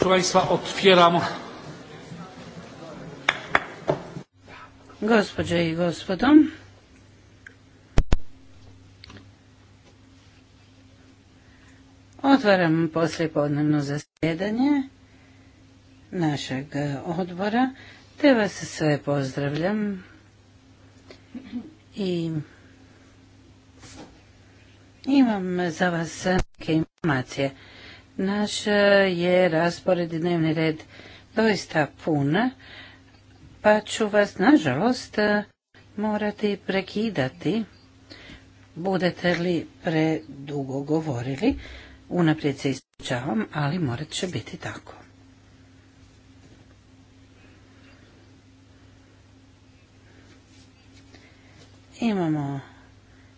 Proszę Państwa, otwieram. Gospođe i gospodom, otvaram poslijepodnevno zasjedanje našeg odbora, te vas sve pozdravljam i imam za vas neke informacije. Naš e, je raspored i dnevni red doista puna, pa ću vas, nažalost, e, morati prekidati. Budete li predugo govorili, unaprijed se ispričavam, ali morat će biti tako. Imamo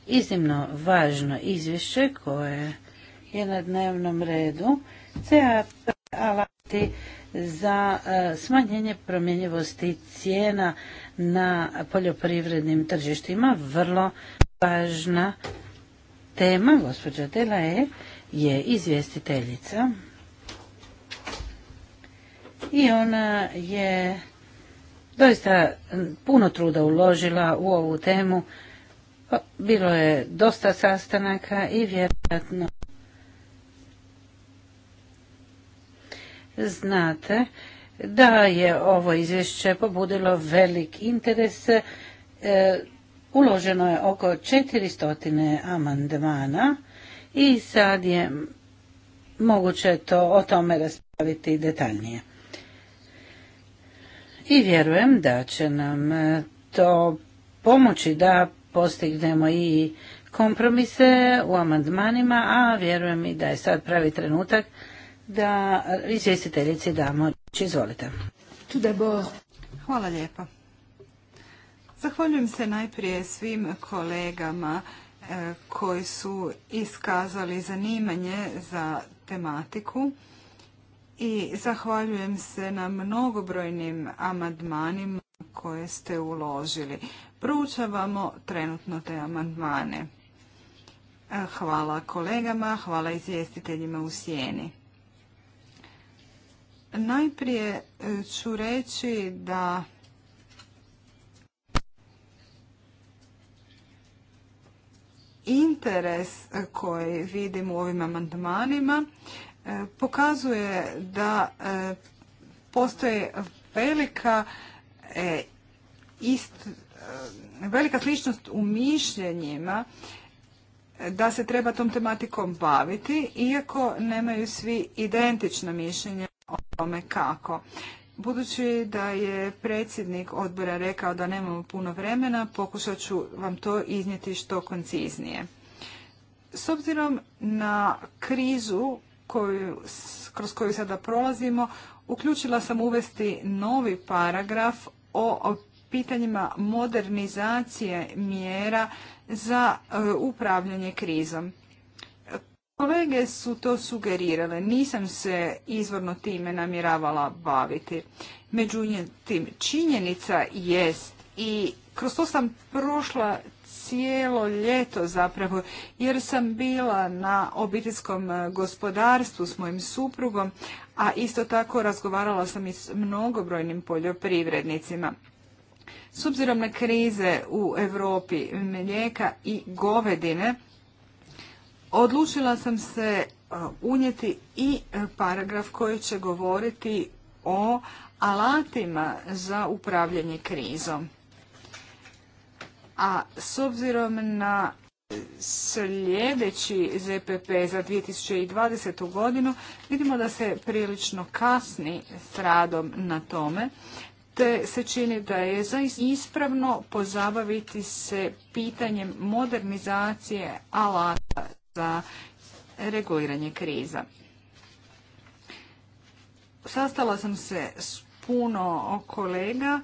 iznimno važno izvješće koje je na dnevnom redu CAP alati za e, smanjenje promjenjivosti cijena na poljoprivrednim tržištima. Vrlo važna tema, gospođa E je izvjestiteljica i ona je doista puno truda uložila u ovu temu. Pa, bilo je dosta sastanaka i vjerojatno znate da je ovo izvješće pobudilo velik interes. E, uloženo je oko 400 amandmana i sad je moguće to o tome raspraviti detaljnije. I vjerujem da će nam e, to pomoći da postignemo i kompromise u amandmanima, a vjerujem i da je sad pravi trenutak da izvjestiteljici damo riječ. Izvolite. Hvala lijepa. Zahvaljujem se najprije svim kolegama e, koji su iskazali zanimanje za tematiku i zahvaljujem se na mnogobrojnim amandmanima koje ste uložili. Proučavamo trenutno te amandmane. E, hvala kolegama, hvala izvjestiteljima u sjeni. Najprije e, ću reći da interes e, koji vidim u ovim amandmanima e, pokazuje da postoje velika velika sličnost u mišljenjima da se treba tom tematikom baviti, iako nemaju svi identična mišljenja o tome kako. Budući da je predsjednik odbora rekao da nemamo puno vremena, pokušat ću vam to iznijeti što konciznije. S obzirom na krizu koju, kroz koju sada prolazimo, uključila sam uvesti novi paragraf o pitanjima modernizacije mjera za e, upravljanje krizom. Kolege su to sugerirale, nisam se izvorno time namjeravala baviti. Međutim, činjenica jest i kroz to sam prošla cijelo ljeto zapravo, jer sam bila na obiteljskom e, gospodarstvu s mojim suprugom, a isto tako razgovarala sam i s mnogobrojnim poljoprivrednicima. S obzirom na krize u Europi mlijeka i govedine, Odlučila sam se e, unijeti i e, paragraf koji će govoriti o alatima za upravljanje krizom. A s obzirom na sljedeći ZPP za 2020. godinu vidimo da se prilično kasni s radom na tome, te se čini da je zaista ispravno pozabaviti se pitanjem modernizacije alata za reguliranje kriza. Sastala sam se s puno kolega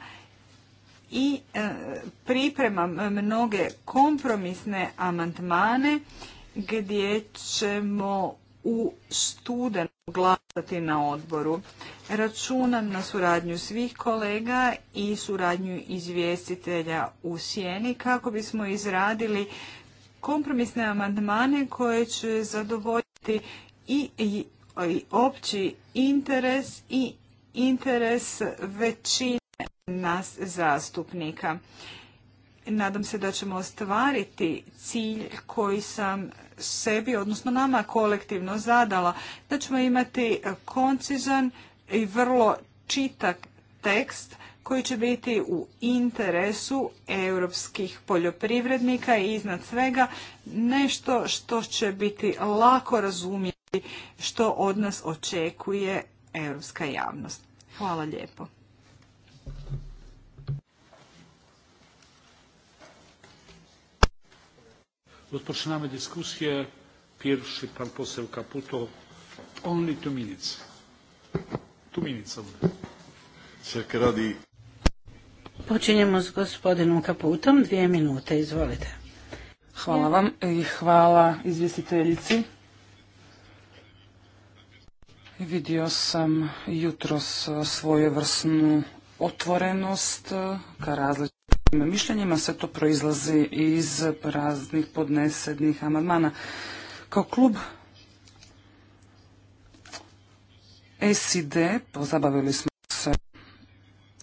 i e, pripremam mnoge kompromisne amandmane gdje ćemo u studenu glasati na odboru. Računam na suradnju svih kolega i suradnju izvjestitelja u sjeni kako bismo izradili kompromisne amandmane koje će zadovoljiti i, opći interes i interes većine nas zastupnika. Nadam se da ćemo ostvariti cilj koji sam sebi, odnosno nama kolektivno zadala, da ćemo imati koncizan i vrlo čitak tekst koji će biti u interesu europskih poljoprivrednika i iznad svega nešto što će biti lako razumjeti što od nas očekuje europska javnost. Hvala lijepo. Rozpoczynamy diskusije. Pierwszy pan poseł Kaputo. Only two minutes. Two minutes only. Počinjemo s gospodinom Kaputom, dvije minute, izvolite. Hvala vam i hvala izvjestiteljici. Vidio sam jutros svojevrsnu otvorenost ka različitim mišljenjima, sve to proizlazi iz raznih podnesednih amandmana. Kao klub SID pozabavili smo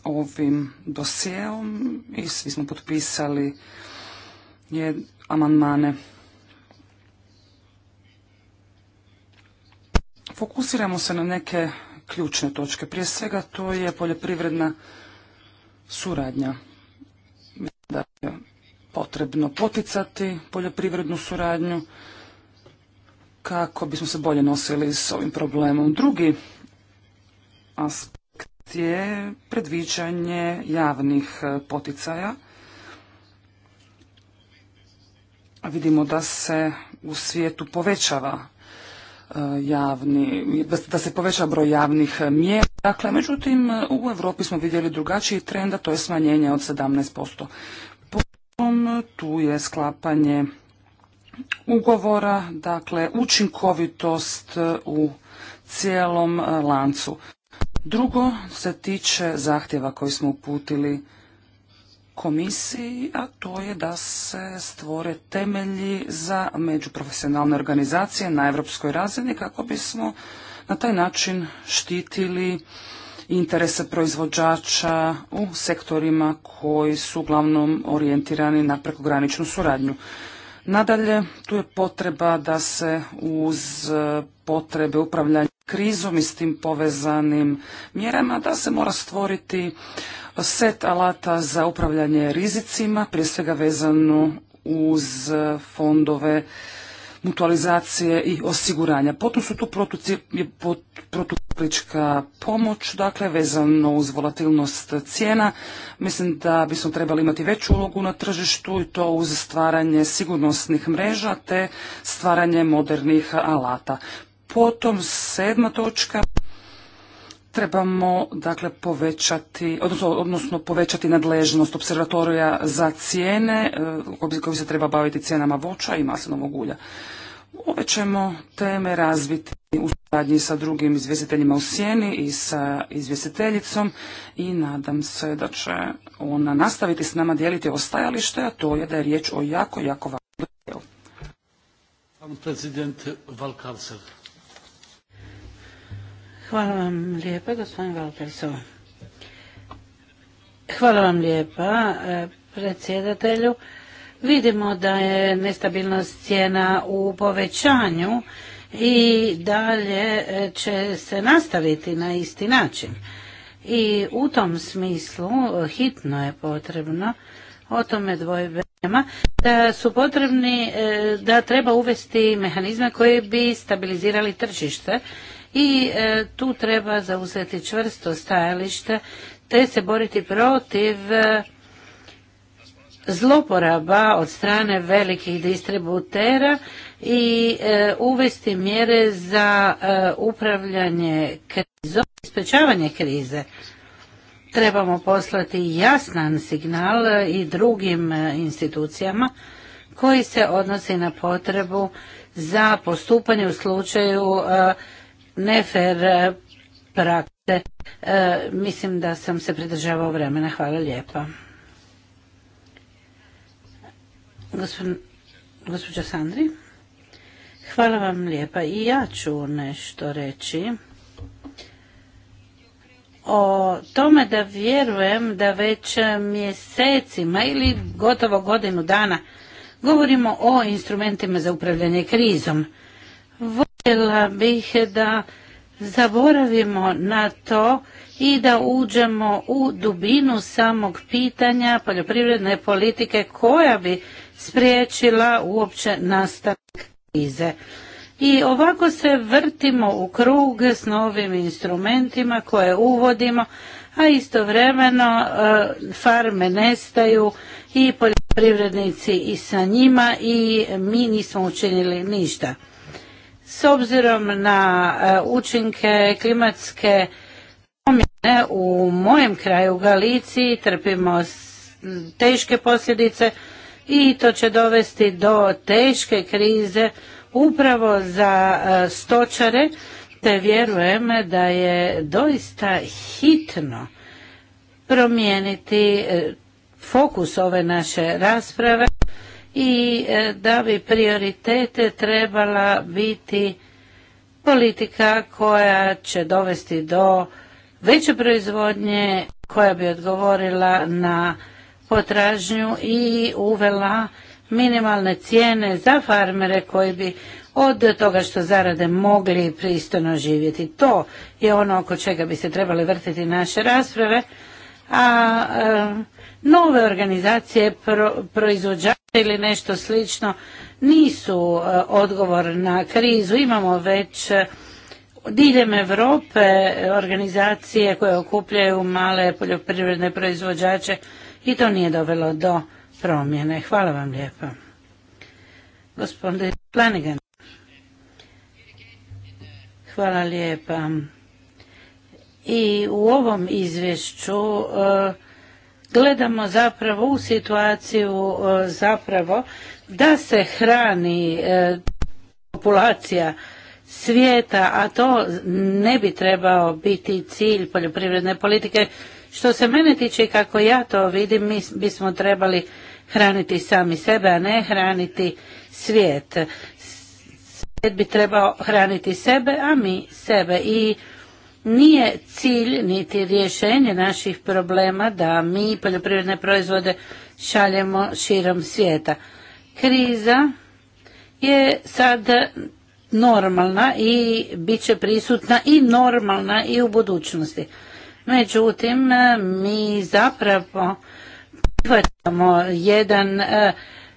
ovim dosijeom i svi smo potpisali je amandmane. Fokusiramo se na neke ključne točke. Prije svega to je poljoprivredna suradnja. Da je potrebno poticati poljoprivrednu suradnju kako bismo se bolje nosili s ovim problemom. Drugi aspekt je predviđanje javnih e, poticaja. Vidimo da se u svijetu povećava e, javni, da se poveća broj javnih e, mjera. Dakle, međutim, u Europi smo vidjeli drugačiji trend, a to je smanjenje od 17%. Potom tu je sklapanje ugovora, dakle, učinkovitost u cijelom lancu. Drugo se tiče zahtjeva koji smo uputili komisiji, a to je da se stvore temelji za međuprofesionalne organizacije na europskoj razini kako bismo na taj način štitili interese proizvođača u sektorima koji su uglavnom orijentirani na prekograničnu suradnju. Nadalje, tu je potreba da se uz potrebe upravljanja krizom i s tim povezanim mjerama da se mora stvoriti set alata za upravljanje rizicima, prije svega vezano uz fondove mutualizacije i osiguranja. Potom su tu protuklička pomoć, dakle vezano uz volatilnost cijena. Mislim da bismo trebali imati veću ulogu na tržištu i to uz stvaranje sigurnosnih mreža te stvaranje modernih alata. Potom sedma točka trebamo dakle povećati, odnosno, odnosno povećati nadležnost observatorija za cijene e, koji se treba baviti cijenama voća i maslinovog ulja. Ove ćemo teme razviti u suradnji sa drugim izvjestiteljima u sjeni i sa izvjestiteljicom i nadam se da će ona nastaviti s nama dijeliti ovo a to je da je riječ o jako, jako važnom dijelu. Hvala vam lijepa, gospodin Hvala vam lijepa, e, predsjedatelju. Vidimo da je nestabilnost cijena u povećanju i dalje e, će se nastaviti na isti način. I u tom smislu e, hitno je potrebno, o tome dvojbe nema, da su potrebni, da treba uvesti mehanizme koji bi stabilizirali tržište i e, tu treba zauzeti čvrsto stajalište te se boriti protiv e, zloporaba od strane velikih distributera i e, uvesti mjere za upravljanje krizom i krize. Trebamo poslati jasnan signal i drugim institucijama koji se odnosi na potrebu za postupanje u slučaju nefer eh, prakse. Eh, mislim da sam se pridržavao vremena. Hvala lijepa. Sandri, hvala vam lijepa. I ja ću nešto reći o tome da vjerujem da već mjesecima ili gotovo godinu dana govorimo o instrumentima za upravljanje krizom. Htjela bih da zaboravimo na to i da uđemo u dubinu samog pitanja poljoprivredne politike koja bi spriječila uopće nastavak krize. I ovako se vrtimo u krug s novim instrumentima koje uvodimo, a istovremeno e, farme nestaju i poljoprivrednici i sa njima i mi nismo učinili ništa. S obzirom na e, učinke klimatske promjene u mojem kraju Galiciji trpimo teške posljedice i to će dovesti do teške krize upravo za e, stočare te vjerujem da je doista hitno promijeniti e, fokus ove naše rasprave i e, da bi prioritete trebala biti politika koja će dovesti do veće proizvodnje koja bi odgovorila na potražnju i uvela minimalne cijene za farmere koji bi od toga što zarade mogli pristojno živjeti. To je ono oko čega bi se trebali vrtiti naše rasprave, a nove organizacije proizvođača ili nešto slično nisu e, odgovor na krizu. Imamo već e, diljem Europe e, organizacije koje okupljaju male poljoprivredne proizvođače i to nije dovelo do promjene. Hvala vam lijepa. Gospodin Planigan. Hvala lijepa. I u ovom izvješću gledamo zapravo u situaciju e, zapravo da se hrani e, populacija svijeta, a to ne bi trebao biti cilj poljoprivredne politike. Što se mene tiče kako ja to vidim, mi bismo trebali hraniti sami sebe, a ne hraniti svijet. Svijet bi trebao hraniti sebe, a mi sebe. I nije cilj niti rješenje naših problema da mi poljoprivredne proizvode šaljemo širom svijeta. Kriza je sad normalna i bit će prisutna i normalna i u budućnosti. Međutim, mi zapravo prihvatamo jedan eh,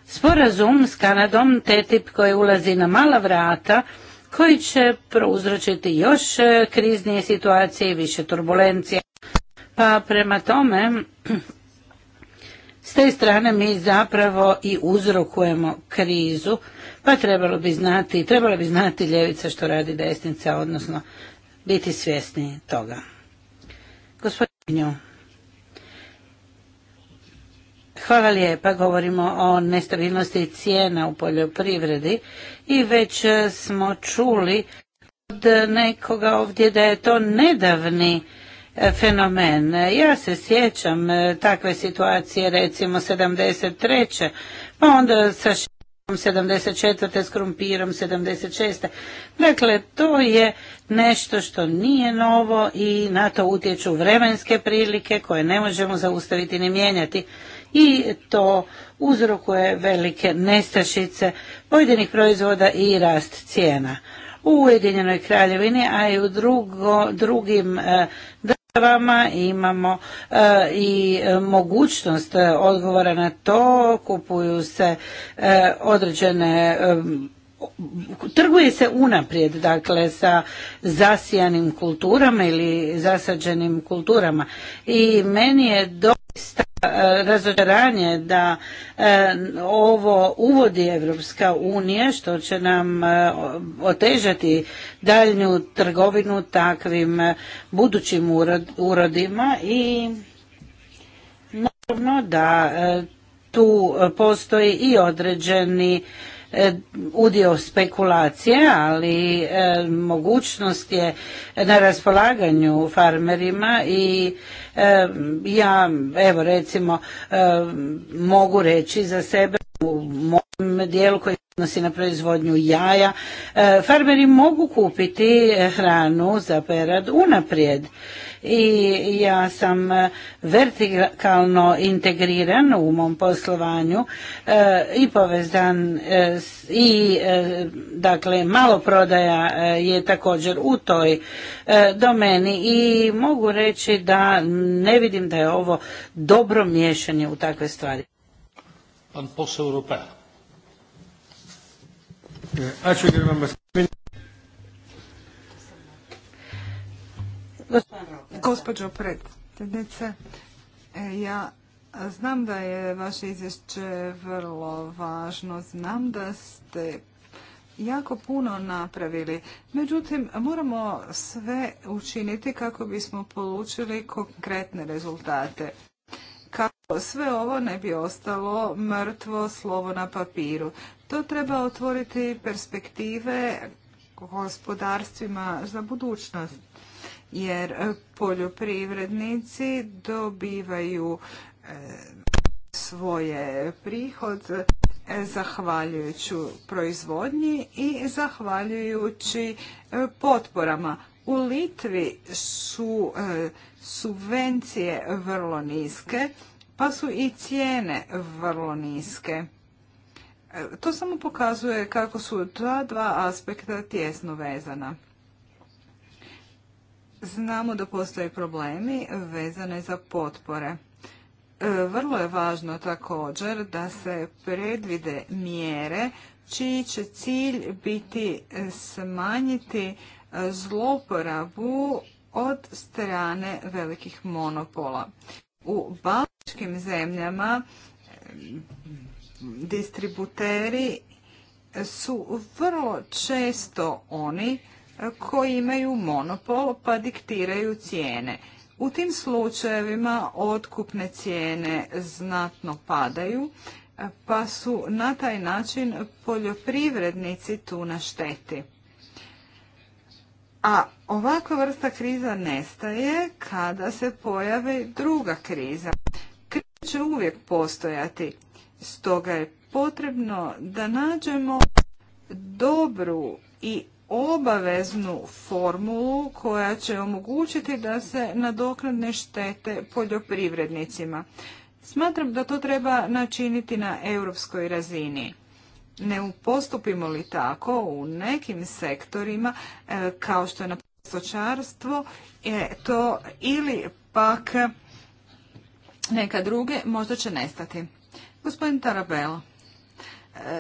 sporazum s Kanadom, TTIP koji ulazi na mala vrata koji će prouzročiti još e, kriznije situacije i više turbulencije. Pa prema tome, s te strane mi zapravo i uzrokujemo krizu, pa trebalo bi znati, trebalo bi znati ljevica što radi desnica, odnosno biti svjesni toga. Gospodinu. Hvala lijepa, govorimo o nestabilnosti cijena u poljoprivredi i već e, smo čuli od nekoga ovdje da je to nedavni e, fenomen. Ja se sjećam e, takve situacije recimo 73. pa onda sa 74. s krumpirom 76. Dakle, to je nešto što nije novo i na to utječu vremenske prilike koje ne možemo zaustaviti ni mijenjati i to uzrokuje velike nestašice pojedinih proizvoda i rast cijena. U Ujedinjenoj kraljevini, a i u drugim e, državama imamo e, i mogućnost e, odgovora na to, kupuju se određene trguje se unaprijed dakle sa zasijanim kulturama ili zasađenim kulturama i meni je do razočaranje da e, ovo uvodi Evropska unija što će nam e, otežati daljnju trgovinu takvim e, budućim urodima i naravno da tu postoji i određeni E, udio spekulacije, ali e, mogućnost je na raspolaganju farmerima i e, ja evo recimo mogu reći za sebe u mom dijelu koji odnosi na proizvodnju jaja. E, Farmeri mogu kupiti e, hranu za perad unaprijed i ja sam e, vertikalno integriran u mom poslovanju i povezan i dakle malo prodaja je također u toj domeni i mogu reći da ne vidim da je ovo dobro miješanje u takve stvari. Pan posao Gospođo predsjednice, e, ja znam da je vaše izvješće vrlo važno, znam da ste jako puno napravili. Međutim, moramo sve učiniti kako bismo polučili konkretne rezultate kako sve ovo ne bi ostalo mrtvo slovo na papiru. To treba otvoriti perspektive gospodarstvima za budućnost jer poljoprivrednici dobivaju e, svoje prihod e, zahvaljujući proizvodnji i zahvaljujući e, potporama. U Litvi su subvencije vrlo niske, pa su i cijene vrlo niske. E, to samo pokazuje kako su ta dva aspekta tjesno vezana. Znamo da postoje problemi vezane za potpore. E, vrlo je važno također da se predvide mjere čiji će cilj biti smanjiti e, zloporabu od strane velikih monopola. U baltičkim zemljama distributeri su vrlo često oni koji imaju monopol pa diktiraju cijene. U tim slučajevima otkupne cijene znatno padaju, pa su na taj način poljoprivrednici tu na šteti. A ovakva vrsta kriza nestaje kada se pojave druga kriza. Kriza će uvijek postojati, stoga je potrebno da nađemo dobru i obaveznu formulu koja će omogućiti da se nadoknadne štete poljoprivrednicima. Smatram da to treba načiniti na europskoj razini ne postupimo li tako u nekim sektorima e, kao što je na stočarstvo e, to ili pak neka druge možda će nestati. Gospodin Tarabela.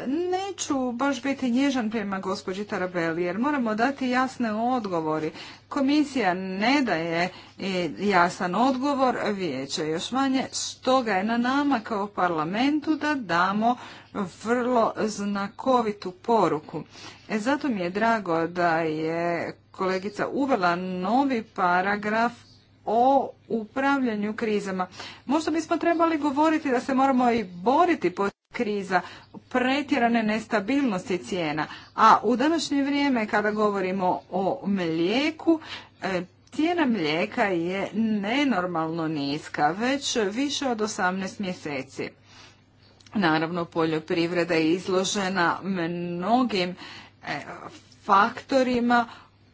Neću baš biti nježan prema gospođi Tarabeli jer moramo dati jasne odgovori. Komisija ne daje e, jasan odgovor, vijeće još manje, stoga je na nama kao parlamentu da damo vrlo znakovitu poruku. E, zato mi je drago da je kolegica uvela novi paragraf o upravljanju krizama. Možda bismo trebali govoriti da se moramo i boriti kriza, pretjerane nestabilnosti cijena. A u današnje vrijeme kada govorimo o mlijeku, e, cijena mlijeka je nenormalno niska, već više od 18 mjeseci. Naravno, poljoprivreda je izložena mnogim e, faktorima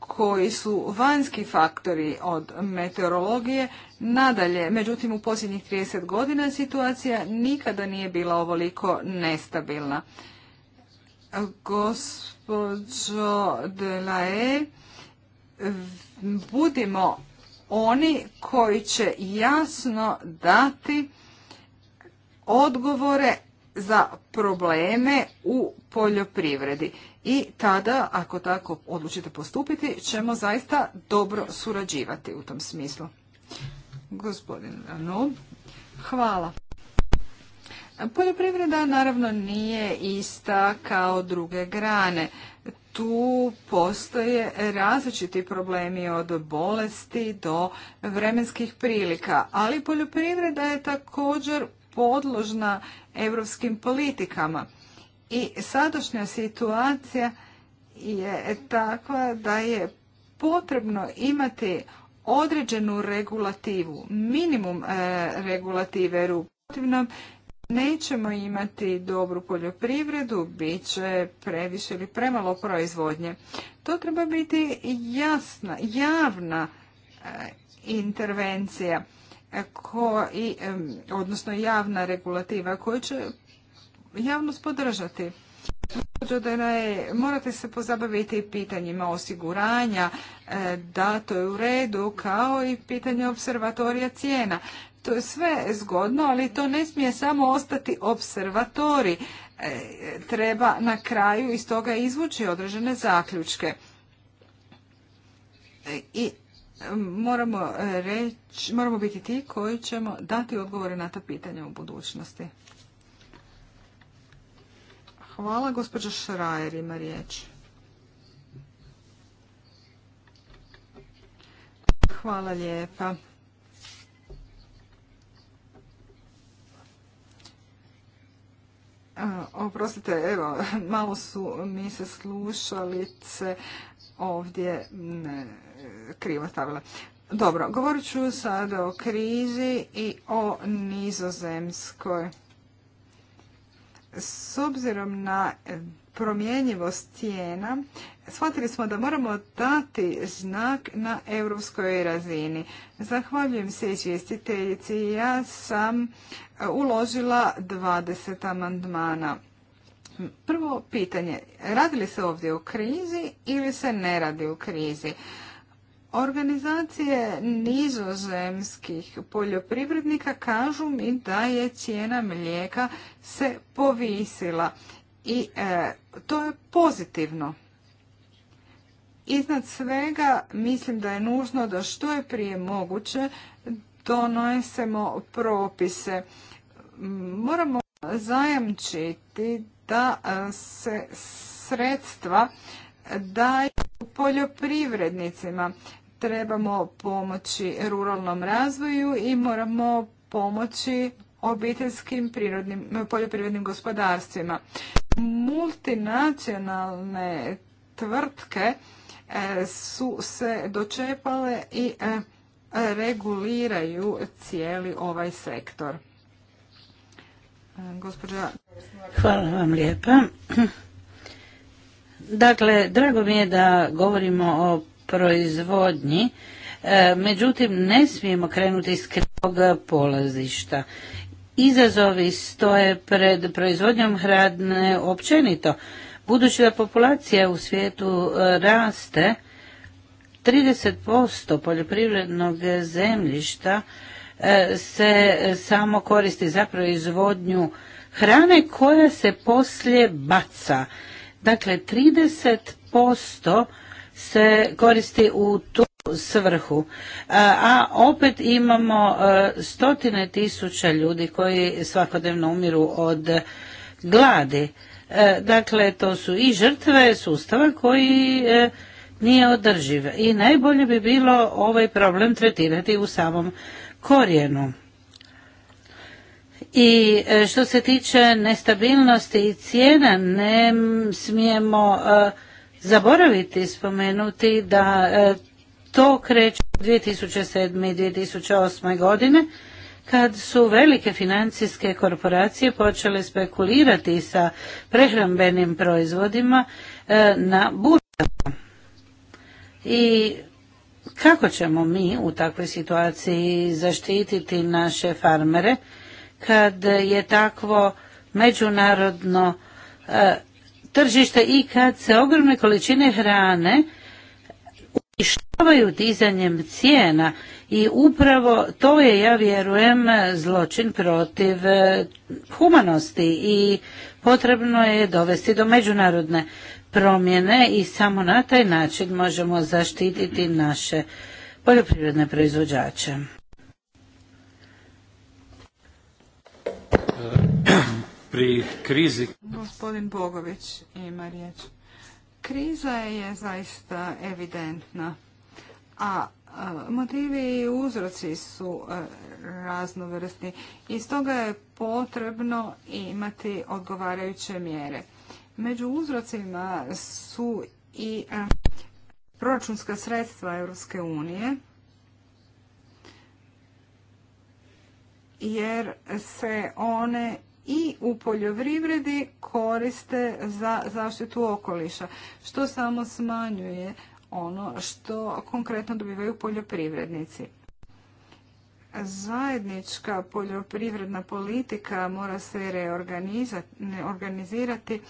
koji su vanjski faktori od meteorologije. Nadalje, međutim u posljednjih 30 godina situacija nikada nije bila ovoliko nestabilna. la e budimo oni koji će jasno dati odgovore za probleme u poljoprivredi i tada, ako tako odlučite postupiti, ćemo zaista dobro surađivati u tom smislu. Gospodin Anu, hvala. Poljoprivreda naravno nije ista kao druge grane. Tu postoje različiti problemi od bolesti do vremenskih prilika, ali poljoprivreda je također podložna europskim politikama. I sadašnja situacija je takva da je potrebno imati određenu regulativu, minimum e, regulative, jer nećemo imati dobru poljoprivredu, bit će previše ili premalo proizvodnje. To treba biti jasna, javna e, intervencija, e, odnosno javna regulativa koja će javnost podržati. Morate se pozabaviti pitanjima osiguranja, e, da to je u redu, kao i pitanje observatorija cijena. To je sve zgodno, ali to ne smije samo ostati observatori. E, treba na kraju iz toga izvući određene zaključke. E, I moramo, reći, moramo biti ti koji ćemo dati odgovore na ta pitanja u budućnosti. Hvala, gospođa Šrajer ima riječ. Hvala lijepa. Oprostite, evo, malo su mi se slušalice ovdje mm, krivo stavila. Dobro, govorit ću sad o krizi i o nizozemskoj. S obzirom na e, promjenjivost cijena, shvatili smo da moramo dati znak na europskoj razini. Zahvaljujem se izvjestiteljici. Ja sam e, uložila 20 amandmana. Prvo pitanje, radi li se ovdje o krizi ili se ne radi u krizi? Organizacije nizozemskih poljoprivrednika kažu mi da je cijena mlijeka se povisila i e, to je pozitivno. Iznad svega mislim da je nužno da što je prije moguće donosemo propise. Moramo zajamčiti da e, se sredstva daju poljoprivrednicima trebamo pomoći ruralnom razvoju i moramo pomoći obiteljskim poljoprivrednim gospodarstvima. Multinacionalne tvrtke e, su se dočepale i e, reguliraju cijeli ovaj sektor. Hvala vam lijepa. Dakle, drago mi je da govorimo o proizvodnji, e, međutim ne smijemo krenuti iz krivog polazišta. Izazovi stoje pred proizvodnjom hrane općenito. Budući da populacija u svijetu e, raste, 30% poljoprivrednog zemljišta e, se samo koristi za proizvodnju hrane koja se poslije baca. Dakle, 30% se koristi u tu svrhu. A opet imamo e, stotine tisuća ljudi koji svakodnevno umiru od gladi. E, dakle, to su i žrtve sustava koji e, nije održiv. I najbolje bi bilo ovaj problem tretirati u samom korijenu. I što se tiče nestabilnosti i cijena, ne smijemo zaboraviti spomenuti da e, to kreće 2007. i 2008. godine kad su velike financijske korporacije počele spekulirati sa prehrambenim proizvodima e, na burzama. I kako ćemo mi u takvoj situaciji zaštititi naše farmere kad je takvo međunarodno e, Tržište i kad se ogromne količine hrane uništavaju dizanjem cijena i upravo to je, ja vjerujem, zločin protiv e, humanosti i potrebno je dovesti do međunarodne promjene i samo na taj način možemo zaštititi naše poljoprivredne proizvođače. pri krizi... Gospodin Bogović ima riječ. Kriza je zaista evidentna, a motivi i uzroci su e, raznovrsni. I stoga je potrebno imati odgovarajuće mjere. Među uzrocima su i e, proračunska sredstva Europske unije, jer se one i u poljoprivredi koriste za zaštitu okoliša, što samo smanjuje ono što konkretno dobivaju poljoprivrednici. Zajednička poljoprivredna politika mora se reorganizirati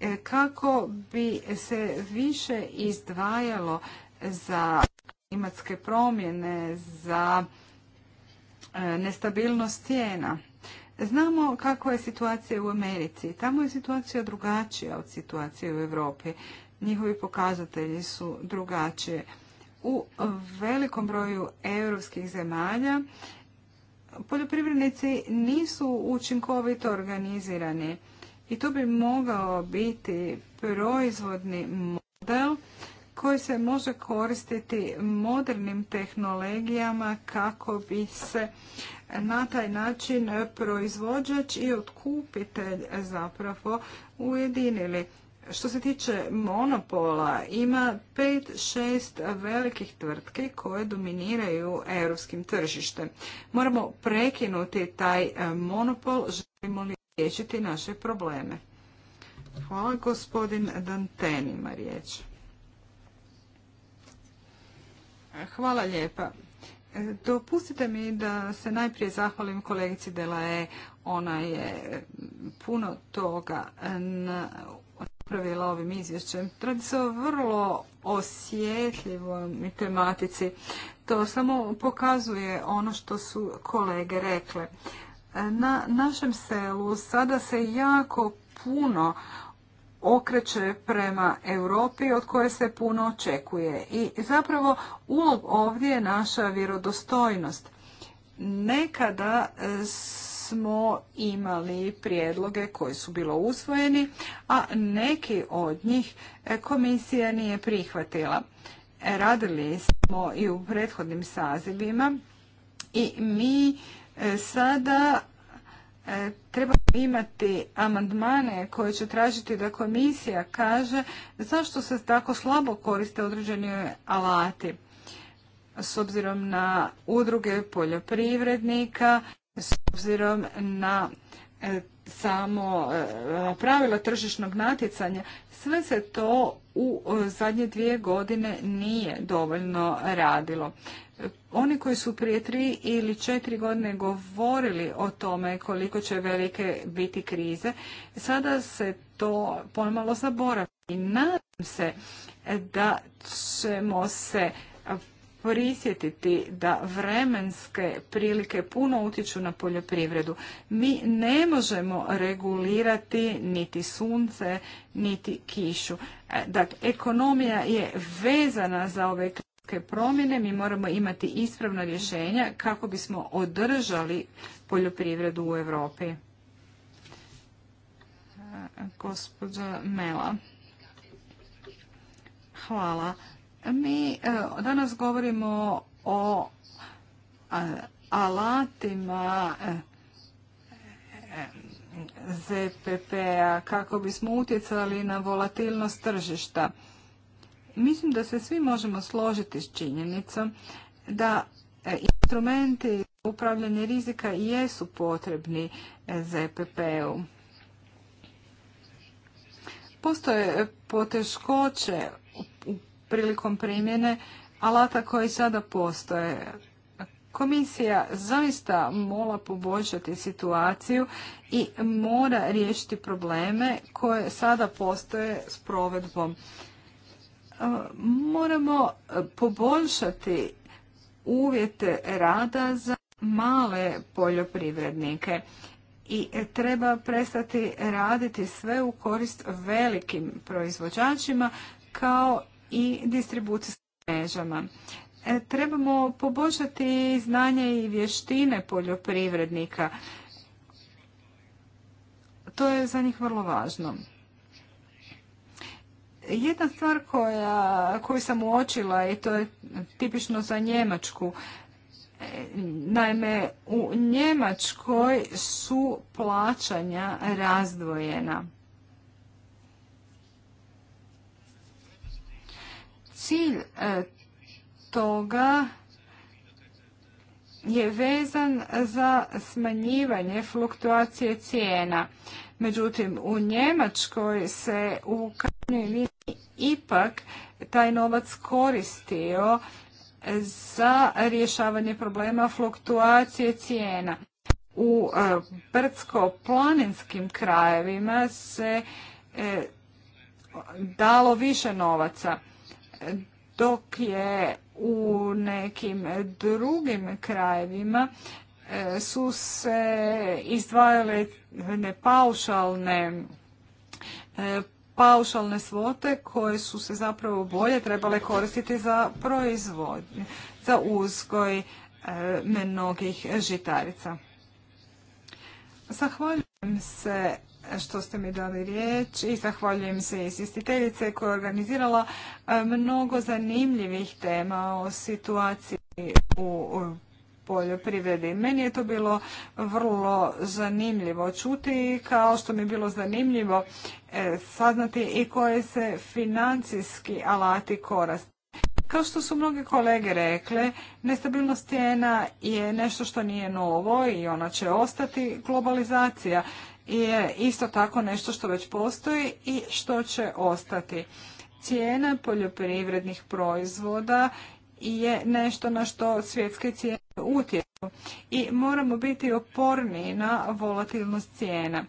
e, kako bi se više izdvajalo za klimatske promjene, za e, nestabilnost cijena. Znamo kako je situacija u Americi. Tamo je situacija drugačija od situacije u Europi. Njihovi pokazatelji su drugačije. U velikom broju europskih zemalja poljoprivrednici nisu učinkovito organizirani i to bi mogao biti proizvodni model koji se može koristiti modernim tehnologijama kako bi se na taj način proizvođač i otkupitelj zapravo ujedinili. Što se tiče monopola, ima 5-6 velikih tvrtki koje dominiraju europskim tržištem. Moramo prekinuti taj e, monopol, želimo li riješiti naše probleme. Hvala, gospodin Danten ima riječ. Hvala lijepa. E, dopustite mi da se najprije zahvalim kolegici Delae. Ona je puno toga e, napravila ovim izvješćem. Radi se o vrlo osjetljivom tematici. To samo pokazuje ono što su kolege rekle. E, na našem selu sada se jako puno okreće prema Europi od koje se puno očekuje. I zapravo ulog ovdje je naša vjerodostojnost. Nekada e, smo imali prijedloge koji su bilo usvojeni, a neki od njih e, komisija nije prihvatila. E, radili smo i u prethodnim sazivima i mi sada E, trebamo imati amandmane koje će tražiti da komisija kaže zašto se tako slabo koriste određeni alati s obzirom na udruge poljoprivrednika, s obzirom na e, samo e, pravila tržišnog natjecanja, sve se to u zadnje dvije godine nije dovoljno radilo. Oni koji su prije tri ili četiri godine govorili o tome koliko će velike biti krize, sada se to pomalo zaboravi. Nadam se da ćemo se prisjetiti da vremenske prilike puno utječu na poljoprivredu. Mi ne možemo regulirati niti sunce, niti kišu. Dakle, ekonomija je vezana za ove klimatske promjene, mi moramo imati ispravna rješenja kako bismo održali poljoprivredu u Europi. E, gospođa Mela. Hvala. Mi e, danas govorimo o e, alatima ZPP-a kako bismo utjecali na volatilnost tržišta. Mislim da se svi možemo složiti s činjenicom da e, instrumenti upravljanja rizika jesu potrebni e, ZPP-u. Postoje e, poteškoće prilikom primjene alata koji sada postoje. Komisija zaista mola poboljšati situaciju i mora riješiti probleme koje sada postoje s provedbom moramo e, poboljšati uvjete rada za male poljoprivrednike i e, treba prestati raditi sve u korist velikim proizvođačima kao i distribucijskim mrežama. E, trebamo poboljšati znanje i vještine poljoprivrednika. To je za njih vrlo važno. Jedna stvar koja, koju sam uočila i to je tipično za Njemačku, e, naime u Njemačkoj su plaćanja razdvojena. Cilj e, toga je vezan za smanjivanje fluktuacije cijena. Međutim, u Njemačkoj se u krajnjoj liniji ipak taj novac koristio za rješavanje problema fluktuacije cijena. U e, brdsko-planinskim krajevima se e, dalo više novaca, dok je u nekim drugim krajevima su se izdvajale paušalne e, paušalne svote koje su se zapravo bolje trebale koristiti za proizvod, za uzgoj e, mnogih žitarica. Zahvaljujem se što ste mi dali riječ i zahvaljujem se izvjestiteljice koja je organizirala e, mnogo zanimljivih tema o situaciji u poljoprivredi. Meni je to bilo vrlo zanimljivo čuti kao što mi je bilo zanimljivo e, saznati i koje se financijski alati koriste. Kao što su mnogi kolege rekle, nestabilnost cijena je nešto što nije novo i ona će ostati. Globalizacija je isto tako nešto što već postoji i što će ostati. Cijena poljoprivrednih proizvoda je nešto na što svjetske cijene utječu i moramo biti oporni na volatilnost cijena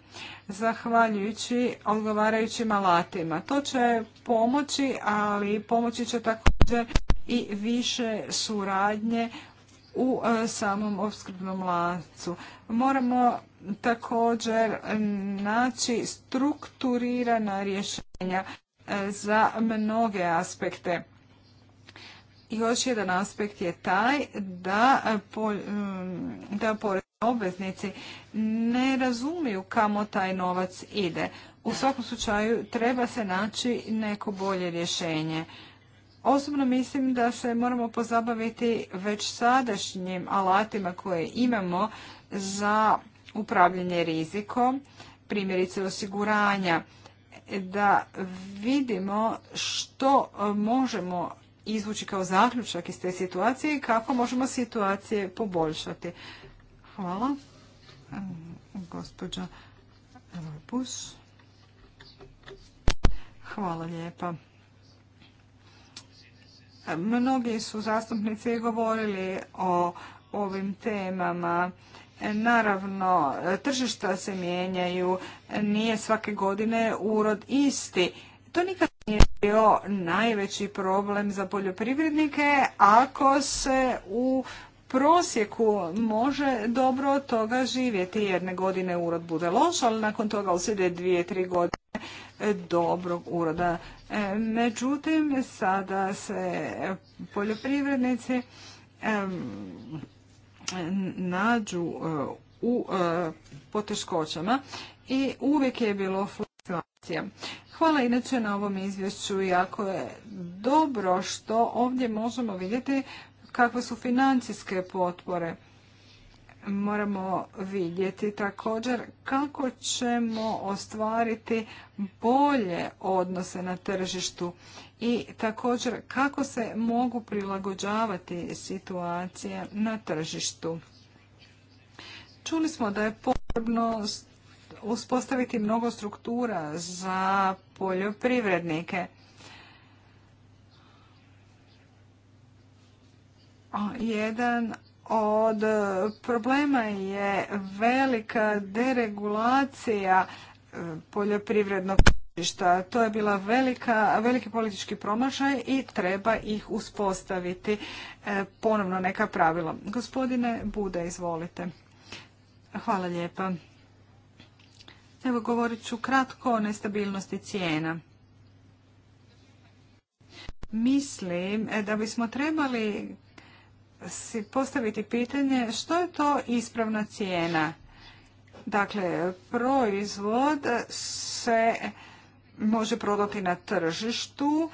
zahvaljujući odgovarajućim alatima. To će pomoći, ali pomoći će također i više suradnje u e, samom opskrbnom lancu. Moramo također naći strukturirana rješenja e, za mnoge aspekte. Još jedan aspekt je taj da, eh, mm, da porezni obveznici ne razumiju kamo taj novac ide. U svakom slučaju treba se naći neko bolje rješenje. Osobno mislim da se moramo pozabaviti već sadašnjim alatima koje imamo za upravljanje rizikom, primjerice osiguranja, da vidimo što eh, možemo izvući kao zaključak iz te situacije i kako možemo situacije poboljšati. Hvala. Gospođa Lepus. Hvala lijepa. Mnogi su zastupnici govorili o ovim temama. Naravno, tržišta se mijenjaju, nije svake godine urod isti. To nikad bio najveći problem za poljoprivrednike ako se u prosjeku može dobro od toga živjeti. Jedne godine urod bude loš, ali nakon toga uslijede dvije, tri godine dobrog uroda. E, međutim, sada se poljoprivrednici nađu e, u e, poteškoćama i uvijek je bilo situacija. Hvala inače na ovom izvješću. Jako je dobro što ovdje možemo vidjeti kakve su financijske potpore. Moramo vidjeti također kako ćemo ostvariti bolje odnose na tržištu i također kako se mogu prilagođavati situacije na tržištu. Čuli smo da je potrebno uspostaviti mnogo struktura za poljoprivrednike. Jedan od problema je velika deregulacija e, poljoprivrednog tržišta. To je bila velika, veliki politički promašaj i treba ih uspostaviti e, ponovno neka pravila. Gospodine Buda, izvolite. Hvala lijepa. Evo govorit ću kratko o nestabilnosti cijena. Mislim e, da bismo trebali si postaviti pitanje što je to ispravna cijena. Dakle, proizvod se može prodati na tržištu,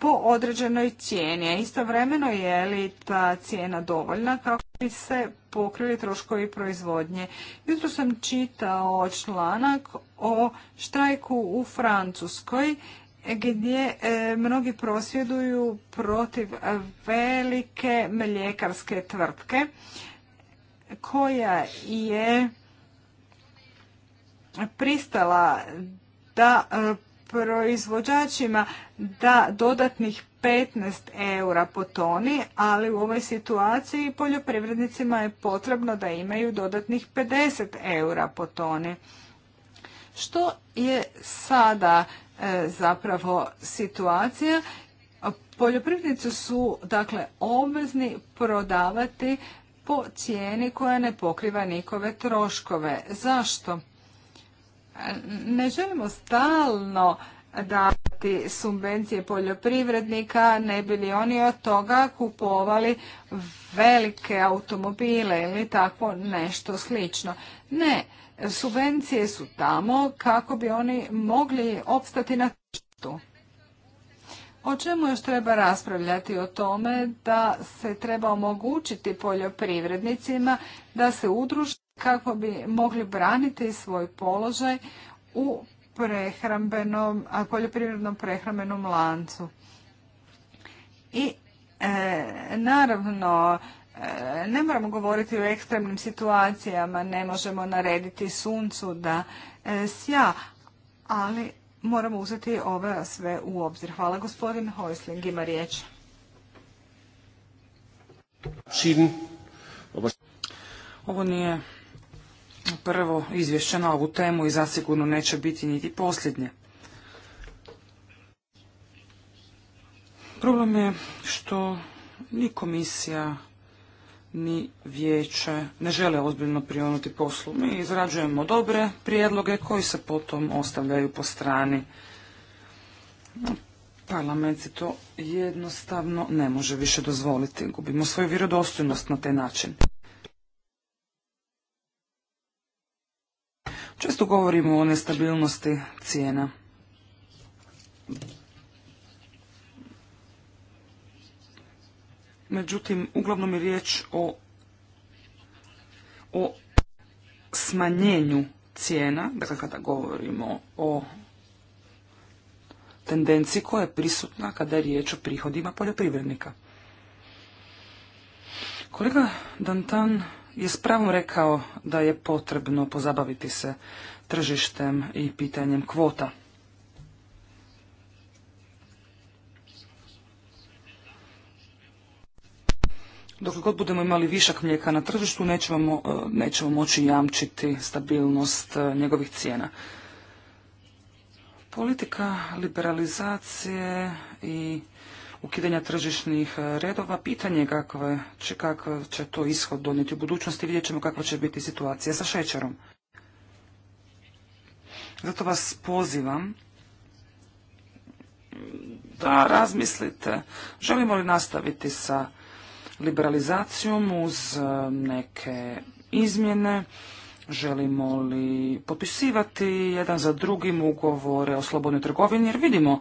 po određenoj cijeni. A istovremeno je li ta cijena dovoljna kako bi se pokrili troškovi proizvodnje. Jutro sam čitao članak o štrajku u Francuskoj gdje e, mnogi prosvjeduju protiv velike mljekarske tvrtke koja je pristala da e, proizvođačima da dodatnih 15 eura po toni, ali u ovoj situaciji poljoprivrednicima je potrebno da imaju dodatnih 50 eura po toni. Što je sada e, zapravo situacija? Poljoprivrednici su dakle obvezni prodavati po cijeni koja ne pokriva nikove troškove. Zašto? ne želimo stalno dati subvencije poljoprivrednika, ne bi li oni od toga kupovali velike automobile ili tako nešto slično. Ne, subvencije su tamo kako bi oni mogli opstati na tržištu. O čemu još treba raspravljati o tome da se treba omogućiti poljoprivrednicima da se udruže kako bi mogli braniti svoj položaj u prehrambenom, poljoprivrednom prehrambenom lancu. I e, naravno, e, ne moramo govoriti o ekstremnim situacijama, ne možemo narediti suncu da e, sja, ali moramo uzeti ove sve u obzir. Hvala gospodin Hojsling, ima riječ. Ovo nije prvo izvješće na ovu temu i zasigurno neće biti niti posljednje. Problem je što ni komisija ni vijeće ne žele ozbiljno prionuti poslu. Mi izrađujemo dobre prijedloge koji se potom ostavljaju po strani. Parlament se to jednostavno ne može više dozvoliti. Gubimo svoju vjerodostojnost na taj način. Često govorimo o nestabilnosti cijena. Međutim, uglavnom je riječ o, o smanjenju cijena, dakle kada govorimo o tendenciji koja je prisutna kada je riječ o prihodima poljoprivrednika. Kolega Dantan je s pravom rekao da je potrebno pozabaviti se tržištem i pitanjem kvota. Dok god budemo imali višak mlijeka na tržištu, nećemo, e, nećemo moći jamčiti stabilnost e, njegovih cijena. Politika liberalizacije i ukidanja tržišnih e, redova. Pitanje je će, će to ishod donijeti u budućnosti. Vidjet ćemo kakva će biti situacija sa šećerom. Zato vas pozivam da razmislite želimo li nastaviti sa liberalizacijom uz e, neke izmjene, želimo li potpisivati jedan za drugim ugovore o slobodnoj trgovini jer vidimo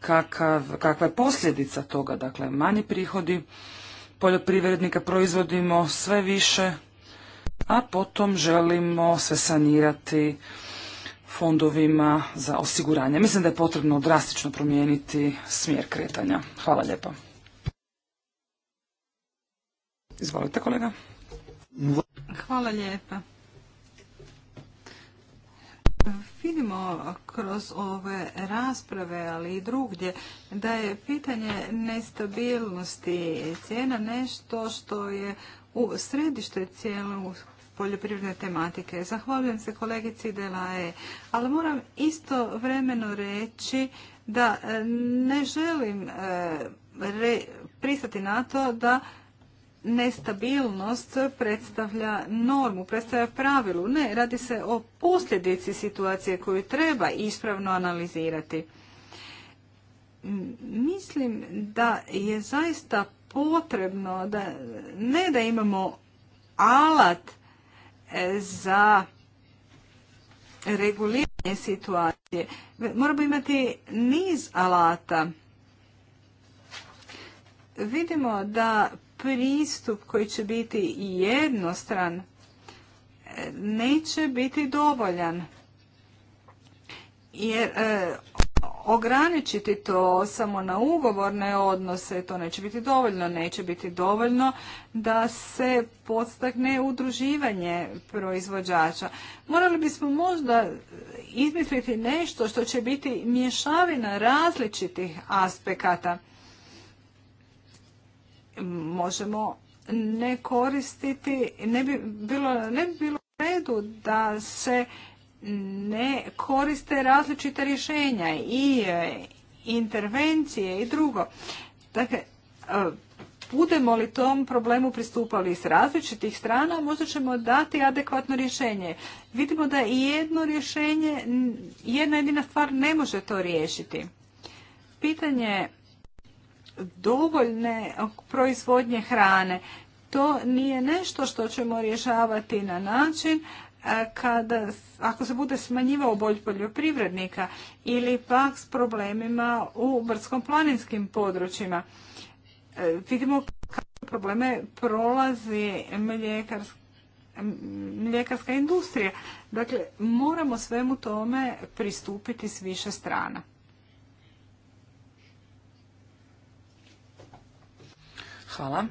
kakav, kakva je posljedica toga, dakle manji prihodi poljoprivrednika proizvodimo sve više, a potom želimo sve sanirati fondovima za osiguranje. Mislim da je potrebno drastično promijeniti smjer kretanja. Hvala lijepa. Izvolite kolega. Hvala lijepa. vidimo kroz ove rasprave, ali i drugdje, da je pitanje nestabilnosti cijena nešto što je u središte cijelog poljoprivredne tematike. Zahvaljujem se kolegici Delae, ali moram isto vremeno reći da ne želim e, pristati na to da nestabilnost predstavlja normu, predstavlja pravilu. Ne, radi se o posljedici situacije koju treba ispravno analizirati. Mislim da je zaista potrebno da ne da imamo alat e, za reguliranje situacije. Moramo imati niz alata. Vidimo da pristup koji će biti jednostran e, neće biti dovoljan. Jer e, ograničiti to samo na ugovorne odnose, to neće biti dovoljno. Neće biti dovoljno da se podstakne udruživanje proizvođača. Morali bismo možda izmisliti nešto što će biti mješavina različitih aspekata možemo ne koristiti, ne bi bilo, ne bi bilo u redu da se ne koriste različita rješenja i e, intervencije i drugo. Dakle, e, budemo li tom problemu pristupali s različitih strana, možda ćemo dati adekvatno rješenje. Vidimo da i jedno rješenje, jedna jedina stvar ne može to riješiti. Pitanje dovoljne proizvodnje hrane. To nije nešto što ćemo rješavati na način e, kada, ako se bude smanjivao bolj poljoprivrednika ili pak s problemima u brdsko-planinskim područjima. E, vidimo kako probleme prolazi mljekarska, mljekarska industrija. Dakle, moramo svemu tome pristupiti s više strana. Hvala.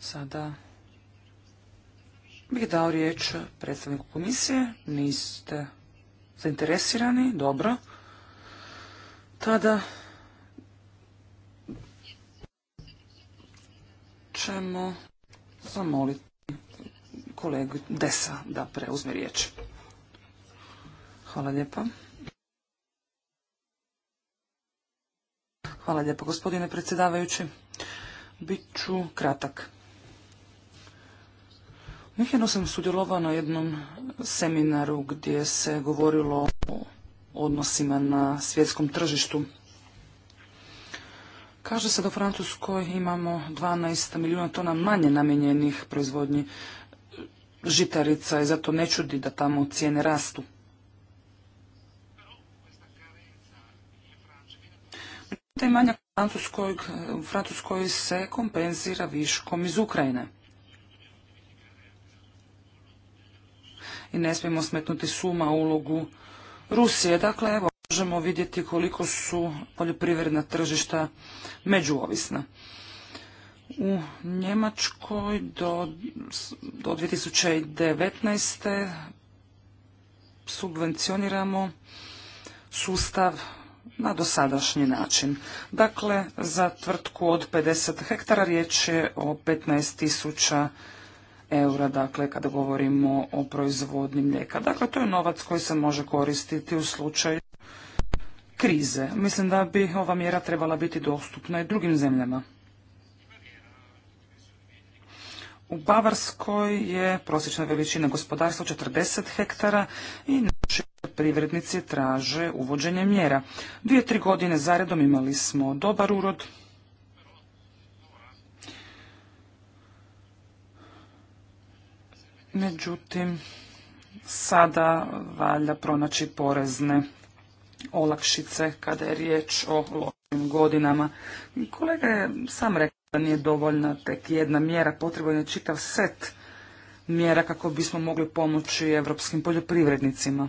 Sada bih dao riječ predstavniku komisije. Niste zainteresirani, dobro. Tada ćemo zamoliti kolegu Desa da preuzme riječ. Hvala lijepa. Hvala lijepa gospodine predsjedavajući. Bit ću kratak. U sam sudjelovao na jednom seminaru gdje se govorilo o odnosima na svjetskom tržištu. Kaže se da u Francuskoj imamo 12 milijuna tona manje namijenjenih proizvodnji žitarica i zato ne čudi da tamo cijene rastu. Taj manjak u Francuskoj se kompenzira viškom iz Ukrajine. I ne smijemo smetnuti suma ulogu Rusije. Dakle, evo, možemo vidjeti koliko su poljoprivredna tržišta međuovisna. U Njemačkoj do, do 2019. subvencioniramo sustav na dosadašnji način. Dakle, za tvrtku od 50 hektara riječ je o 15 tisuća eura, dakle, kada govorimo o proizvodnji mlijeka. Dakle, to je novac koji se može koristiti u slučaju krize. Mislim da bi ova mjera trebala biti dostupna i drugim zemljama. U Bavarskoj je prosječna veličina gospodarstva 40 hektara i naši poljoprivrednici traže uvođenje mjera. Dvije, tri godine zaredom imali smo dobar urod. Međutim, sada valja pronaći porezne olakšice kada je riječ o lošim godinama. Kolega je sam rekao da nije dovoljna tek jedna mjera, Potrebno je čitav set mjera kako bismo mogli pomoći evropskim poljoprivrednicima.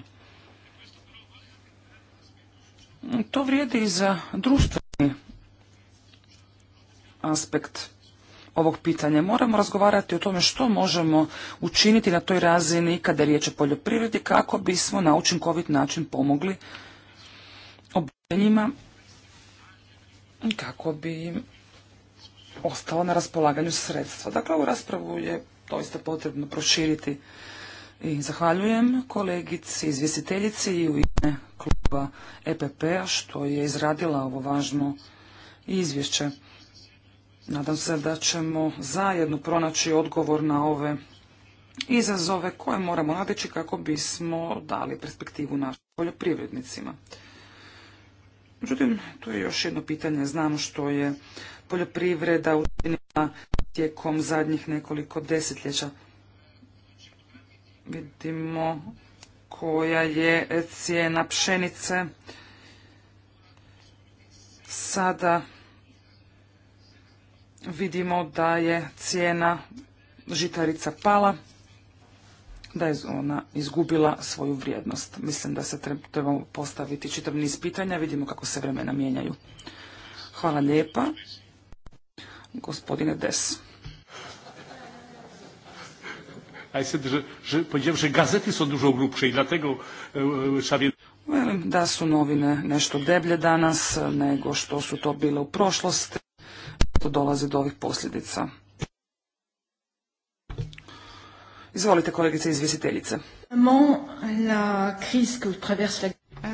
To vrijedi i za društveni aspekt ovog pitanja. Moramo razgovarati o tome što možemo učiniti na toj razini kada je riječ o poljoprivredi kako bismo na učinkovit način pomogli obiteljima kako bi im ostalo na raspolaganju sredstva. Dakle, ovu raspravu je doista potrebno proširiti i zahvaljujem kolegici izvjestiteljici i u ime grupa e EPP-a što je izradila ovo važno izvješće. Nadam se da ćemo zajedno pronaći odgovor na ove izazove koje moramo nadeći kako bismo dali perspektivu našim poljoprivrednicima. Međutim, tu je još jedno pitanje. Znamo što je poljoprivreda učinila tijekom zadnjih nekoliko desetljeća. Vidimo koja je cijena pšenice sada vidimo da je cijena žitarica pala, da je ona izgubila svoju vrijednost. Mislim da se trebamo postaviti čitav niz pitanja, vidimo kako se vremena mijenjaju. Hvala lijepa. Gospodine Des a że, że powiedział, że gazety są dużo i e, e, da su novine nešto deblje danas nego što su to bile u prošlosti, to dolazi do ovih posljedica. Izvolite kolegice izvjestiteljice.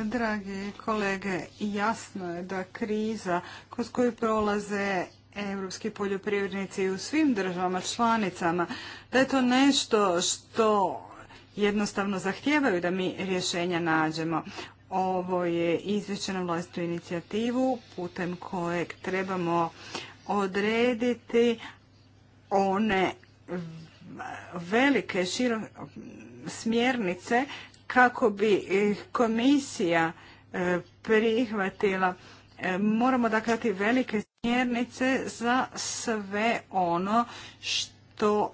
Dragi kolege, jasno je da kriza kroz koju prolaze europski poljoprivrednici u svim državama članicama, da je to nešto što jednostavno zahtijevaju da mi rješenja nađemo. Ovo je izvješće na vlastitu inicijativu putem kojeg trebamo odrediti one velike smjernice kako bi komisija e, prihvatila E, moramo dakle dati velike smjernice za sve ono što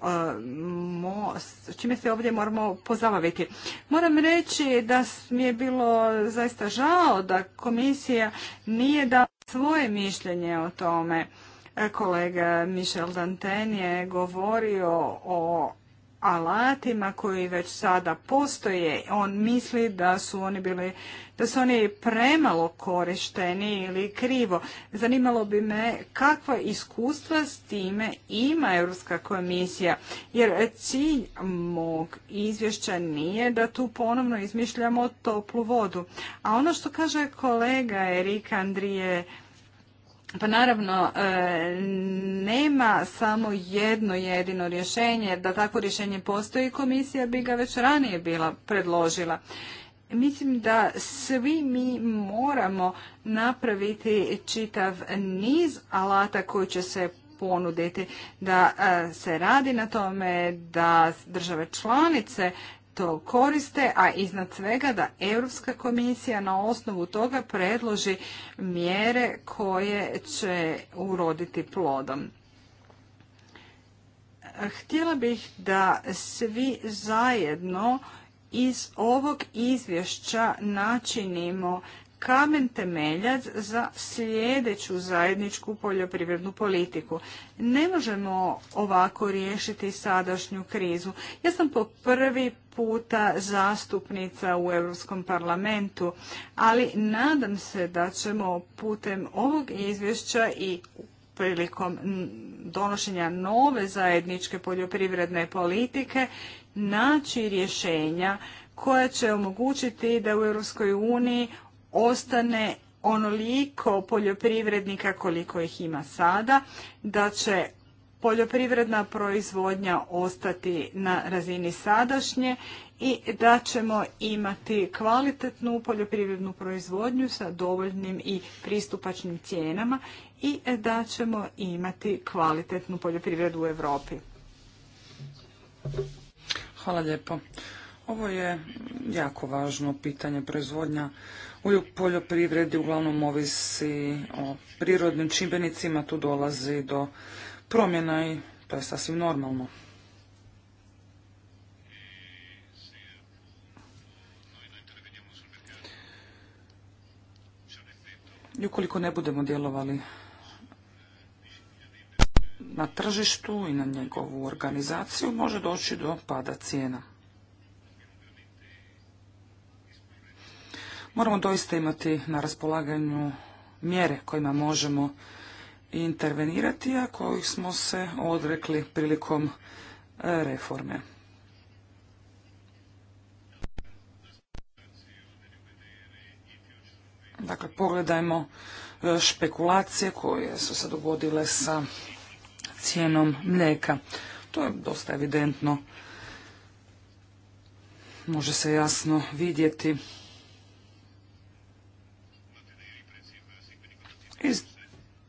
e, čime se ovdje moramo pozabaviti. Moram reći da mi je bilo zaista žao da komisija nije dala svoje mišljenje o tome. E, kolega Michel Danten je govorio o alatima koji već sada postoje. On misli da su oni bili, da su oni premalo korišteni ili krivo. Zanimalo bi me kakva iskustva s time ima Europska komisija, jer cilj mog izvješća nije da tu ponovno izmišljamo toplu vodu. A ono što kaže kolega Erika Andrije pa naravno, e, nema samo jedno jedino rješenje. Da takvo rješenje postoji, komisija bi ga već ranije bila predložila. Mislim da svi mi moramo napraviti čitav niz alata koji će se ponuditi, da e, se radi na tome da države članice to koriste, a iznad svega da Europska komisija na osnovu toga predloži mjere koje će uroditi plodom. Htjela bih da svi zajedno iz ovog izvješća načinimo kamen temeljac za sljedeću zajedničku poljoprivrednu politiku. Ne možemo ovako riješiti sadašnju krizu. Ja sam po prvi puta zastupnica u Europskom parlamentu, ali nadam se da ćemo putem ovog izvješća i prilikom donošenja nove zajedničke poljoprivredne politike naći rješenja koja će omogućiti da u Europskoj uniji ostane onoliko poljoprivrednika koliko ih ima sada, da će poljoprivredna proizvodnja ostati na razini sadašnje i da ćemo imati kvalitetnu poljoprivrednu proizvodnju sa dovoljnim i pristupačnim cijenama i da ćemo imati kvalitetnu poljoprivredu u Europi. Hvala lijepo. Ovo je jako važno pitanje proizvodnja u poljoprivredi uglavnom ovisi o prirodnim čimbenicima, tu dolazi do promjena i to je sasvim normalno. I ukoliko ne budemo djelovali na tržištu i na njegovu organizaciju, može doći do pada cijena. Moramo doista imati na raspolaganju mjere kojima možemo intervenirati, a kojih smo se odrekli prilikom e, reforme. Dakle, pogledajmo e, špekulacije koje su se dogodile sa cijenom mlijeka. To je dosta evidentno. Može se jasno vidjeti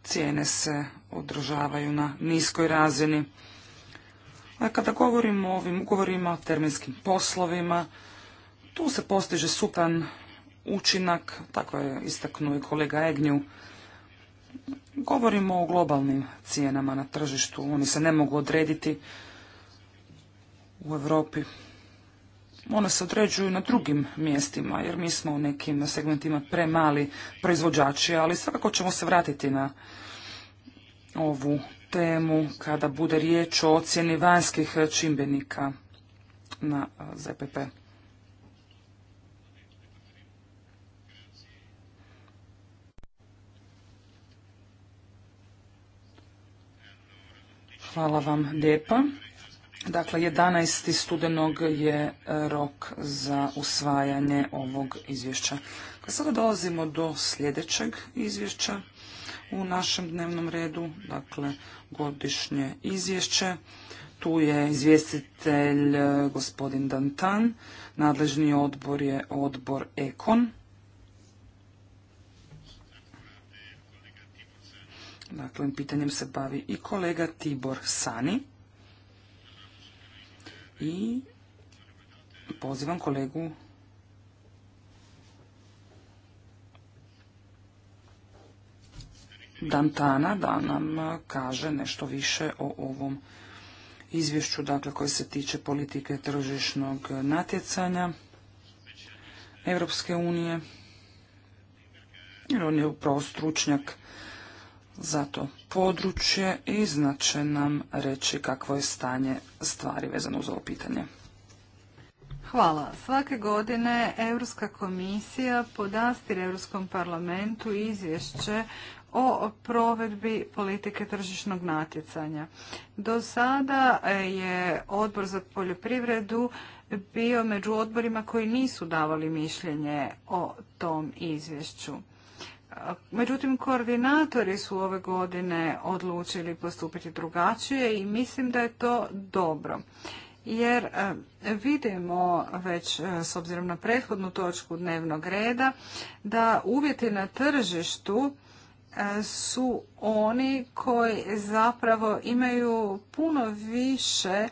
cijene se održavaju na niskoj razini. A kada govorimo o ovim ugovorima, o terminskim poslovima, tu se postiže supan učinak, tako je istaknuo i kolega Egnju. Govorimo o globalnim cijenama na tržištu, oni se ne mogu odrediti u Europi one se određuju na drugim mjestima, jer mi smo u nekim segmentima premali proizvođači, ali svakako ćemo se vratiti na ovu temu kada bude riječ o ocjeni vanjskih čimbenika na ZPP. Hvala vam lijepa. Dakle, 11. studenog je e, rok za usvajanje ovog izvješća. Sada dolazimo do sljedećeg izvješća u našem dnevnom redu, dakle godišnje izvješće. Tu je izvjestitelj e, gospodin Dantan, nadležni odbor je odbor Ekon. Dakle, pitanjem se bavi i kolega Tibor Sani i pozivam kolegu Dantana da nam kaže nešto više o ovom izvješću dakle, koje se tiče politike tržišnog natjecanja Europske unije. Jer on je upravo stručnjak za to područje i znače nam reći kakvo je stanje stvari vezano uz ovo pitanje. Hvala. Svake godine Europska komisija podastire Europskom parlamentu izvješće o provedbi politike tržišnog natjecanja. Do sada je odbor za poljoprivredu bio među odborima koji nisu davali mišljenje o tom izvješću. Međutim, koordinatori su ove godine odlučili postupiti drugačije i mislim da je to dobro. Jer e, vidimo već e, s obzirom na prethodnu točku dnevnog reda da uvjeti na tržištu e, su oni koji zapravo imaju puno više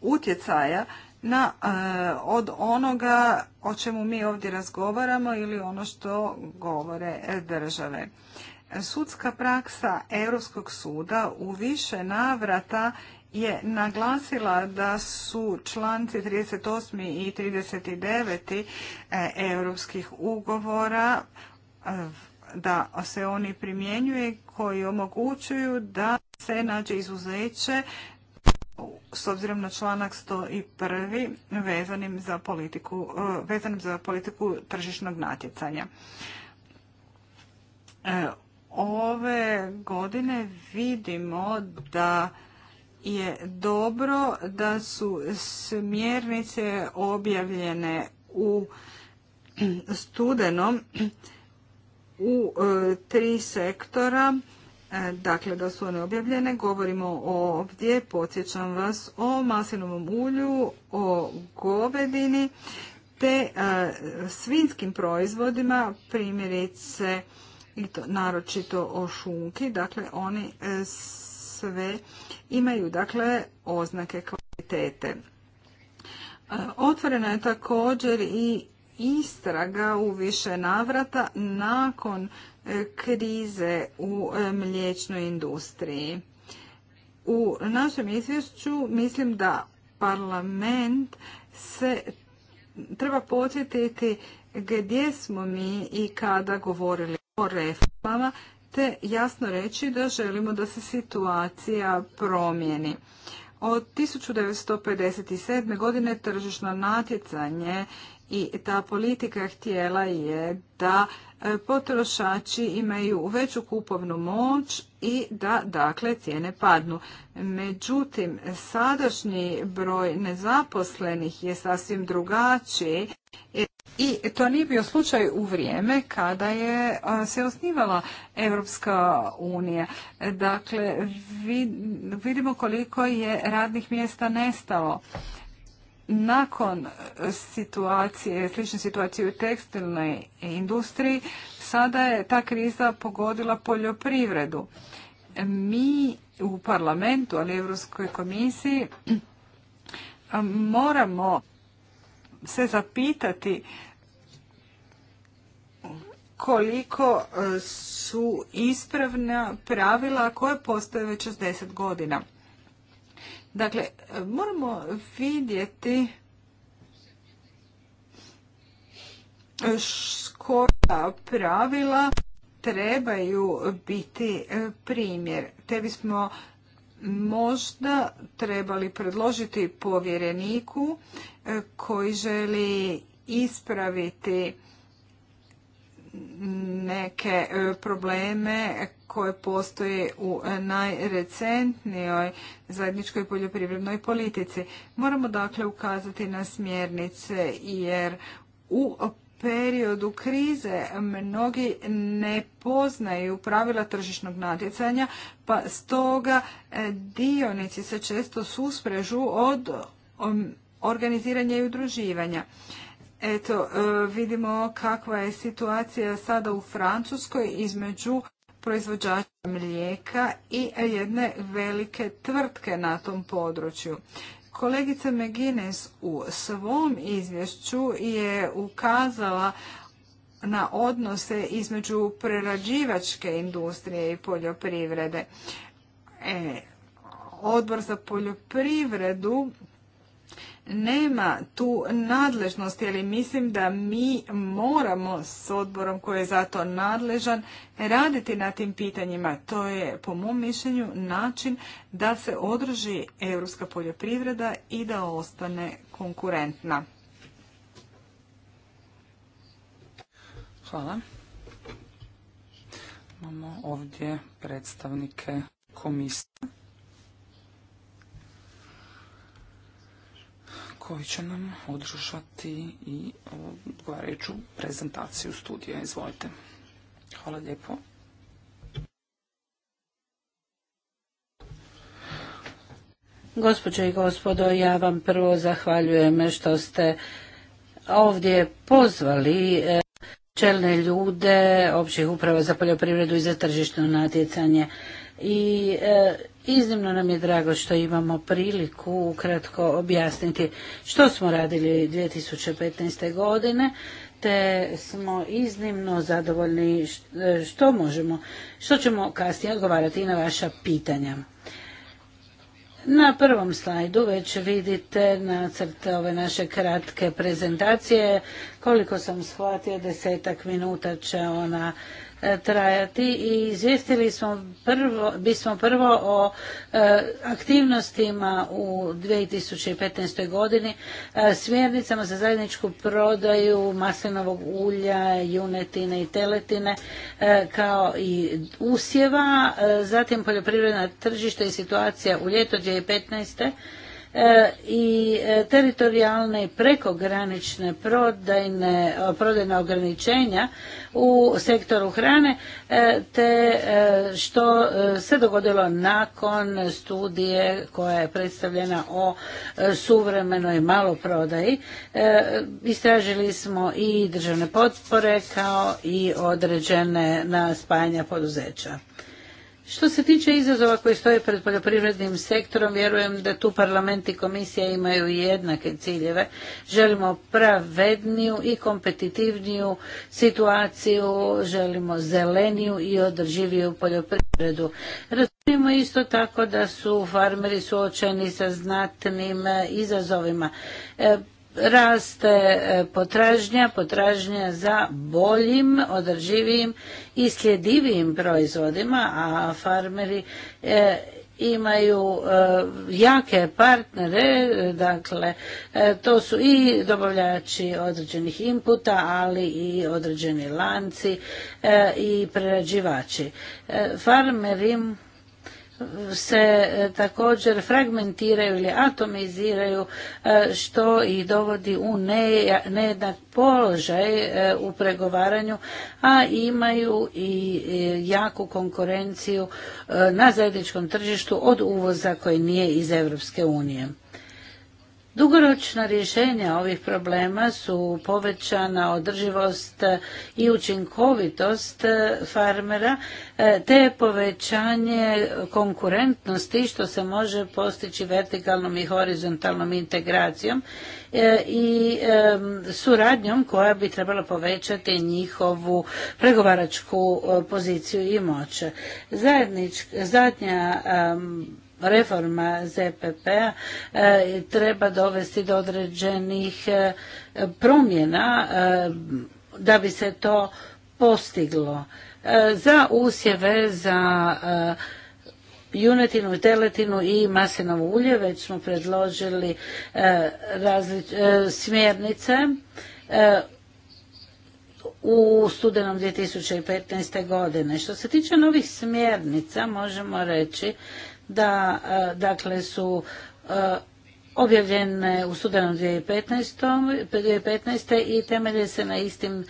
utjecaja na, e, od onoga o čemu mi ovdje razgovaramo ili ono što govore e, države. Sudska praksa Europskog suda u više navrata je naglasila da su članci 38. i 39. E, europskih ugovora da se oni primjenjuje koji omogućuju da se nađe izuzeće s obzirom na članak 101. vezanim za politiku, e, vezanim za politiku tržišnog natjecanja. E, ove godine vidimo da je dobro da su smjernice objavljene u studenom u e, tri sektora E, dakle da su one objavljene. Govorimo ovdje, podsjećam vas, o maslinovom ulju, o govedini te e, svinskim proizvodima, primjerice i to naročito o šunki, dakle oni e, sve imaju dakle oznake kvalitete. Otvoreno otvorena je također i istraga u više navrata nakon e, krize u e, mliječnoj industriji. U našem izvješću mislim da parlament se treba podsjetiti gdje smo mi i kada govorili o reformama te jasno reći da želimo da se situacija promijeni. Od 1957. godine tržišno natjecanje i ta politika htjela je da e, potrošači imaju veću kupovnu moć i da dakle cijene padnu. Međutim, sadašnji broj nezaposlenih je sasvim drugačiji e, i to nije bio slučaj u vrijeme kada je se osnivala Europska unija. Dakle, vidimo koliko je radnih mjesta nestalo nakon e, situacije, slične situacije u tekstilnoj industriji, sada je ta kriza pogodila poljoprivredu. Mi u parlamentu, ali i Europskoj komisiji, moramo se zapitati koliko e, su ispravna pravila koje postoje već 60 godina. Dakle, moramo vidjeti koja pravila trebaju biti e, primjer. Te bismo možda trebali predložiti povjereniku e, koji želi ispraviti neke e, probleme koje postoje u najrecentnijoj zajedničkoj poljoprivrednoj politici. Moramo dakle ukazati na smjernice jer u periodu krize mnogi ne poznaju pravila tržišnog natjecanja, pa stoga e, dionici se često susprežu od organiziranja i udruživanja. Eto, e, vidimo kakva je situacija sada u Francuskoj između proizvođača mlijeka i jedne velike tvrtke na tom području. Kolegica Megines u svom izvješću je ukazala na odnose između prerađivačke industrije i poljoprivrede. E, odbor za poljoprivredu nema tu nadležnost, jer mislim da mi moramo s odborom koji je za to nadležan raditi na tim pitanjima. To je, po mom mišljenju, način da se održi europska poljoprivreda i da ostane konkurentna. Hvala. Imamo ovdje predstavnike komisije. koji će nam održati i odgovarajuću prezentaciju studija. Izvolite. Hvala lijepo. Gospođo i gospodo, ja vam prvo zahvaljujem što ste ovdje pozvali e, čelne ljude općih uprava za poljoprivredu i za tržišno natjecanje. I e, Iznimno nam je drago što imamo priliku ukratko objasniti što smo radili 2015. godine, te smo iznimno zadovoljni što možemo, što ćemo kasnije odgovarati na vaša pitanja. Na prvom slajdu već vidite nacrt ove naše kratke prezentacije. Koliko sam shvatio, desetak minuta će ona E, trajati i izvijestili smo prvo, bismo prvo o e, aktivnostima u 2015. godini e, smjernicama za zajedničku prodaju maslinovog ulja, junetine i teletine kao i usjeva, zatim poljoprivredna tržišta i situacija u ljeto 2015 E, i e, teritorijalne i prekogranične prodajne, ograničenja u sektoru hrane e, te što se dogodilo nakon studije koja je predstavljena o suvremenoj maloprodaji. Istražili smo i državne potpore kao i određene na spajanja poduzeća. Što se tiče izazova koji stoje pred poljoprivrednim sektorom, vjerujem da tu parlament i komisija imaju jednake ciljeve. Želimo pravedniju i kompetitivniju situaciju, želimo zeleniju i održiviju poljoprivredu. Razumijemo isto tako da su farmeri suočeni sa znatnim eh, izazovima. Eh, raste e, potražnja, potražnja za boljim, održivijim i sljedivijim proizvodima, a farmeri e, imaju e, jake partnere, dakle to su i dobavljači određenih inputa, ali i određeni lanci i prerađivači. Farmerim se e, također fragmentiraju ili atomiziraju e, što i dovodi u nejednak položaj e, u pregovaranju, a imaju i jaku konkurenciju na zajedničkom tržištu od uvoza koji nije iz Europske unije. Dugoročna rješenja ovih problema su povećana održivost i učinkovitost e, farmera e, te povećanje konkurentnosti što se može postići vertikalnom i horizontalnom integracijom e, i suradnjom koja bi trebala povećati njihovu pregovaračku poziciju i moć. Zadnja reforma ZPP-a e, treba dovesti do određenih e, promjena e, da bi se to postiglo. Za usjeve, za junetinu i teletinu i maslinovo ulje već smo predložili smjernice u studenom 2015. godine. Što se tiče novih smjernica, možemo reći da e, dakle su e, objavljene u studenom 2015. 2015. i temelje se na istim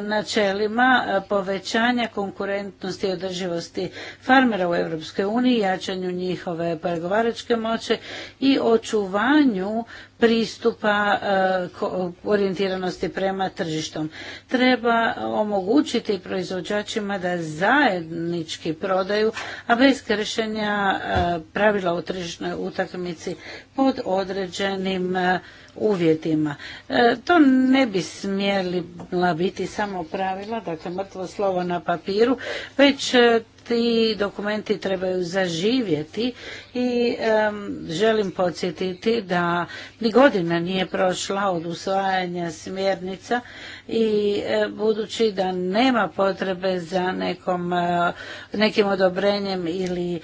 načelima e, povećanja konkurentnosti i održivosti farmera u Europskoj uniji, jačanju njihove pregovaračke moće i očuvanju pristupa e, orijentiranosti prema tržištom. Treba omogućiti proizvođačima da zajednički prodaju, a bez kršenja e, pravila u tržišnoj utakmici pod određenim uvjetima. E, to ne bi smjeli biti samo pravila, dakle mrtvo slovo na papiru, već e, ti dokumenti trebaju zaživjeti i želim podsjetiti da ni godina nije prošla od usvajanja smjernica i e, budući da nema potrebe za nekom, nekim odobrenjem ili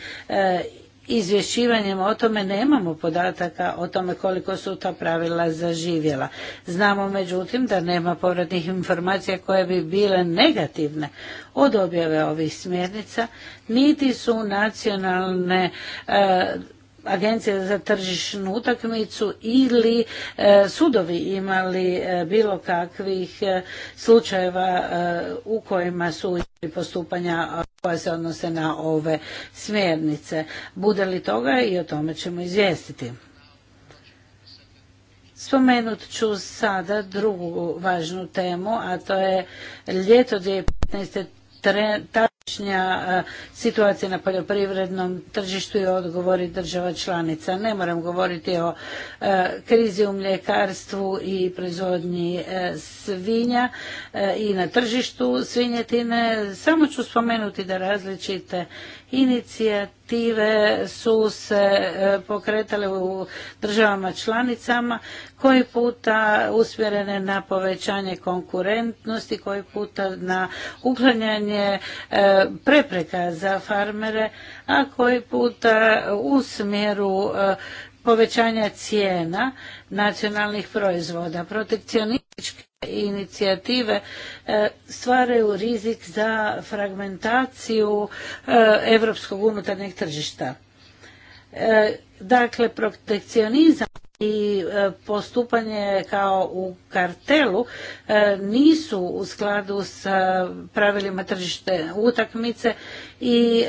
izvješćivanjem o tome nemamo podataka o tome koliko su ta pravila zaživjela. Znamo međutim da nema povratnih informacija koje bi bile negativne od objave ovih smjernica, niti su nacionalne e, agencije za tržišnu utakmicu ili e, sudovi imali e, bilo kakvih e, slučajeva u kojima su postupanja koja se odnose na ove smjernice. Bude li toga i o tome ćemo izvijestiti. Spomenut ću sada drugu važnu temu, a to je ljeto 2015 tadašnja e, situacija na poljoprivrednom tržištu i odgovori država članica. Ne moram govoriti o e, krizi u mljekarstvu i proizvodnji e, svinja i na tržištu svinjetine. Samo ću spomenuti da različite inicijative su se e, pokretale u državama članicama koji puta usmjerene na povećanje konkurentnosti, koji puta na uklanjanje e, prepreka za farmere, a koji puta u smjeru e, povećanja cijena nacionalnih proizvoda. Protekcionistički inicijative e, stvaraju rizik za fragmentaciju europskog unutarnjeg tržišta. E, dakle, protekcionizam i e, postupanje kao u kartelu nisu u skladu sa pravilima tržište utakmice i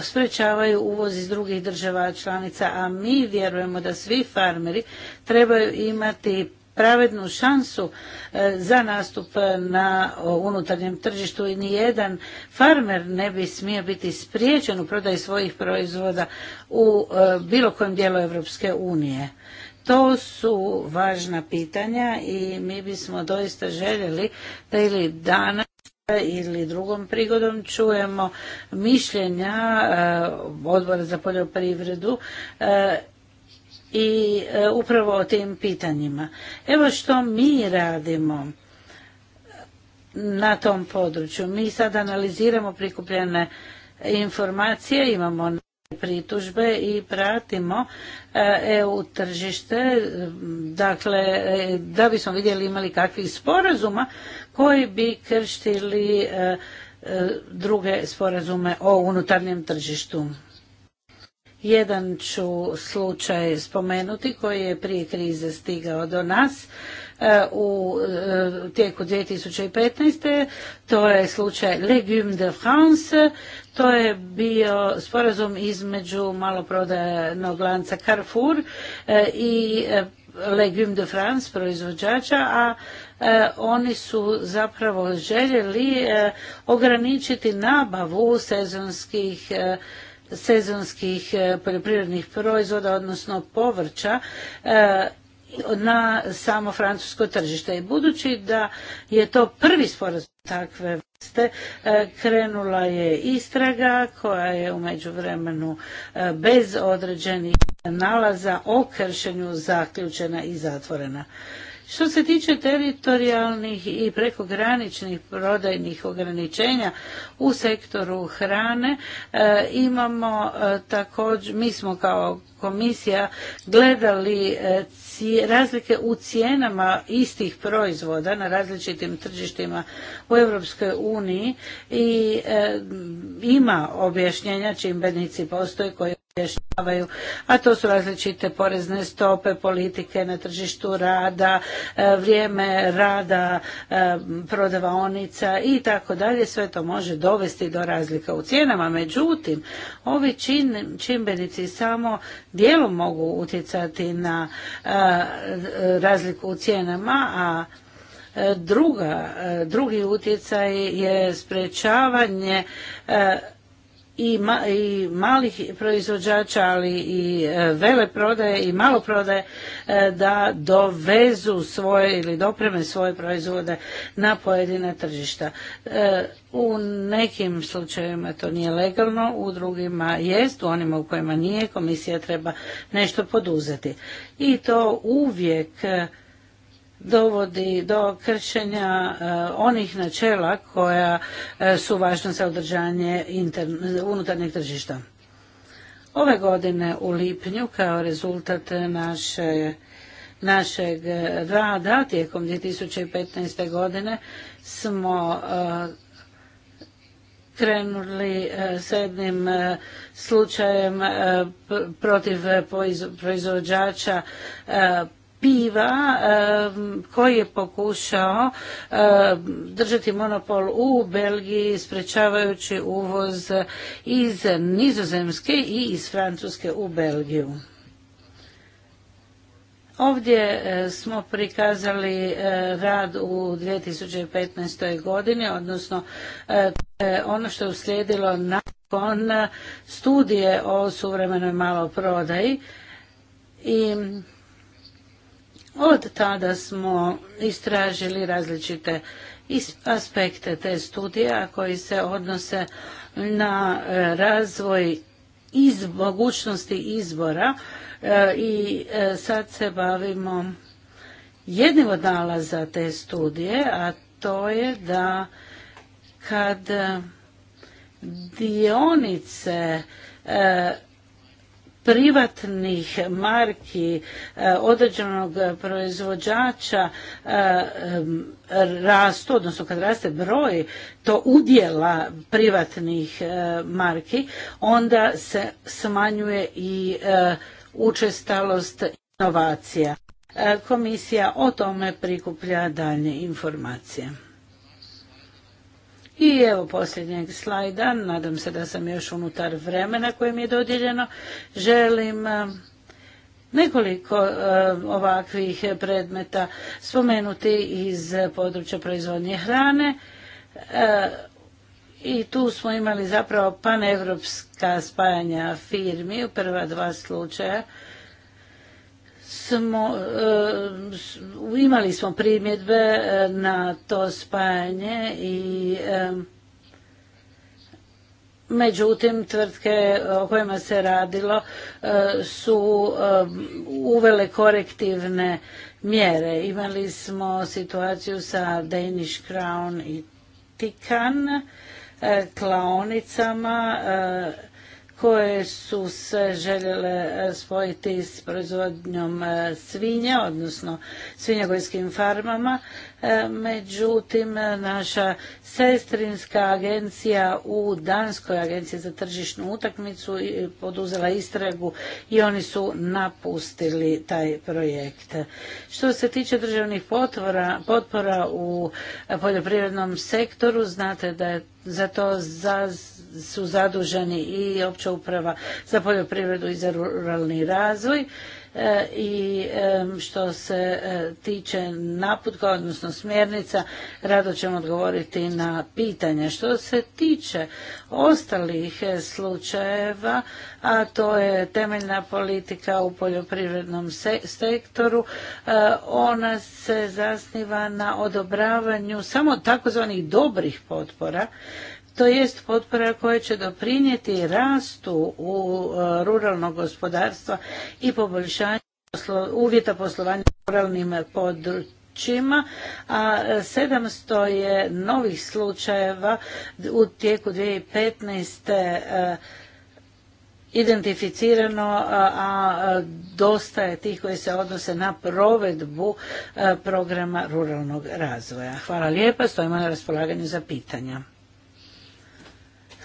sprečavaju uvoz iz drugih država članica, a mi vjerujemo da svi farmeri trebaju imati pravednu šansu e, za nastup na unutarnjem tržištu i nijedan farmer ne bi smio biti spriječen u prodaji svojih proizvoda u e, bilo kojem dijelu Europske unije. To su važna pitanja i mi bismo doista željeli da ili danas ili drugom prigodom čujemo mišljenja e, Odbora za poljoprivredu i e, upravo o tim pitanjima. Evo što mi radimo na tom području. Mi sad analiziramo prikupljene informacije, imamo pritužbe i pratimo e, EU tržište, dakle e, da bismo vidjeli imali kakvih sporazuma koji bi krštili druge sporazume o unutarnjem tržištu. Jedan ću slučaj spomenuti koji je prije krize stigao do nas e, u e, tijeku 2015. To je slučaj Legume de France. To je bio sporazum između maloprodajnog lanca Carrefour e, i Legume de France proizvođača, a oni su zapravo željeli ograničiti nabavu sezonskih sezonskih e, poljoprivrednih proizvoda, odnosno povrća, e, na samo francusko tržište. I budući da je to prvi sporazum takve vrste, e, krenula je istraga koja je u međuvremenu bez određenih nalaza o kršenju zaključena i zatvorena. Što se tiče teritorijalnih i prekograničnih prodajnih ograničenja u sektoru hrane, e, imamo e, također, mi smo kao komisija gledali e, razlike u cijenama istih proizvoda na različitim tržištima u Europskoj uniji i ima objašnjenja čimbenici postoje koje rješavaju, a to su različite porezne stope, politike na tržištu rada, e, vrijeme rada e, prodavaonica i tako dalje. Sve to može dovesti do razlika u cijenama. Međutim, ovi čimbenici samo dijelom mogu utjecati na e, razliku u cijenama, a drugi utjecaj je sprečavanje i, i malih proizvođača, ali i e, veleprodaje i maloprodaje e, da dovezu svoje ili dopreme svoje proizvode na pojedina tržišta. E, u nekim slučajevima to nije legalno, u drugima jest, u onima u kojima nije, komisija treba nešto poduzeti. I to uvijek dovodi do kršenja eh, onih načela koja eh, su važna za održanje unutarnjeg tržišta. Ove godine u lipnju kao rezultat naše, našeg rada tijekom 2015. godine smo eh, krenuli s jednim slučajem protiv proizvođača piva koji je pokušao držati monopol u Belgiji sprečavajući uvoz iz Nizozemske i iz Francuske u Belgiju. Ovdje e, smo prikazali e, rad u 2015. godini, odnosno e, ono što je uslijedilo nakon studije o suvremenoj maloprodaji i od tada smo istražili različite aspekte te studije, koji se odnose na e, razvoj iz mogućnosti izbora e, i e, sad se bavimo jednim od nalaza te studije, a to je da kad dionice privatnih marki e, određenog proizvođača e, rastu, odnosno kad raste broj to udjela privatnih e, marki, onda se smanjuje i učestalost inovacija. Komisija o tome prikuplja dalje informacije. I evo posljednjeg slajda, nadam se da sam još unutar vremena koje mi je dodijeljeno. Želim eh, nekoliko eh, ovakvih predmeta spomenuti iz područja proizvodnje hrane. Eh, I tu smo imali zapravo panevropska spajanja firmi u prva dva slučaja smo, e, imali smo primjedbe e, na to spajanje i e, međutim tvrtke o kojima se radilo su uvele korektivne mjere. Imali smo situaciju sa Danish Crown i Tikan klaonicama koje su se željele e, spojiti s proizvodnjom e, svinja, odnosno svinjogojskim farmama. E, međutim, naša sestrinska agencija u Danskoj agenciji za tržišnu utakmicu poduzela istragu i oni su napustili taj projekt. Što se tiče državnih potvora, potpora u poljoprivrednom sektoru, znate da je za to su zaduženi i opća uprava za poljoprivredu i za ruralni razvoj E, i e, što se e, tiče naputka, odnosno smjernica, rado ćemo odgovoriti na pitanje. Što se tiče ostalih slučajeva, a to je temeljna politika u poljoprivrednom sektoru, ona se zasniva na odobravanju samo takozvanih dobrih potpora to jest potpora koja će doprinijeti rastu u e, ruralnog gospodarstva i poboljšanju uvjeta poslovanja u ruralnim područjima, a 700 je novih slučajeva u tijeku 2015 e, identificirano, a dosta je tih koji se odnose na provedbu e, programa ruralnog razvoja. Hvala lijepa, stojimo na raspolaganju za pitanja.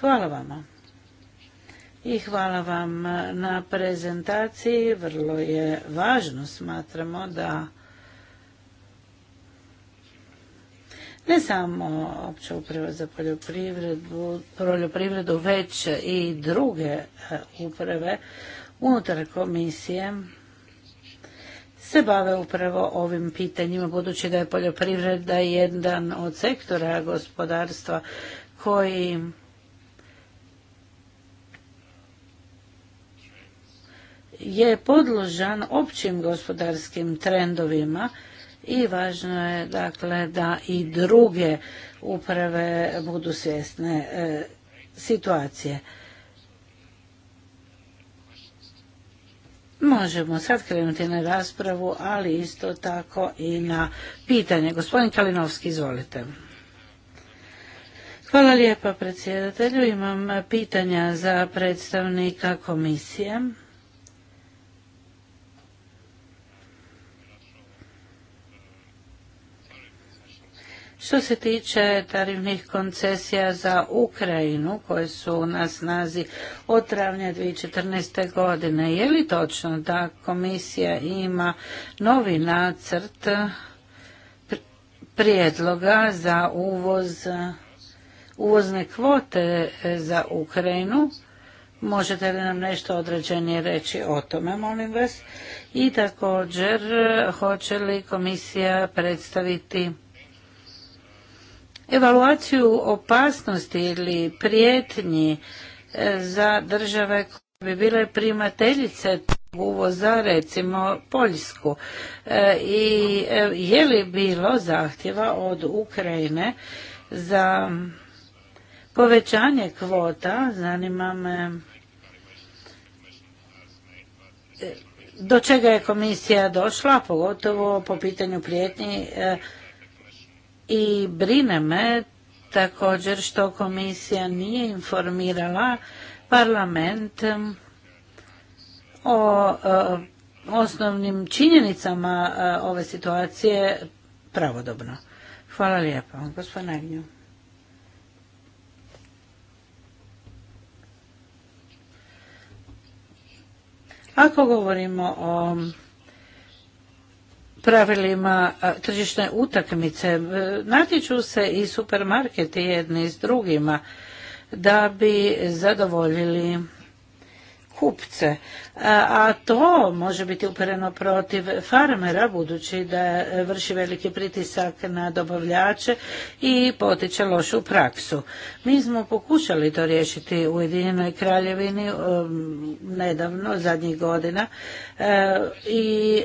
Hvala vama. I hvala vam na prezentaciji. Vrlo je važno, smatramo, da ne samo opća uprava za poljoprivredu, poljoprivredu, već i druge e, uprave unutar komisije se bave upravo ovim pitanjima, budući da je poljoprivreda jedan od sektora gospodarstva koji je podložan općim gospodarskim trendovima i važno je dakle da i druge uprave budu svjesne e, situacije. Možemo sad krenuti na raspravu, ali isto tako i na pitanje. Gospodin Kalinovski, izvolite. Hvala lijepa predsjedatelju. Imam pitanja za predstavnika komisije. Što se tiče tarifnih koncesija za Ukrajinu koje su na snazi od travnja 2014. godine, je li točno da komisija ima novi nacrt prijedloga za uvoz uvozne kvote za Ukrajinu? Možete li nam nešto određenije reći o tome, molim vas? I također, hoće li komisija predstaviti evaluaciju opasnosti ili prijetnji e, za države koje bi bile primateljice uvoza, recimo Poljsku. E, I e, je li bilo zahtjeva od Ukrajine za povećanje kvota, zanima me do čega je komisija došla, pogotovo po pitanju prijetnji i brine me također što komisija nije informirala parlament um, o uh, osnovnim činjenicama uh, ove situacije pravodobno. Hvala lijepa, gospodin Agnju. Ako govorimo o pravilima tržišne utakmice. E, natječu se i supermarketi jedni s drugima da bi zadovoljili kupce. A to može biti upereno protiv farmera budući da vrši veliki pritisak na dobavljače i potiče lošu praksu. Mi smo pokušali to riješiti u Ujedinjenoj kraljevini um, nedavno, zadnjih godina e, i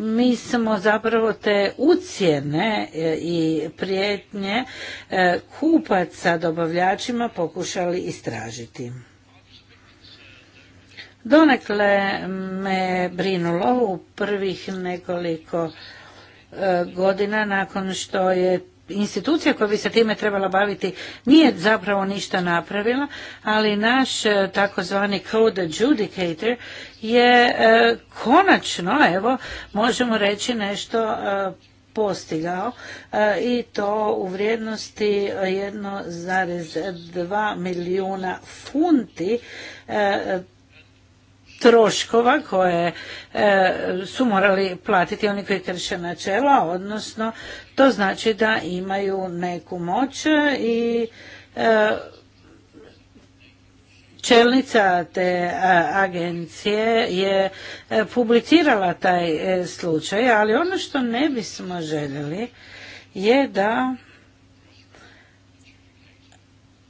mi smo zapravo te ucijene e, i prijetnje e, kupaca dobavljačima pokušali istražiti. Donekle me brinulo u prvih nekoliko e, godina nakon što je institucija koja bi se time trebala baviti nije zapravo ništa napravila, ali naš e, takozvani code adjudicator je e, konačno, evo, možemo reći nešto e, postigao i to u vrijednosti 1,2 milijuna funti troškova koje e, su morali platiti oni koji krše načela, odnosno to znači da imaju neku moć i e, čelnica te agencije je e, publicirala taj slučaj, ali ono što ne bismo željeli je da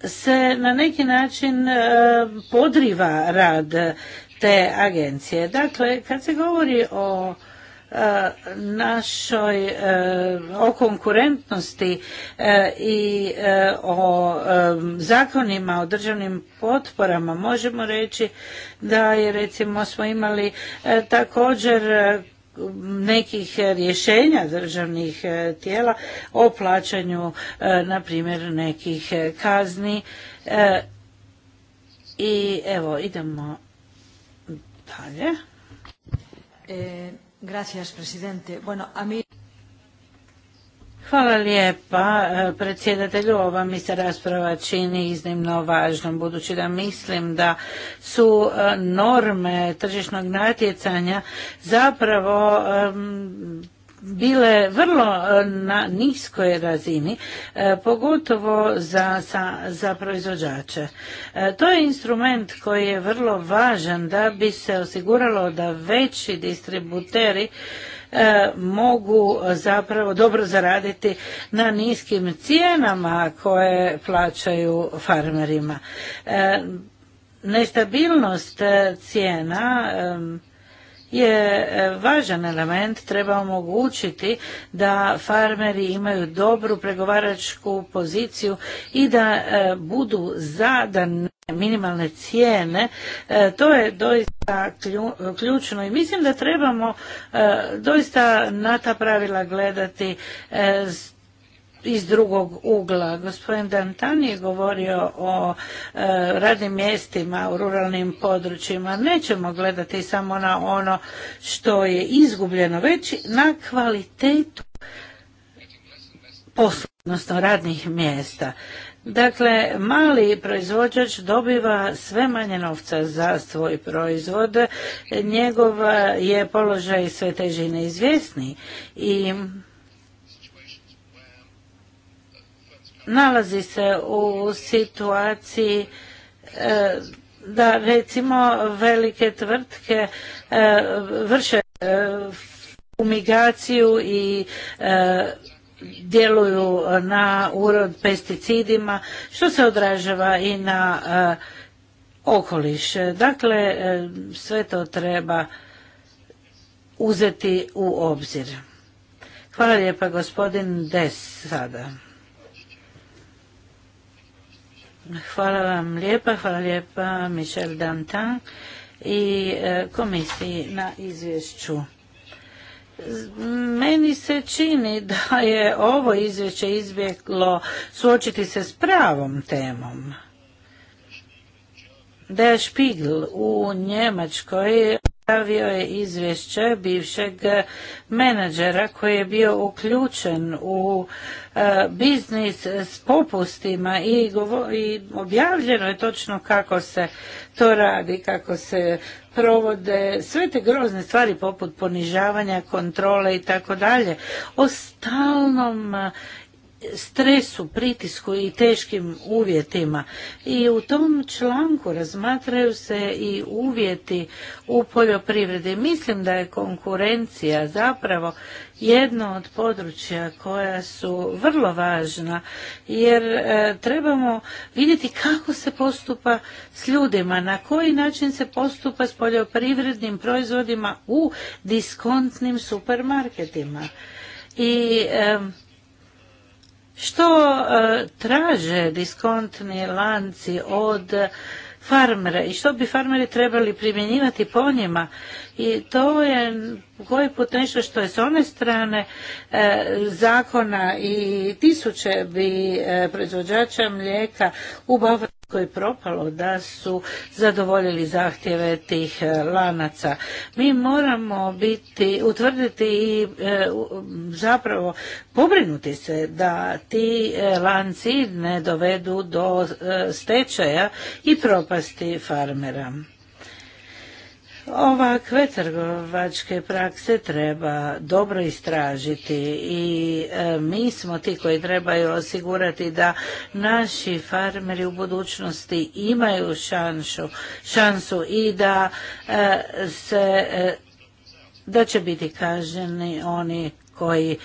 se na neki način podriva rad te agencije. Dakle, kad se govori o e, našoj e, o konkurentnosti e, i o zakonima o državnim potporama možemo reći da je recimo smo imali također nekih rješenja državnih tijela o plaćanju na primjer nekih kazni i evo idemo E, a mi... Hvala lijepa e, predsjedatelju. Ova mi se rasprava čini iznimno važnom, budući da mislim da su e, norme tržišnog natjecanja zapravo bile vrlo e, na niskoj razini, e, pogotovo za, za, proizvođače. E, to je instrument koji je vrlo važan da bi se osiguralo da veći distributeri mogu zapravo dobro zaraditi na niskim cijenama koje plaćaju farmerima. Nestabilnost cijena je e, važan element, treba omogućiti da farmeri imaju dobru pregovaračku poziciju i da e, budu zadane minimalne cijene. E, to je doista ključno i mislim da trebamo doista na ta pravila gledati iz drugog ugla. Gospodin Dantan je govorio o e, radnim mjestima u ruralnim područjima. Nećemo gledati samo na ono što je izgubljeno, već na kvalitetu posla, odnosno radnih mjesta. Dakle, mali proizvođač dobiva sve manje novca za svoj proizvod, njegov je položaj sve teži neizvjesni i nalazi se u situaciji e, da recimo velike tvrtke e, vrše e, fumigaciju i djeluju na urod pesticidima što se odražava i na okoliš. Dakle, sve to treba uzeti u obzir. Hvala lijepa gospodin Des sada. Hvala vam lijepa, hvala lijepa Michel Dantin i e, komisiji na izvješću. Meni se čini da je ovo izvješće izbjeglo suočiti se s pravom temom. Der špigl u Njemačkoj Stavio je izvješće bivšeg menadžera koji je bio uključen u e, biznis s popustima i, i objavljeno je točno kako se to radi, kako se provode sve te grozne stvari poput ponižavanja, kontrole i tako dalje. O stalnom stresu, pritisku i teškim uvjetima. I u tom članku razmatraju se i uvjeti u poljoprivredi. Mislim da je konkurencija zapravo jedno od područja koja su vrlo važna jer e, trebamo vidjeti kako se postupa s ljudima, na koji način se postupa s poljoprivrednim proizvodima u diskontnim supermarketima. I što e, traže diskontni lanci od farmere i što bi farmeri trebali primjenjivati po njima i to je koji put nešto što je s one strane e, zakona i tisuće bi e, proizvođača mlijeka u Bavru koje je propalo da su zadovoljili zahtjeve tih e, lanaca. Mi moramo biti, utvrditi i e, zapravo pobrinuti se da ti e, lanci ne dovedu do stečaja i propasti farmera. Ovakve trgovačke prakse treba dobro istražiti i e, mi smo ti koji trebaju osigurati da naši farmeri u budućnosti imaju šansu, šansu i da e, se e, da će biti kažnjeni oni koji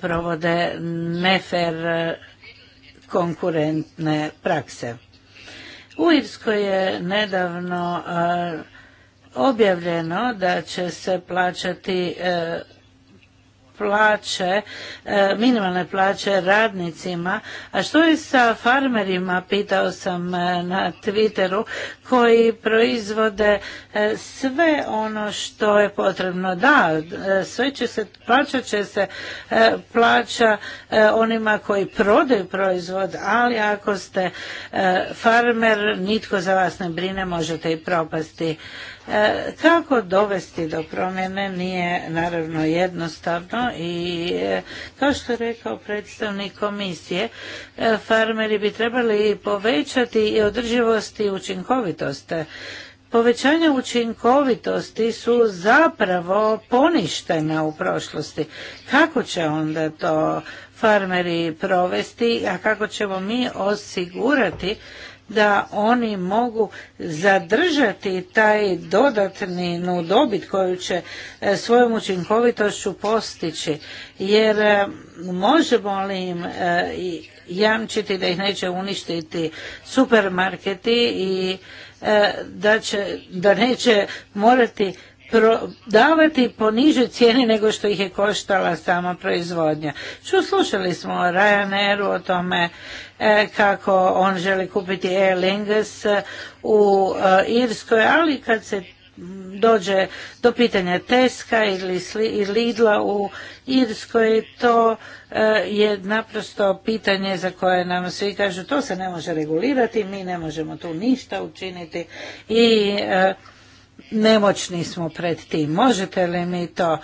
provode nefer konkurentne prakse. U Irskoj je nedavno objavljeno da će se plaćati e, plaće, e, minimalne plaće radnicima. A što je sa farmerima, pitao sam e, na Twitteru, koji proizvode sve ono što je potrebno. Da, sve će se, plaćat će se plaća onima koji prodaju proizvod, ali ako ste farmer, nitko za vas ne brine, možete i propasti. E, kako dovesti do promjene nije naravno jednostavno i e, kao što je rekao predstavnik komisije, e, farmeri bi trebali povećati i održivost i učinkovitost povećanje učinkovitosti su zapravo poništena u prošlosti. Kako će onda to farmeri provesti, a kako ćemo mi osigurati da oni mogu zadržati taj dodatni dobit koju će e, svojom učinkovitošću postići jer e, možemo li im e, jamčiti da ih neće uništiti supermarketi i da, će, da neće morati davati po nižoj cijeni nego što ih je koštala sama proizvodnja. Ču slušali smo o Ryanairu, o tome E, kako on želi kupiti Aer Lingus e, u e, Irskoj, ali kad se dođe do pitanja Teska ili Lidla u Irskoj, to je naprosto pitanje za koje nam svi kažu to se ne može regulirati, mi ne možemo tu ništa učiniti i nemoćni smo pred tim. Možete li mi to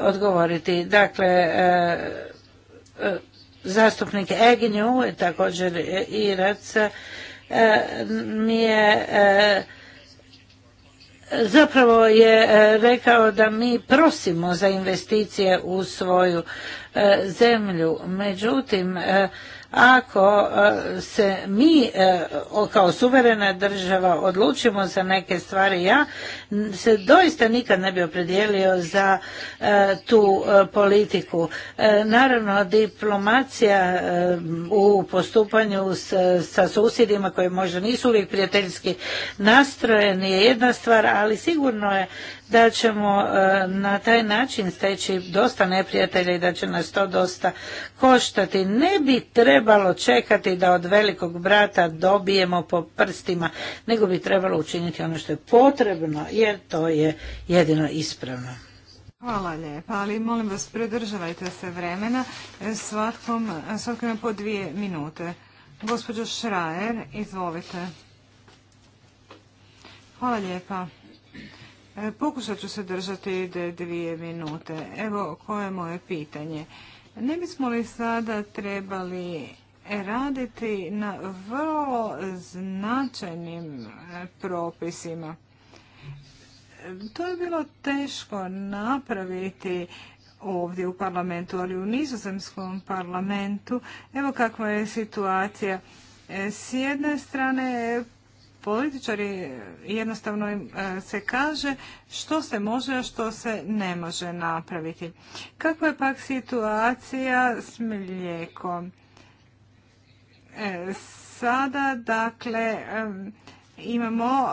odgovoriti? Dakle, zastupnik Egnju i također Irac e, mi je e, zapravo je e, rekao da mi prosimo za investicije u svoju zemlju. Međutim, ako e, se mi e, kao suverena država odlučimo za neke stvari, ja se doista nikad ne bi opredijelio za e, tu politiku. Naravno, diplomacija u postupanju sa susjedima koji možda nisu uvijek prijateljski nastrojeni je jedna stvar, ali sigurno je da ćemo e, na taj način steći dosta neprijatelja i da će nas to dosta koštati. Ne bi trebalo čekati da od velikog brata dobijemo po prstima, nego bi trebalo učiniti ono što je potrebno, jer to je jedino ispravno. Hvala lijepa, ali molim vas pridržavajte se vremena, e, svatkom, svatkom po dvije minute. Gospođo Šrajer, izvolite. Hvala lijepa. E, pokušat ću se držati dvije minute. Evo koje je moje pitanje. Ne bismo li sada trebali raditi na vrlo značajnim e, propisima? E, to je bilo teško napraviti ovdje u parlamentu, ali u nizozemskom parlamentu. Evo kakva je situacija. S jedne strane političari eh, jednostavno eh, se kaže što se može, a što se ne može napraviti. Kakva je pak situacija s mlijekom? Eh, sada, dakle, imamo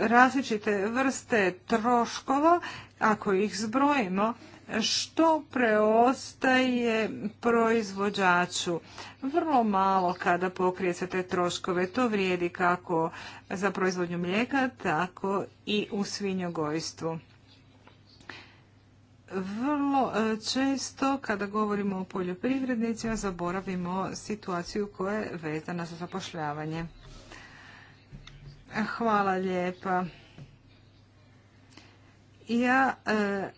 različite vrste troškova, ako ih zbrojimo, što preostaje proizvođaču? Vrlo malo kada pokrije te troškove. To vrijedi kako za proizvodnju mlijeka, tako i u svinjogojstvu. Vrlo e, često kada govorimo o poljoprivrednicima zaboravimo situaciju koja je vezana za zapošljavanje. Hvala lijepa. Ja e,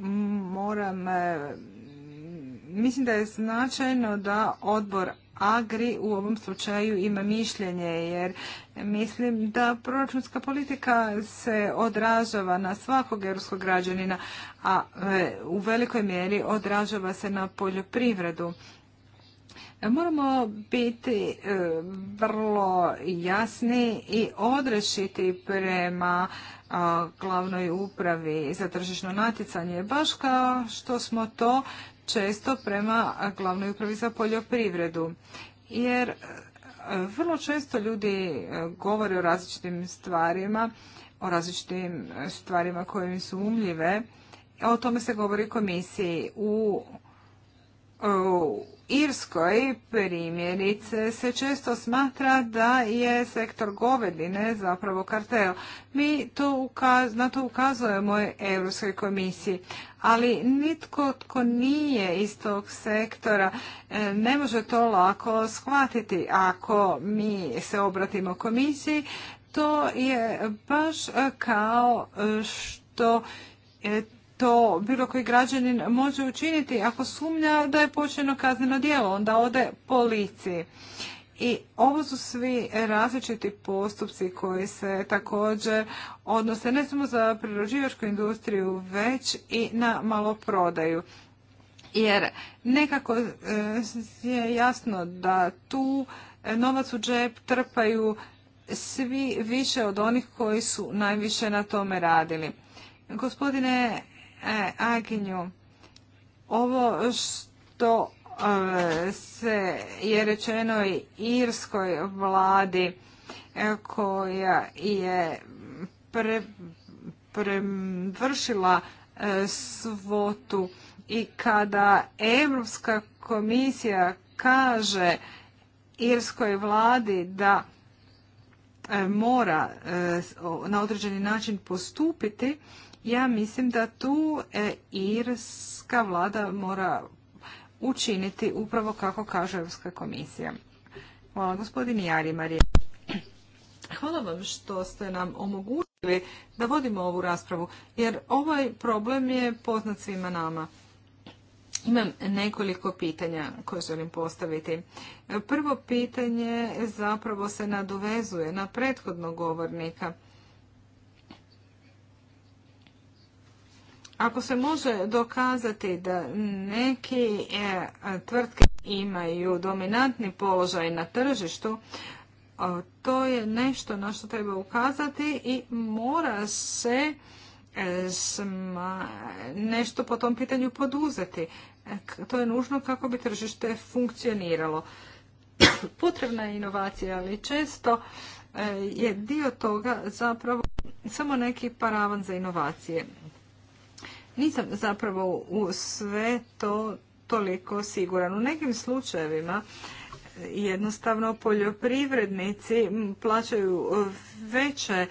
moram e, mislim da je značajno da odbor Agri u ovom slučaju ima mišljenje jer mislim da proračunska politika se odražava na svakog europskog građanina, a e, u velikoj mjeri odražava se na poljoprivredu. Moramo biti e, vrlo jasni i odrešiti prema glavnoj upravi za tržišno natjecanje, baš kao što smo to često prema glavnoj upravi za poljoprivredu. Jer e, vrlo često ljudi e, govore o različitim stvarima, o različitim e, stvarima koje im su umljive. O tome se govori komisiji. u Irskoj primjerice se često smatra da je sektor govedine zapravo kartel. Mi to ukaz, na to ukazujemo Europskoj komisiji, ali nitko tko nije iz tog sektora e, ne može to lako shvatiti ako mi se obratimo komisiji. To je baš e, kao što e, to bilo koji građanin može učiniti ako sumnja da je počinjeno kazneno djelo, onda ode policiji. I ovo su svi različiti postupci koji se također odnose ne samo za prerađivačku industriju, već i na maloprodaju. Jer nekako e, je jasno da tu e, novac u džep trpaju svi više od onih koji su najviše na tome radili. Gospodine E, Aginju. Ovo što e, se je rečeno i irskoj vladi e, koja je prevršila svotu i kada Europska komisija kaže irskoj vladi da mora na određeni način postupiti, ja mislim da tu e, irska vlada mora učiniti upravo kako kaže Europska komisija. Hvala gospodin Marije. Hvala vam što ste nam omogućili da vodimo ovu raspravu, jer ovaj problem je poznat svima nama. Imam nekoliko pitanja koje želim postaviti. Prvo pitanje zapravo se nadovezuje na prethodnog govornika – Ako se može dokazati da neki e, tvrtke imaju dominantni položaj na tržištu, e, to je nešto na što treba ukazati i mora se e, nešto po tom pitanju poduzeti. To je nužno kako bi tržište funkcioniralo. Potrebna je inovacija, ali često je dio toga zapravo samo neki paravan za inovacije. Nisam zapravo u sve to toliko siguran. U nekim slučajevima e, jednostavno poljoprivrednici plaćaju veće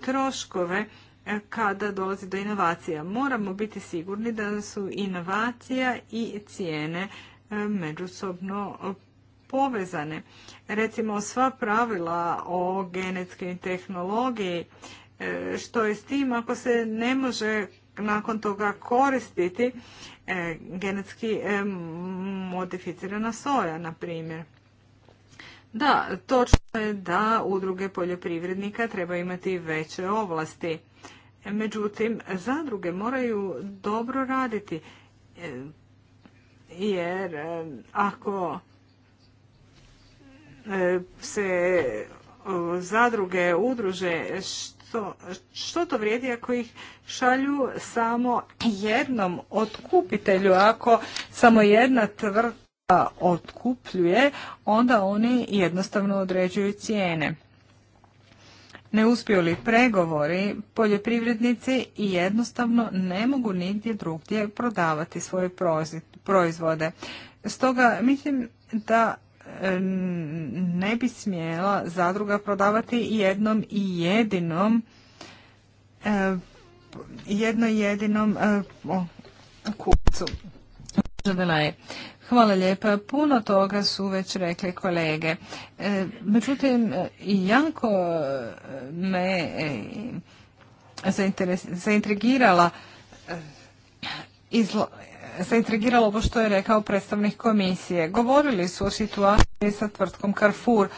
troškove e, kada dolazi do inovacija. Moramo biti sigurni da su inovacija i cijene e, međusobno povezane. Recimo sva pravila o genetskoj tehnologiji, što je s tim ako se ne može nakon toga koristiti e, genetski e, modificirana soja, na primjer. Da, točno je da udruge poljoprivrednika treba imati veće ovlasti. E, međutim, zadruge moraju dobro raditi, jer ako se zadruge udruže što, to vrijedi ako ih šalju samo jednom otkupitelju? Ako samo jedna tvrtka otkupljuje, onda oni jednostavno određuju cijene. Ne uspiju li pregovori, poljoprivrednici jednostavno ne mogu nigdje drugdje prodavati svoje proizvode. Stoga mislim da ne bi smjela zadruga prodavati jednom i jedinom e, jedno jedinom e, kupcu. Hvala lijepa. Puno toga su već rekli kolege. E, međutim, jako me zaintrigirala zaintrigiralo ovo što je rekao predstavnik komisije. Govorili su o situaciji sa tvrtkom Carrefour.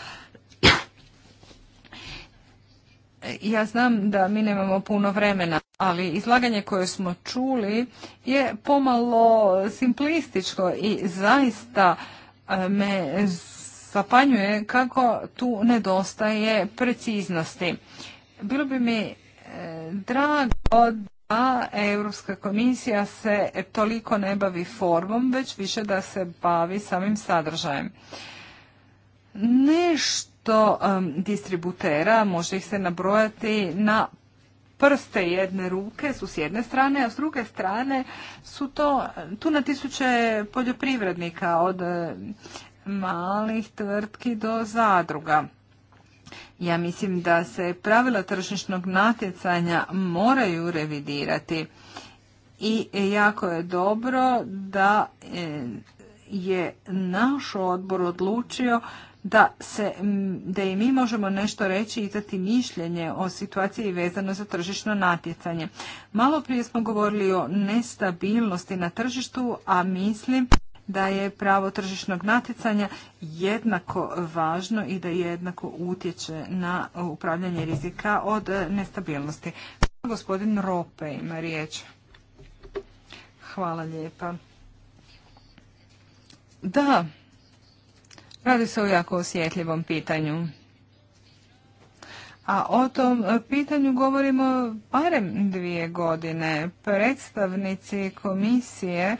Ja znam da mi nemamo puno vremena, ali izlaganje koje smo čuli je pomalo simplističko i zaista e, me zapanjuje kako tu nedostaje preciznosti. Bilo bi mi e, drago a Europska komisija se toliko ne bavi formom, već više da se bavi samim sadržajem. Nešto distributera, može ih se nabrojati na prste jedne ruke su s jedne strane, a s druge strane su to tu na tisuće poljoprivrednika od malih tvrtki do zadruga. Ja mislim da se pravila tržišnog natjecanja moraju revidirati i jako je dobro da e, je naš odbor odlučio da, se, da i mi možemo nešto reći i dati mišljenje o situaciji vezano za tržišno natjecanje. Malo prije smo govorili o nestabilnosti na tržištu, a mislim da je pravo tržišnog natjecanja jednako važno i da jednako utječe na upravljanje rizika od nestabilnosti. Gospodin Rope ima riječ. Hvala lijepa. Da, radi se o jako osjetljivom pitanju. A o tom pitanju govorimo barem dvije godine. Predstavnici komisije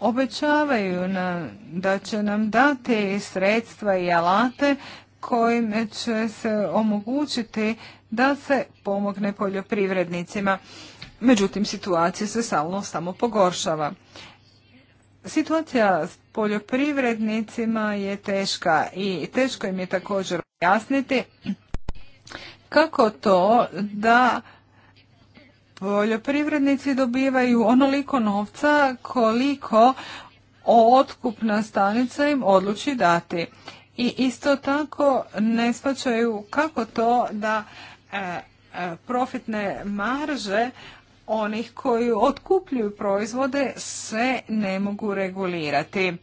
obećavaju nam da će nam dati sredstva i alate kojim će se omogućiti da se pomogne poljoprivrednicima. Međutim, situacija se stalno samo pogoršava. Situacija s poljoprivrednicima je teška i teško im je također objasniti kako to da poljoprivrednici dobivaju onoliko novca koliko otkupna stanica im odluči dati. I isto tako ne svačaju kako to da e, e, profitne marže onih koji otkupljuju proizvode se ne mogu regulirati.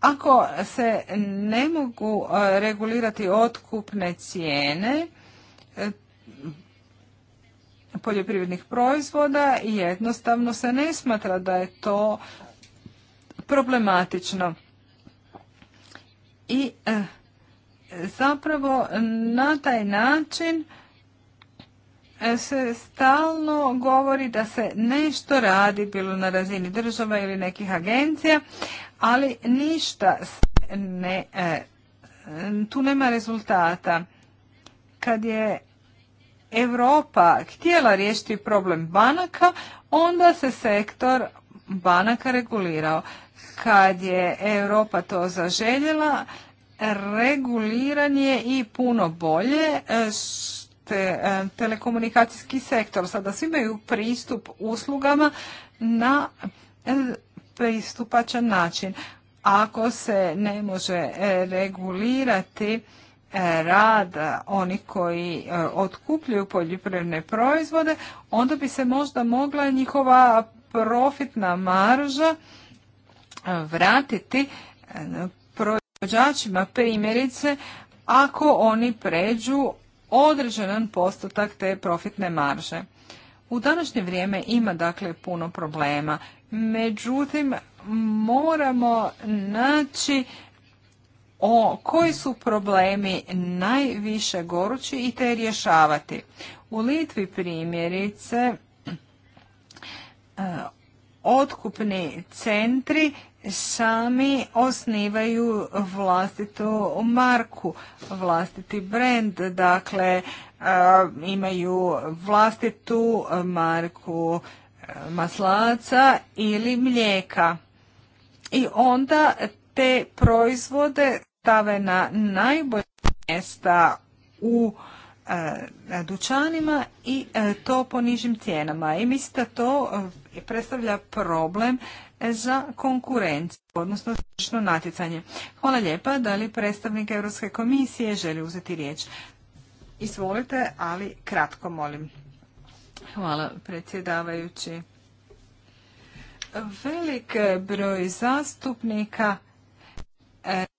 Ako se ne mogu e, regulirati otkupne cijene, poljoprivrednih proizvoda i jednostavno se ne smatra da je to problematično. I e, zapravo na taj način e, se stalno govori da se nešto radi, bilo na razini država ili nekih agencija, ali ništa ne, e, tu nema rezultata. Kad je Europa htjela riješiti problem banaka, onda se sektor banaka regulirao. Kad je Europa to zaželjela, reguliran je i puno bolje e, te, e, telekomunikacijski sektor. Sada svi imaju pristup uslugama na e, pristupačan način. Ako se ne može regulirati E, rad e, oni koji e, otkupljuju poljoprivredne proizvode, onda bi se možda mogla njihova profitna marža vratiti proizvođačima primjerice ako oni pređu određenan postotak te profitne marže. U današnje vrijeme ima dakle puno problema. Međutim, moramo naći o koji su problemi najviše gorući i te rješavati. U Litvi primjerice e, otkupni centri sami osnivaju vlastitu marku, vlastiti brand, dakle e, imaju vlastitu marku e, maslaca ili mlijeka. I onda te proizvode stave na najbolje mjesta u e, dućanima i e, to po nižim cijenama. I mislim da to e, predstavlja problem za konkurenciju, odnosno tržišno natjecanje. Hvala lijepa. Da li predstavnik Europske komisije želi uzeti riječ? Izvolite, ali kratko molim. Hvala predsjedavajući. Velik broj zastupnika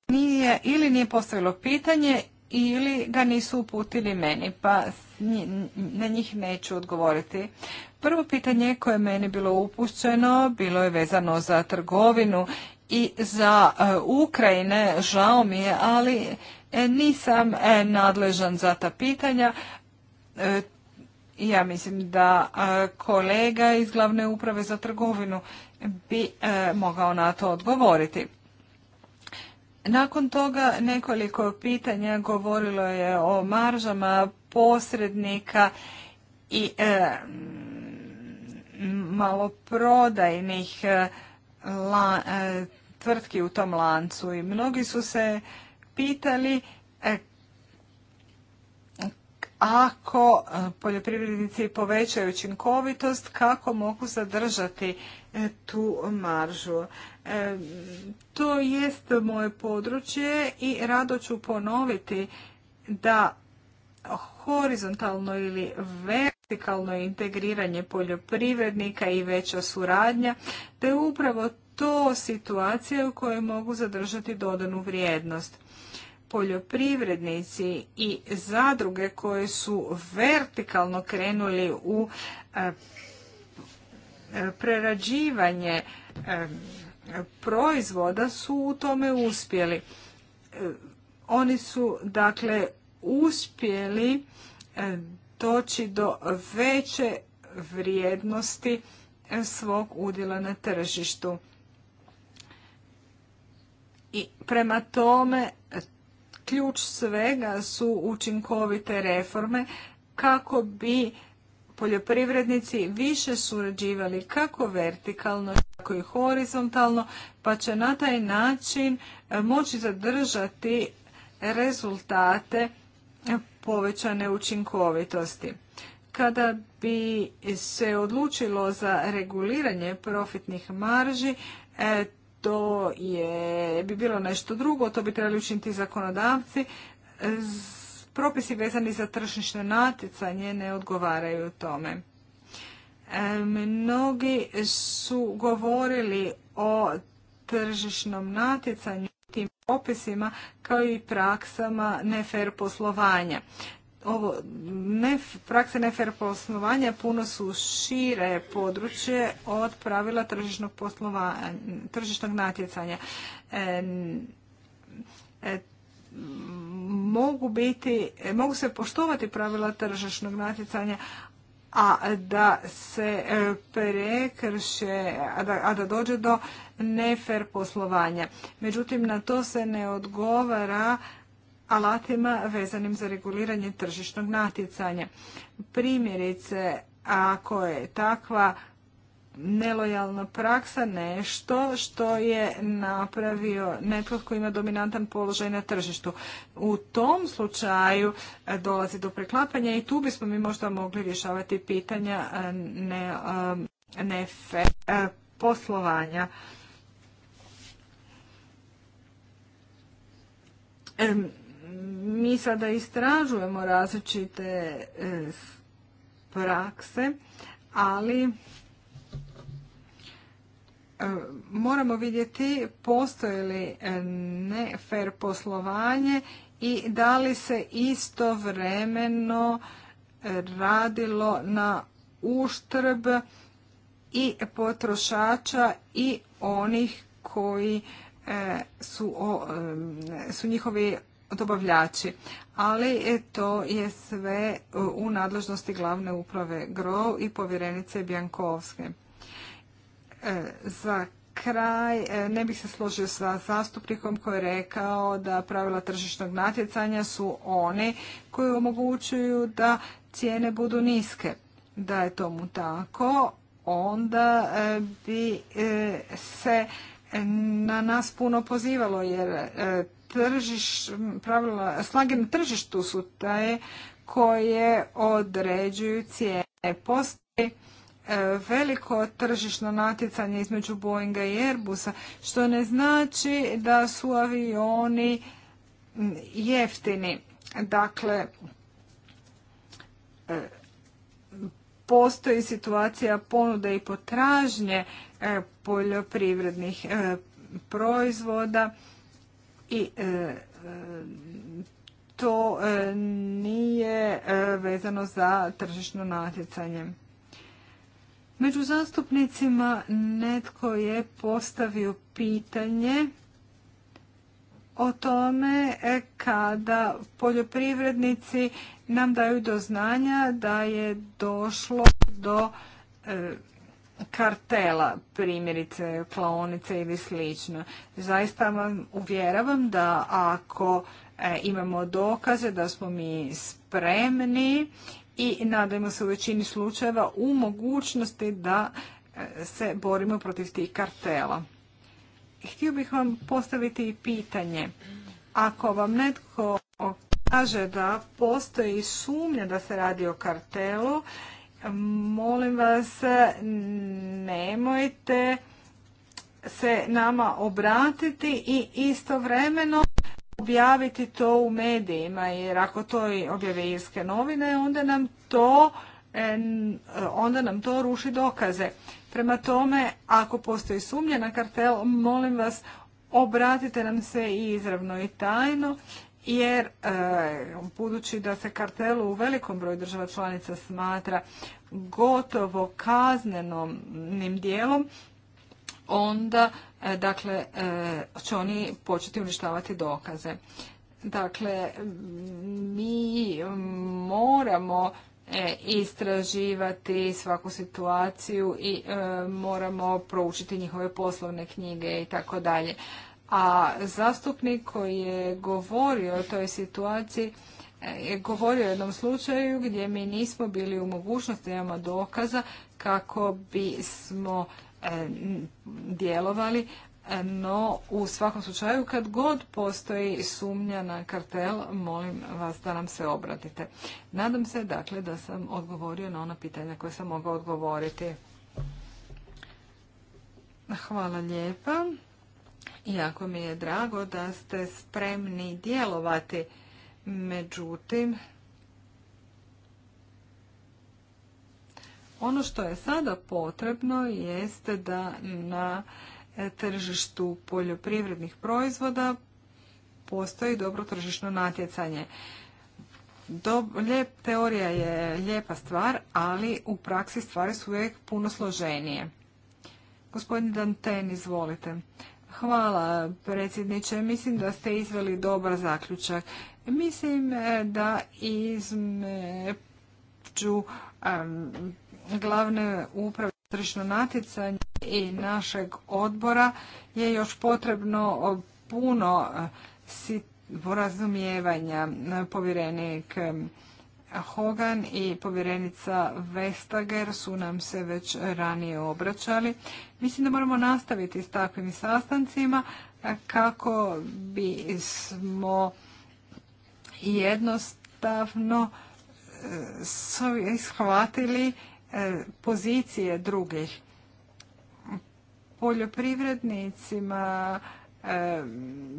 nije ili nije postavilo pitanje ili ga nisu uputili meni, pa na njih neću odgovoriti. Prvo pitanje koje je meni bilo upućeno bilo je vezano za trgovinu i za e, Ukrajine, žao mi je, ali e, nisam e, nadležan za ta pitanja. Ja mislim da kolega iz glavne uprave za trgovinu bi mogao na to odgovoriti. Nakon toga nekoliko pitanja govorilo je o maržama posrednika i e, maloprodajnih e, e, tvrtki u tom lancu i mnogi su se pitali e, ako poljoprivrednici povećaju učinkovitost kako mogu zadržati e, tu maržu. E, to jest moje područje i rado ću ponoviti da horizontalno ili vertikalno integriranje poljoprivrednika i veća suradnja, te upravo to situacija u kojoj mogu zadržati dodanu vrijednost. Poljoprivrednici i zadruge koje su vertikalno krenuli u e, prerađivanje e, proizvoda su u tome uspjeli. E, oni su dakle uspjeli e, doći do veće vrijednosti e, svog udjela na tržištu. I prema tome ključ svega su učinkovite reforme kako bi poljoprivrednici više surađivali kako vertikalno, tako i horizontalno, pa će na taj način e, moći zadržati rezultate povećane učinkovitosti. Kada bi se odlučilo za reguliranje profitnih marži, e, to je, bi bilo nešto drugo, to bi trebali učiniti zakonodavci propisi vezani za tržišno natjecanje ne odgovaraju tome. E, mnogi su govorili o tržišnom natjecanju tim propisima kao i praksama nefer poslovanja. Ovo ne, prakse nefer poslovanja puno su šire područje od pravila tržišnog, poslovanja, tržišnog natjecanja. e, e mogu biti, mogu se poštovati pravila tržišnog natjecanja, a da se e, prekrše, a da, a da dođe do nefer poslovanja. Međutim, na to se ne odgovara alatima vezanim za reguliranje tržišnog natjecanja. Primjerice, ako je takva nelojalna praksa nešto što je napravio netko tko ima dominantan položaj na tržištu. U tom slučaju e, dolazi do preklapanja i tu bismo mi možda mogli rješavati pitanja e, ne, e, ne poslovanja. Mi sada istražujemo različite prakse, ali moramo vidjeti postoje li e, ne fair poslovanje i da li se istovremeno e, radilo na uštrb i potrošača i onih koji e, su, su njihovi dobavljači. Ali to je sve u nadležnosti glavne uprave GRO i povjerenice Bjankovske. E, za kraj e, ne bih se složio sa zastupnikom koji je rekao da pravila tržišnog natjecanja su one koji omogućuju da cijene budu niske. Da je tomu tako, onda e, bi se na nas puno pozivalo jer tržiš, pravila, slage na tržištu su te koje određuju cijene. Postoji veliko tržišno natjecanje između Boeinga i Airbusa, što ne znači da su avioni jeftini. Dakle, e, postoji situacija ponude i potražnje e, poljoprivrednih e, proizvoda i to nije vezano za tržišno natjecanje. Među zastupnicima netko je postavio pitanje o tome e, kada poljoprivrednici nam daju do znanja da je došlo do e, kartela, primjerice klaonice ili slično. Zaista vam uvjeravam da ako e, imamo dokaze da smo mi spremni i nadajmo se u većini slučajeva u mogućnosti da e, se borimo protiv tih kartela. Htio bih vam postaviti i pitanje. Ako vam netko kaže da postoji sumnja da se radi o kartelu, molim vas nemojte se nama obratiti i istovremeno objaviti to u medijima, jer ako to objave irske novine, onda nam to e, onda nam to ruši dokaze. Prema tome, ako postoji sumnja na kartel, molim vas, obratite nam se i izravno i tajno, jer e, budući da se kartelu u velikom broju država članica smatra gotovo kaznenom dijelom, onda E, dakle, e, će oni početi uništavati dokaze. Dakle, mi moramo e, istraživati svaku situaciju i moramo proučiti njihove poslovne knjige i tako dalje. A zastupnik koji je govorio o toj situaciji je govorio o jednom slučaju gdje mi nismo bili u mogućnosti imamo dokaza kako bismo E, djelovali, e, no u svakom slučaju kad god postoji sumnja na kartel, molim vas da nam se obratite. Nadam se dakle da sam odgovorio na ona pitanja koje sam mogao odgovoriti. Hvala lijepa. Jako mi je drago da ste spremni djelovati. Međutim, Ono što je sada potrebno jeste da na tržištu poljoprivrednih proizvoda postoji dobro tržišno natjecanje. teorija je lijepa stvar, ali u praksi stvari su uvijek puno složenije. Gospodin Danten, izvolite. Hvala, predsjedniče. Mislim da ste izveli dobar zaključak. Mislim eh, da između glavne uprave tržišno natjecanje i našeg odbora je još potrebno puno porazumijevanja povjerenik Hogan i povjerenica Vestager su nam se već ranije obraćali. Mislim da moramo nastaviti s takvim sastancima kako bi smo jednostavno e, shvatili E, pozicije drugih. Poljoprivrednicima e,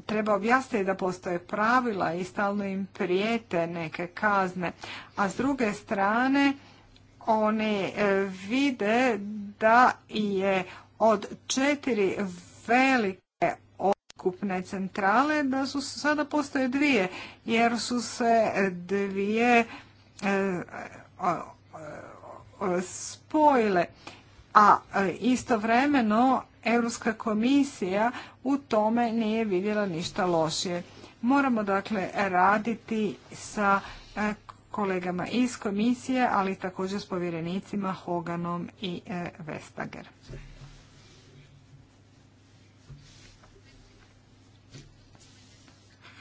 treba objasniti da postoje pravila i stalno im prijete neke kazne, a s druge strane oni e, vide da je od četiri velike otkupne centrale da su sada postoje dvije jer su se dvije E, spojile. A e, istovremeno Europska komisija u tome nije vidjela ništa lošije. Moramo dakle raditi sa e, kolegama iz komisije, ali također s povjerenicima Hoganom i Vestager.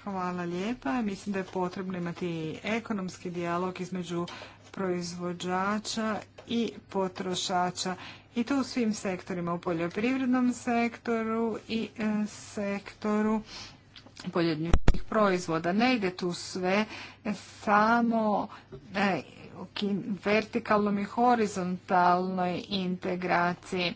Hvala lijepa. Mislim da je potrebno imati ekonomski dijalog između proizvođača i potrošača. I to u svim sektorima, u poljoprivrednom sektoru i e, sektoru poljoprivrednih proizvoda. Ne ide tu sve samo e, u vertikalnom i horizontalnoj integraciji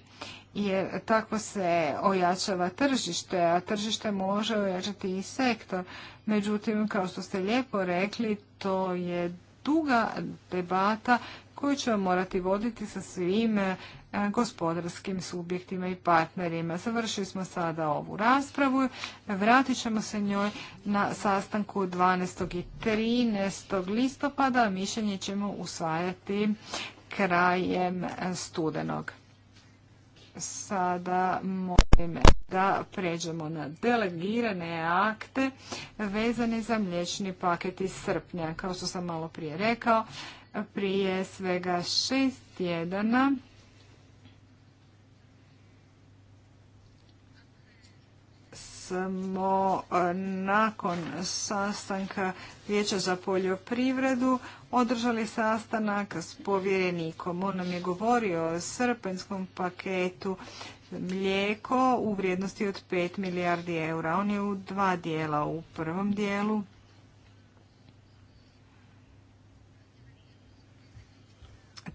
jer tako se ojačava tržište, a tržište može ojačati i sektor. Međutim, kao što ste lijepo rekli, to je duga debata koju ćemo morati voditi sa svim e, gospodarskim subjektima i partnerima. Završili smo sada ovu raspravu. Vratit ćemo se njoj na sastanku 12. i 13. listopada. Mišljenje ćemo usvajati krajem studenog sada molim da pređemo na delegirane akte vezane za mlječni paket iz srpnja. Kao što sam malo prije rekao, prije svega šest tjedana smo e, nakon sastanka Vijeća za poljoprivredu održali sastanak s povjerenikom. On nam je govorio o srpenskom paketu mlijeko u vrijednosti od 5 milijardi eura. On je u dva dijela. U prvom dijelu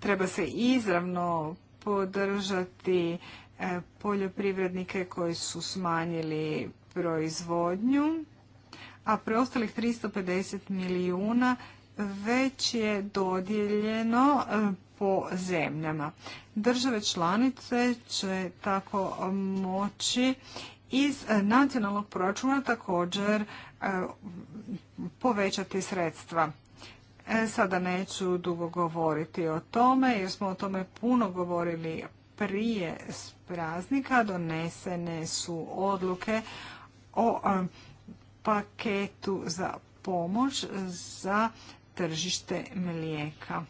treba se izravno podržati e, poljoprivrednike koji su smanjili proizvodnju, a preostalih 350 milijuna već je dodijeljeno e, po zemljama. Države članice će tako moći iz nacionalnog proračuna također e, povećati sredstva. E, sada neću dugo govoriti o tome jer smo o tome puno govorili prije praznika. Donesene su odluke o paketu za pomoć za tržište mlijeka.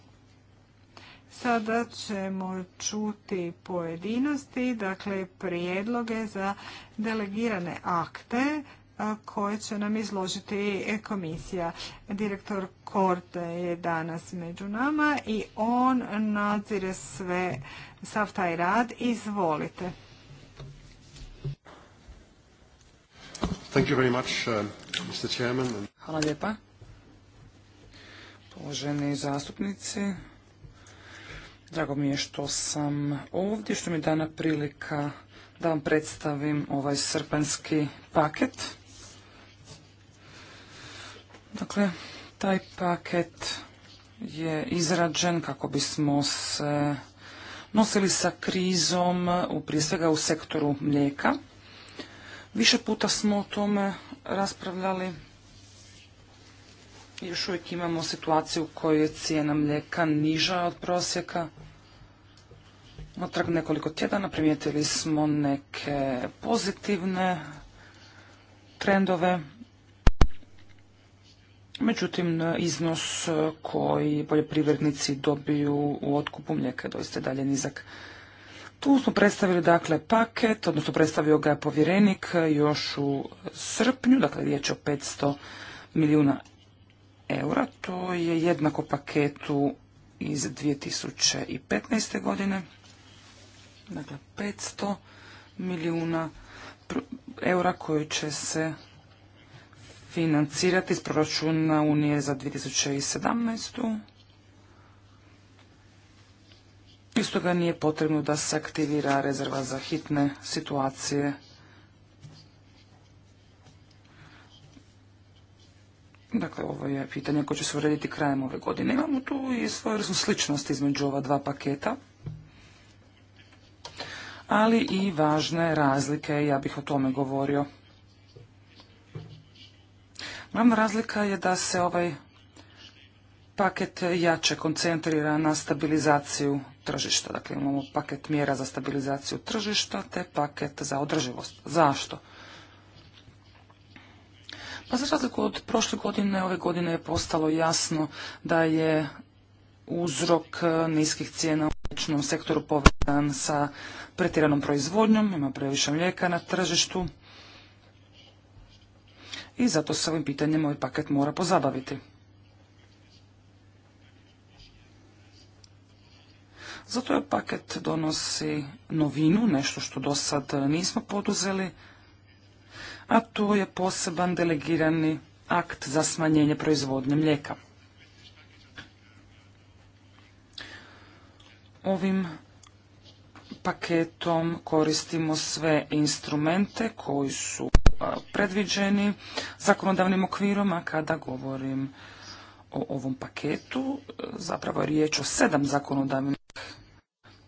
Sada ćemo čuti pojedinosti, dakle prijedloge za delegirane akte koje će nam izložiti komisija. Direktor Korte je danas među nama i on nadzire sve, sav taj rad. Izvolite. Uh, Hvala lijepa. Uvaženi zastupnici, drago mi je što sam ovdje, što mi je dana prilika da vam predstavim ovaj srpanski paket. Dakle, taj paket je izrađen kako bismo se nosili sa krizom u, prije svega u sektoru mlijeka. Više puta smo o tome raspravljali. Još uvijek imamo situaciju u kojoj je cijena mlijeka niža od prosjeka. Otrag nekoliko tjedana primijetili smo neke pozitivne trendove. Međutim, iznos koji poljoprivrednici dobiju u otkupu mlijeka je doista dalje nizak. Tu smo predstavili dakle paket, odnosno predstavio ga je povjerenik još u srpnju, dakle riječ o 500 milijuna eura. To je jednako paketu iz 2015. godine. Dakle, 500 milijuna eura koji će se financirati iz proračuna Unije za 2017. Isto ga nije potrebno da se aktivira rezerva za hitne situacije. Dakle, ovo je pitanje koje će se urediti krajem ove godine. Imamo tu i svoju sličnost između ova dva paketa, ali i važne razlike, ja bih o tome govorio. Glavna razlika je da se ovaj paket jače koncentrira na stabilizaciju tržišta. Dakle, imamo paket mjera za stabilizaciju tržišta te paket za održivost. Zašto? Pa za razliku od prošle godine, ove godine je postalo jasno da je uzrok niskih cijena u ličnom sektoru povezan sa pretjeranom proizvodnjom, ima previše mlijeka na tržištu i zato se ovim pitanjem ovaj paket mora pozabaviti. Zato je paket donosi novinu, nešto što do sad nismo poduzeli, a to je poseban delegirani akt za smanjenje proizvodnje mlijeka. Ovim paketom koristimo sve instrumente koji su predviđeni zakonodavnim okvirom, a kada govorim o ovom paketu. Zapravo je riječ o sedam zakonodavnih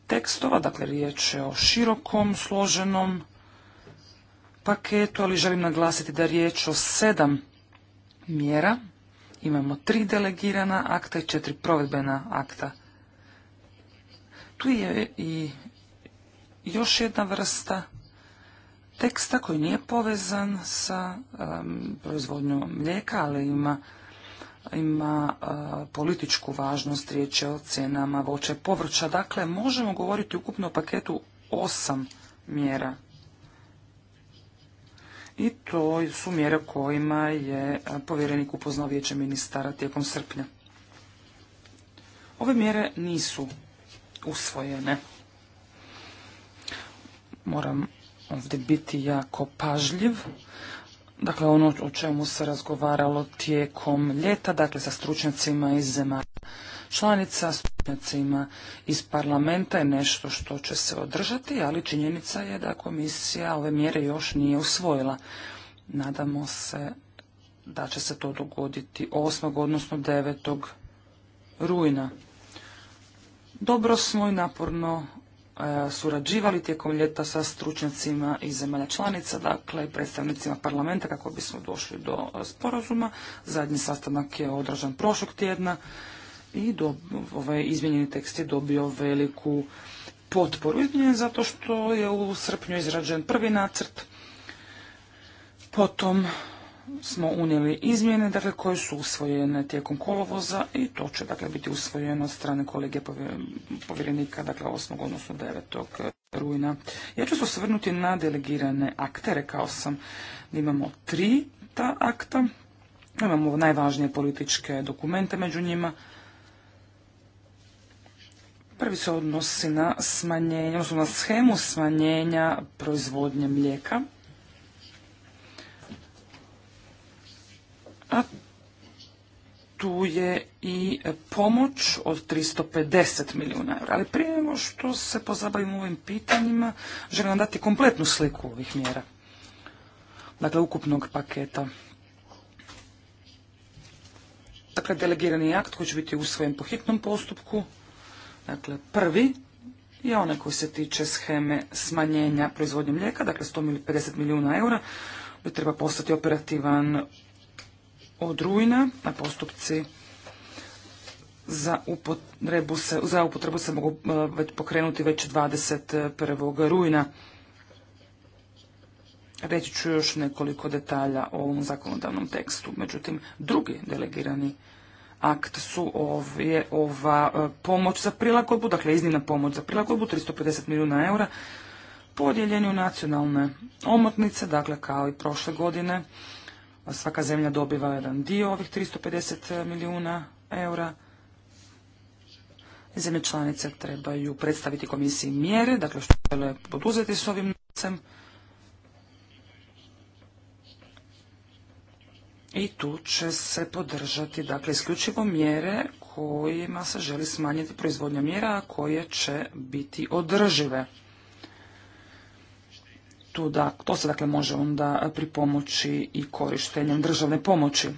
tekstova, dakle riječ je o širokom, složenom paketu, ali želim naglasiti da je riječ o sedam mjera. Imamo tri delegirana akta i četiri provedbena akta. Tu je i još jedna vrsta teksta koji nije povezan sa proizvodnjom mlijeka, ali ima ima političku važnost, riječ je o cijenama voća i povrća. Dakle, možemo govoriti ukupno o paketu osam mjera. I to su mjere kojima je povjerenik upoznao vijeće ministara tijekom srpnja. Ove mjere nisu usvojene. Moram ovdje biti jako pažljiv dakle ono o čemu se razgovaralo tijekom ljeta, dakle sa stručnjacima iz zemalja članica, stručnjacima iz parlamenta je nešto što će se održati, ali činjenica je da komisija ove mjere još nije usvojila. Nadamo se da će se to dogoditi 8. odnosno 9. rujna. Dobro smo i naporno E, surađivali tijekom ljeta sa stručnjacima iz zemalja članica, dakle i predstavnicima parlamenta kako bismo došli do e, sporazuma. Zadnji sastanak je održan prošlog tjedna i ovaj izmijenjeni tekst je dobio veliku potporu. Izmijenjen zato što je u srpnju izrađen prvi nacrt, potom smo unijeli izmjene dakle, koje su usvojene tijekom kolovoza i to će dakle, biti usvojeno od strane kolege povjerenika dakle, 8. odnosno 9. rujna. Ja ću se osvrnuti na delegirane akte. Rekao sam da imamo tri ta akta. Imamo najvažnije političke dokumente među njima. Prvi se odnosi na smanjenje, odnosno na schemu smanjenja proizvodnje mlijeka. A tu je i pomoć od 350 milijuna eura. Ali prije nego što se pozabavimo ovim pitanjima, želim vam dati kompletnu sliku ovih mjera. Dakle, ukupnog paketa. Dakle, delegirani akt koji će biti usvojen po hitnom postupku. Dakle, prvi je onaj koji se tiče scheme smanjenja proizvodnje mlijeka, dakle 150 milijuna eura, bi treba postati operativan od rujna, a postupci za upotrebu se, se mogu e, pokrenuti već 21. rujna. Reći ću još nekoliko detalja o ovom zakonodavnom tekstu. Međutim, drugi delegirani akt su ova e, pomoć za prilagodbu, dakle iznimna pomoć za prilagodbu, 350 milijuna eura, podijeljeni u nacionalne omotnice, dakle kao i prošle godine. Svaka zemlja dobiva jedan dio ovih 350 milijuna eura. Zemlje članice trebaju predstaviti komisiji mjere, dakle što žele poduzeti s ovim novcem. I tu će se podržati dakle, isključivo mjere kojima se želi smanjiti proizvodnja mjera, koje će biti održive tu da, to se dakle može onda pripomoći i korištenjem državne pomoći.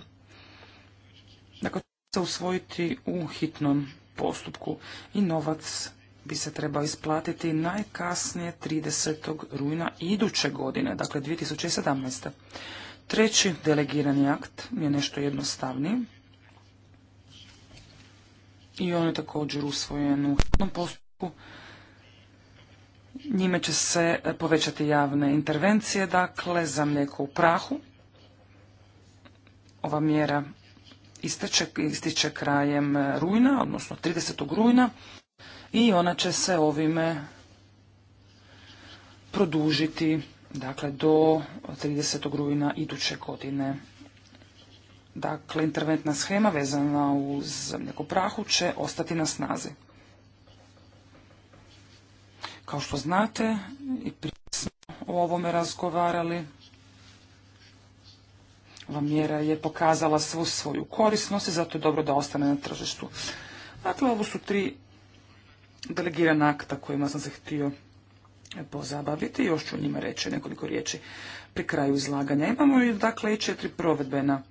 Dakle, to se usvojiti u hitnom postupku i novac bi se trebao isplatiti najkasnije 30. rujna iduće godine, dakle 2017. Treći delegirani akt je nešto jednostavniji i on je također usvojen u hitnom postupku Njime će se povećati javne intervencije, dakle, za mlijeko u prahu. Ova mjera ističe, ističe krajem rujna, odnosno 30. rujna i ona će se ovime produžiti dakle, do 30. rujna iduće godine. Dakle, interventna schema vezana uz mlijeko prahu će ostati na snazi. Kao što znate, i prije smo o ovome razgovarali, ova mjera je pokazala svu svoju korisnost i zato je dobro da ostane na tržištu. Dakle, ovo su tri delegirana akta kojima sam se htio pozabaviti. Još ću njima reći nekoliko riječi pri kraju izlaganja. Imamo i dakle i četiri provedbena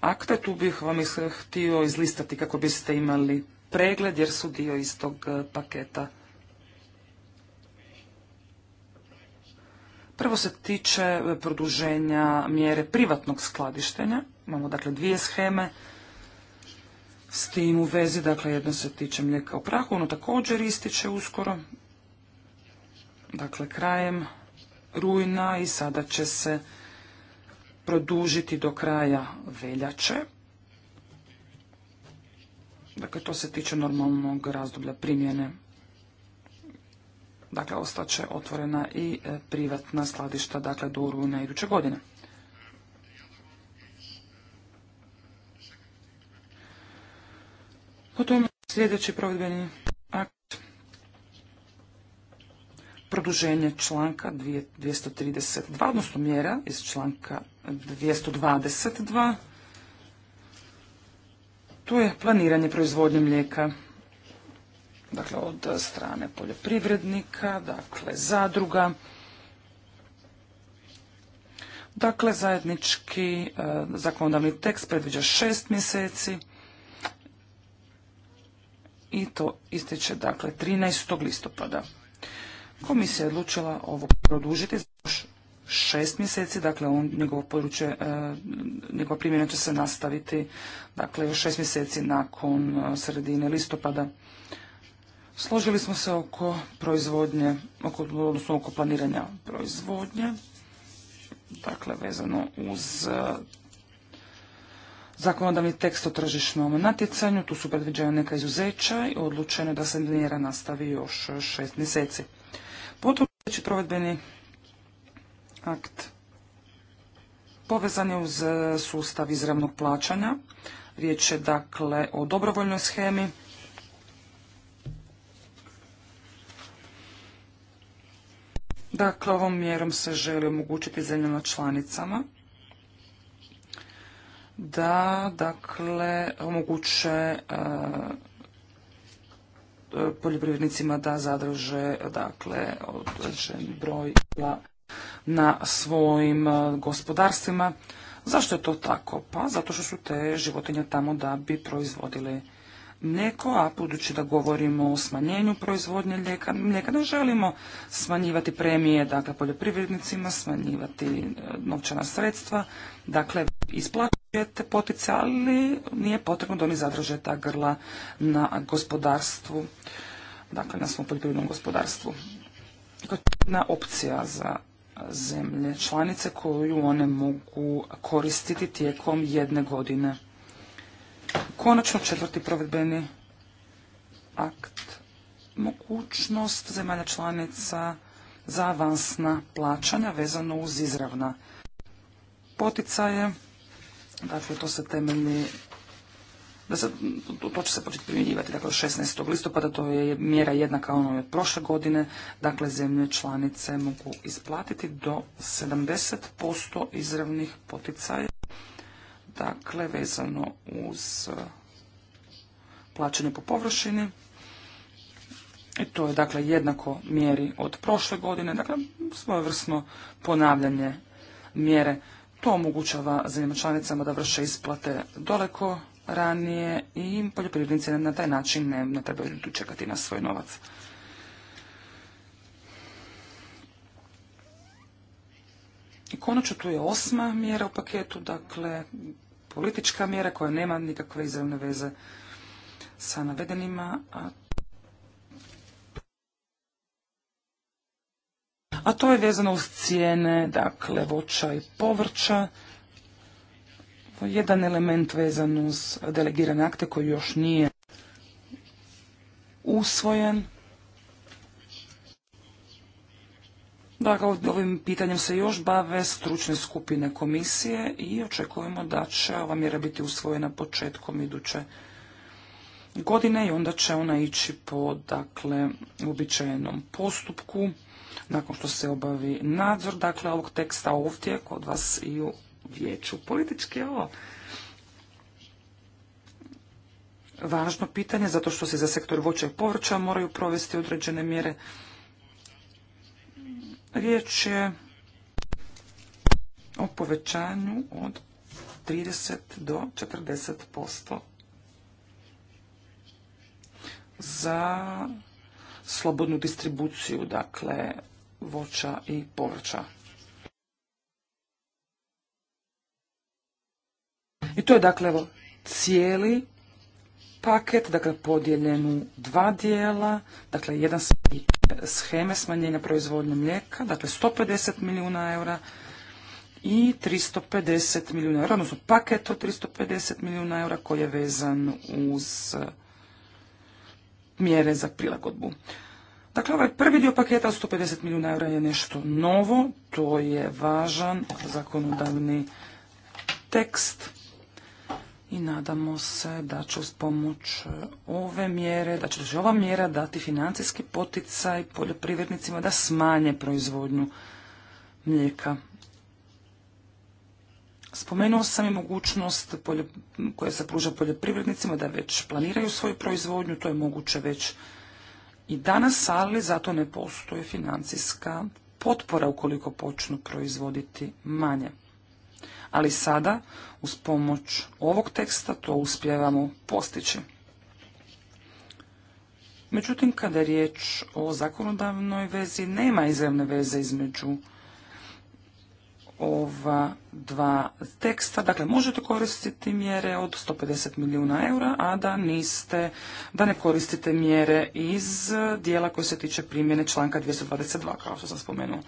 akta. Tu bih vam htio izlistati kako biste imali pregled jer su dio istog eh, paketa. Prvo se tiče e, produženja mjere privatnog skladištenja. Imamo dakle dvije scheme s tim u vezi. Dakle, jedno se tiče mlijeka u prahu, ono također ističe uskoro. Dakle, krajem rujna i sada će se produžiti do kraja veljače. Dakle, to se tiče normalnog razdoblja primjene Dakle, ostaće otvorena i e, privatna skladišta, dakle, do rujna iduće godine. Potom sljedeći provedbeni akt. Produženje članka 232, odnosno mjera iz članka 222. Tu je planiranje proizvodnje mlijeka dakle od strane poljoprivrednika, dakle zadruga. Dakle, zajednički e, zakonodavni tekst predviđa šest mjeseci i to ističe dakle 13. listopada. Komisija je odlučila ovo produžiti još šest mjeseci, dakle on, njegovo područje, e, njegova primjena će se nastaviti dakle još šest mjeseci nakon e, sredine listopada. Složili smo se oko proizvodnje, oko, odnosno oko planiranja proizvodnje, dakle vezano uz eh, zakonodavni tekst o tržišnom natjecanju, tu su predviđena neka izuzeća i odlučeno je da se mjera nastavi još šest mjeseci. Potom provedbeni akt povezan je uz eh, sustav izravnog plaćanja. Riječ je dakle o dobrovoljnoj schemi Dakle, ovom mjerom se želi omogućiti zemljama članicama da dakle omoguće e, e poljoprivrednicima da zadrže dakle određen broj na svojim e, gospodarstvima. Zašto je to tako? Pa zato što su te životinje tamo da bi proizvodili mlijeko, a budući da govorimo o smanjenju proizvodnje mlijeka, mlijeka ne želimo smanjivati premije, dakle poljoprivrednicima, smanjivati e, novčana sredstva, dakle isplaćujete potice, ali nije potrebno da oni zadrže ta grla na gospodarstvu, dakle na svom poljoprivrednom gospodarstvu. Jedna opcija za zemlje članice koju one mogu koristiti tijekom jedne godine. Konačno četvrti provedbeni akt. Mogućnost zemalja članica za avansna plaćanja vezano uz izravna poticaje. Dakle, to se temelji da se, to će se početi primjenjivati, dakle 16. listopada, to je mjera jednaka onoj od prošle godine, dakle zemlje članice mogu isplatiti do 70% izravnih poticaja dakle vezano uz e, plaćanje po površini. I to je dakle jednako mjeri od prošle godine, dakle svojevrsno ponavljanje mjere. To omogućava zemljama članicama da vrše isplate doleko ranije i poljoprivrednici na taj način ne, ne trebaju čekati na svoj novac. I konačno tu je osma mjera u paketu, dakle politička mjera koja nema nikakve izravne veze sa navedenima. A, to je vezano uz cijene, dakle, voća i povrća. Jedan element vezan uz delegirane akte koji još nije usvojen. Dakle, ovim pitanjem se još bave stručne skupine komisije i očekujemo da će ova mjera biti usvojena početkom iduće godine i onda će ona ići po dakle uobičajenom postupku nakon što se obavi nadzor dakle ovog teksta ovdje kod vas i u vijeću. Politički je ovo važno pitanje zato što se za sektor voća i povrća moraju provesti određene mjere Riječ je o povećanju od 30 do 40% za slobodnu distribuciju, dakle, voća i povrća. I to je dakle cijeli paket, dakle podijeljen u dva dijela, dakle jedan i sheme smanjenja proizvodnje mlijeka, dakle 150 milijuna eura i 350 milijuna eura, odnosno paket od 350 milijuna eura koji je vezan uz uh, mjere za prilagodbu. Dakle, ovaj prvi dio paketa od 150 milijuna eura je nešto novo, to je važan zakonodavni tekst i nadamo se da će uz pomoć e, ove mjere, da će ova mjera dati financijski poticaj poljoprivrednicima da smanje proizvodnju mlijeka. Spomenuo sam i mogućnost koja se pruža poljoprivrednicima da već planiraju svoju proizvodnju, to je moguće već i danas, ali zato ne postoji financijska potpora ukoliko počnu proizvoditi manje ali sada uz pomoć ovog teksta to uspjevamo postići. Međutim, kada je riječ o zakonodavnoj vezi, nema izravne veze između ova dva teksta. Dakle, možete koristiti mjere od 150 milijuna eura, a da niste, da ne koristite mjere iz dijela koje se tiče primjene članka 222, kao što sam spomenuo.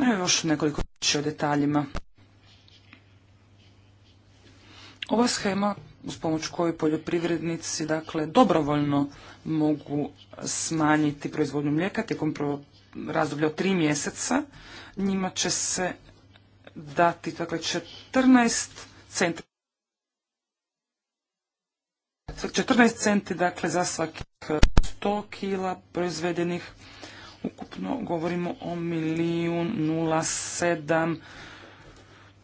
Evo još nekoliko o detaljima. Ova schema uz pomoć koje poljoprivrednici dakle dobrovoljno mogu smanjiti proizvodnju mlijeka tijekom razdoblja od tri mjeseca njima će se dati dakle 14 centi 14 centi dakle za svakih 100 kila proizvedenih Ukupno govorimo o milijun nula sedam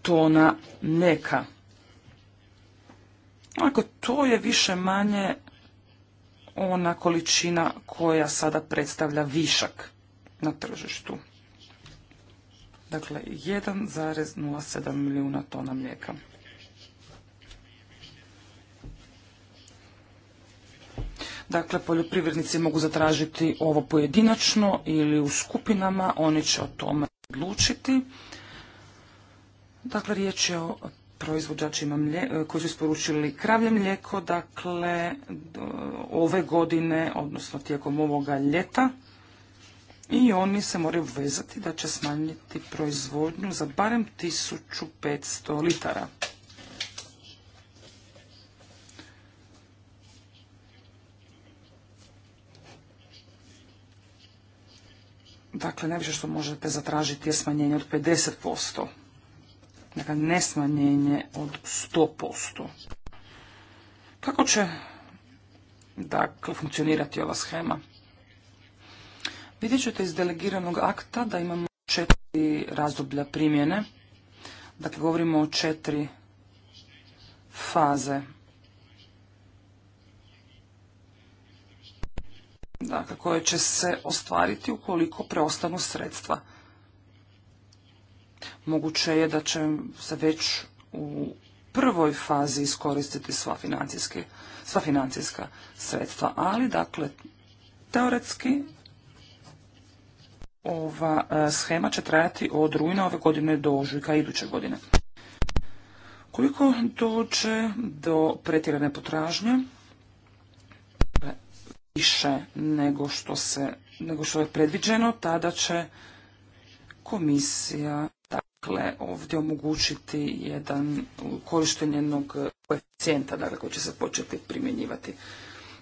tona mlijeka. Ako to je više manje ona količina koja sada predstavlja višak na tržištu. Dakle, 1,07 milijuna tona mlijeka. Dakle, poljoprivrednici mogu zatražiti ovo pojedinačno ili u skupinama, oni će o tome odlučiti. Dakle, riječ je o proizvođačima koji su isporučili kravlje mlijeko, dakle, ove godine, odnosno tijekom ovoga ljeta. I oni se moraju vezati da će smanjiti proizvodnju za barem 1500 litara. Dakle, najviše što možete zatražiti je smanjenje od 50%. Dakle, ne smanjenje od 100%. Kako će dakle, funkcionirati ova schema? Vidjet ćete iz delegiranog akta da imamo četiri razdoblja primjene. Dakle, govorimo o četiri faze dakle, koje će se ostvariti ukoliko preostanu sredstva. Moguće je da će se već u prvoj fazi iskoristiti sva, sva financijska sredstva, ali dakle, teoretski ova e, schema će trajati od rujna ove godine do ožujka iduće godine. Koliko dođe do pretjerane potražnje, više nego što, se, nego što je predviđeno, tada će komisija dakle, ovdje omogućiti jedan korištenje jednog koeficijenta dakle, koji će se početi primjenjivati.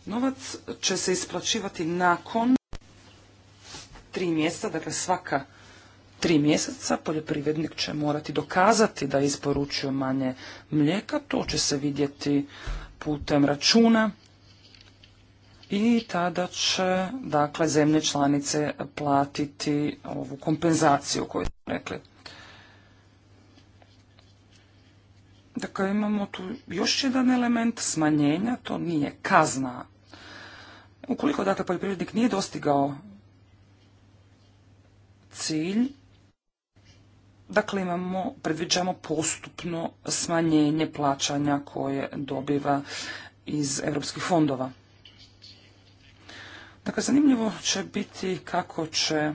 Novac će se isplaćivati nakon tri mjeseca, dakle svaka tri mjeseca poljoprivrednik će morati dokazati da je manje mlijeka, to će se vidjeti putem računa i tada će dakle zemlje članice platiti ovu kompenzaciju koju smo rekli. Dakle, imamo tu još jedan element smanjenja, to nije kazna. Ukoliko, dakle, poljoprivrednik nije dostigao cilj, dakle, imamo, predviđamo postupno smanjenje plaćanja koje dobiva iz europskih fondova. Dakle, zanimljivo će biti kako će,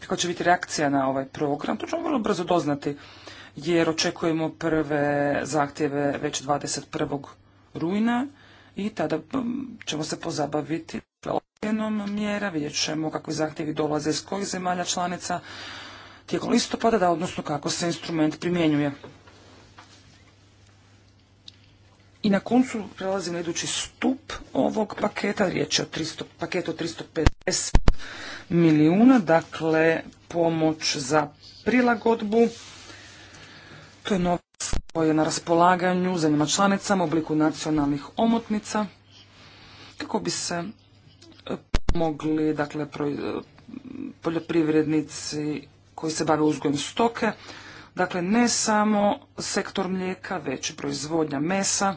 kako će biti reakcija na ovaj program. To ćemo vrlo brzo doznati, jer očekujemo prve zahtjeve već 21. rujna i tada ćemo se pozabaviti ocjenom mjera, vidjet ćemo kakvi zahtjevi dolaze iz kojih zemalja članica tijekom listopada, da odnosno kako se instrument primjenjuje. I na koncu prelazim na idući stup ovog paketa, riječ je o 300, paketu 350 milijuna, dakle pomoć za prilagodbu. To je novac koji je na raspolaganju zemljama članicama u obliku nacionalnih omotnica kako bi se e, mogli dakle, e, poljoprivrednici koji se bave uzgojem stoke, dakle ne samo sektor mlijeka, već i proizvodnja mesa,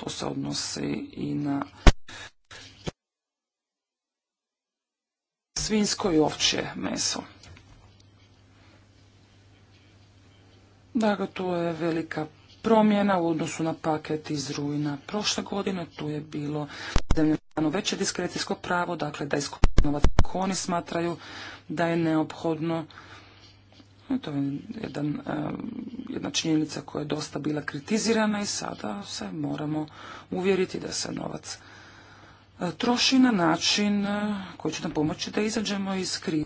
to se odnosi i na svinsko i ovčje meso. Dakle, tu je velika promjena u odnosu na paket iz rujna prošle godine. Tu je bilo zemljeno veće diskrecijsko pravo, dakle da iskonovati ako oni smatraju da je neophodno E, to je jedan, e, jedna činjenica koja je dosta bila kritizirana i sada se moramo uvjeriti da se novac e, troši na način koji će nam pomoći da izađemo iz krize.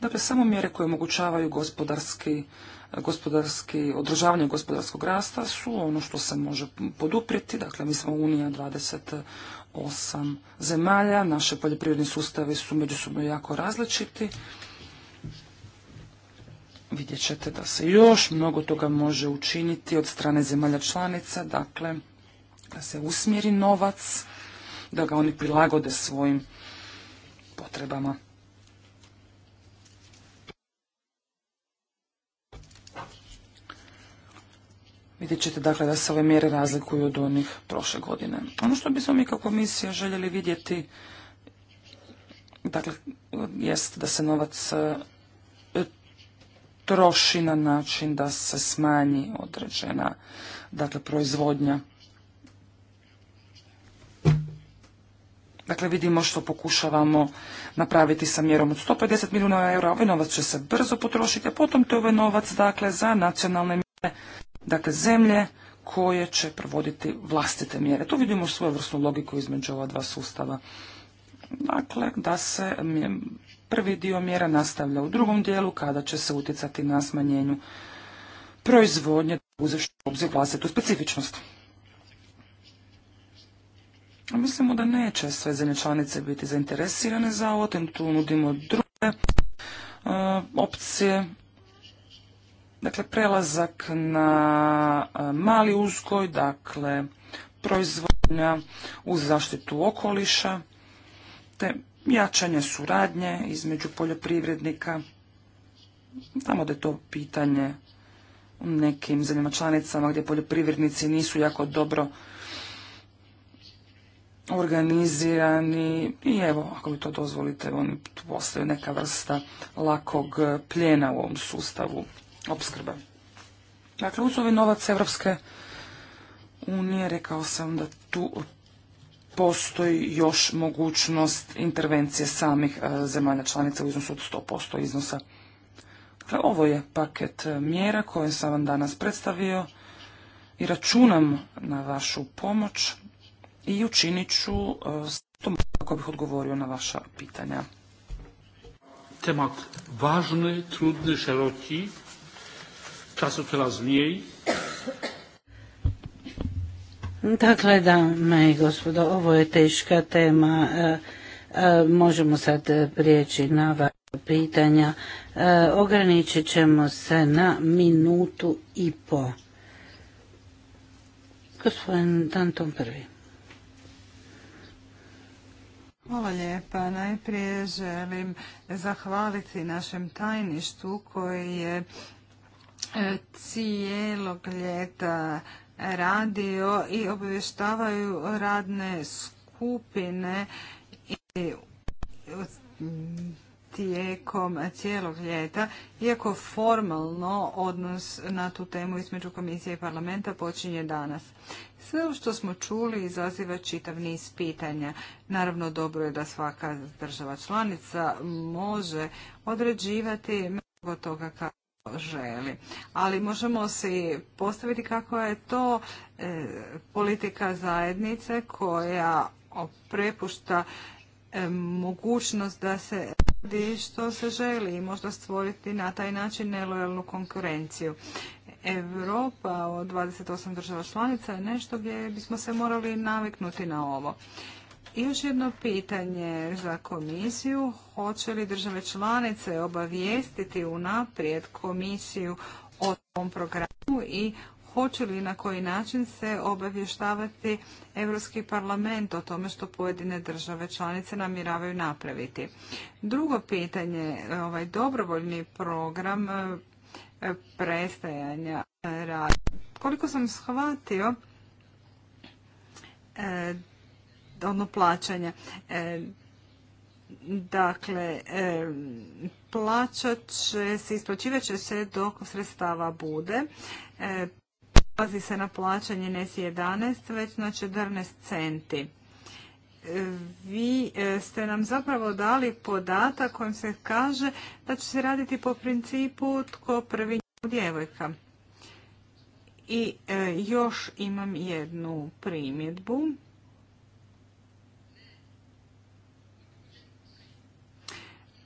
Dakle, samo mjere koje omogućavaju gospodarski, gospodarski, održavanje gospodarskog rasta su ono što se može poduprijeti. Dakle, mi smo Unija 28 zemalja, naše poljoprivredni sustavi su međusobno jako različiti Vidjet ćete da se još mnogo toga može učiniti od strane zemalja članica, dakle da se usmjeri novac, da ga oni prilagode svojim potrebama. Vidjet ćete dakle da se ove mjere razlikuju od onih prošle godine. Ono što bismo mi kao komisija željeli vidjeti dakle, jest da se novac troši na način da se smanji određena dakle, proizvodnja. Dakle, vidimo što pokušavamo napraviti sa mjerom od 150 milijuna eura. Ovaj novac će se brzo potrošiti, a potom to je ovaj novac dakle, za nacionalne mjere, dakle zemlje koje će provoditi vlastite mjere. Tu vidimo svoju vrstnu logiku između ova dva sustava. Dakle, da se prvi dio mjera nastavlja u drugom dijelu kada će se utjecati na smanjenju proizvodnje uzevši u obzir vlastitu specifičnost. Mislimo da neće sve zemlje članice biti zainteresirane za ovo, tu nudimo druge e, opcije. Dakle, prelazak na e, mali uzgoj, dakle, proizvodnja uz zaštitu okoliša, te jačanje suradnje između poljoprivrednika, tamo da je to pitanje u nekim zemljama članicama gdje poljoprivrednici nisu jako dobro organizirani i evo, ako mi to dozvolite, oni postaju neka vrsta lakog pljena u ovom sustavu opskrbe. Dakle, uz ovaj novac Evropske unije, rekao sam da tu postoji još mogućnost intervencije samih e, zemalja članica u iznosu od 100% iznosa. Dakle, ovo je paket e, mjera koje sam vam danas predstavio i računam na vašu pomoć i učinit ću e, to kako bih odgovorio na vaša pitanja. Temat važni, trudni, široki, Dakle, dame i gospodo, ovo je teška tema. E, e, možemo sad prijeći na vaše pitanja. E, ograničit ćemo se na minutu i po. Gospodin Danton prvi. Hvala lijepa. Najprije želim zahvaliti našem tajništu koji je cijelog ljeta radio i obavještavaju radne skupine i tijekom cijelog ljeta, iako formalno odnos na tu temu između komisije i parlamenta počinje danas. Sve što smo čuli izaziva čitav niz pitanja. Naravno, dobro je da svaka država članica može određivati mnogo toga kako želi. Ali možemo si postaviti kako je to e, politika zajednice koja prepušta e, mogućnost da se radi što se želi i možda stvoriti na taj način nelojalnu konkurenciju. Europa od 28 država članica je nešto gdje bismo se morali naviknuti na ovo. I još jedno pitanje za komisiju. Hoće li države članice obavijestiti unaprijed komisiju o tom programu i hoće li na koji način se obavještavati Europski parlament o tome što pojedine države članice namiravaju napraviti. Drugo pitanje, ovaj dobrovoljni program e, prestajanja rada. Koliko sam shvatio, e, odno plaćanja. E, dakle, e, plaćat će se, isplaćivat će se dok sredstava bude. E, Pazi se na plaćanje ne 11, već na 14 centi. E, vi ste nam zapravo dali podatak kojim se kaže da će se raditi po principu tko prvi djevojka. I još imam jednu primjedbu.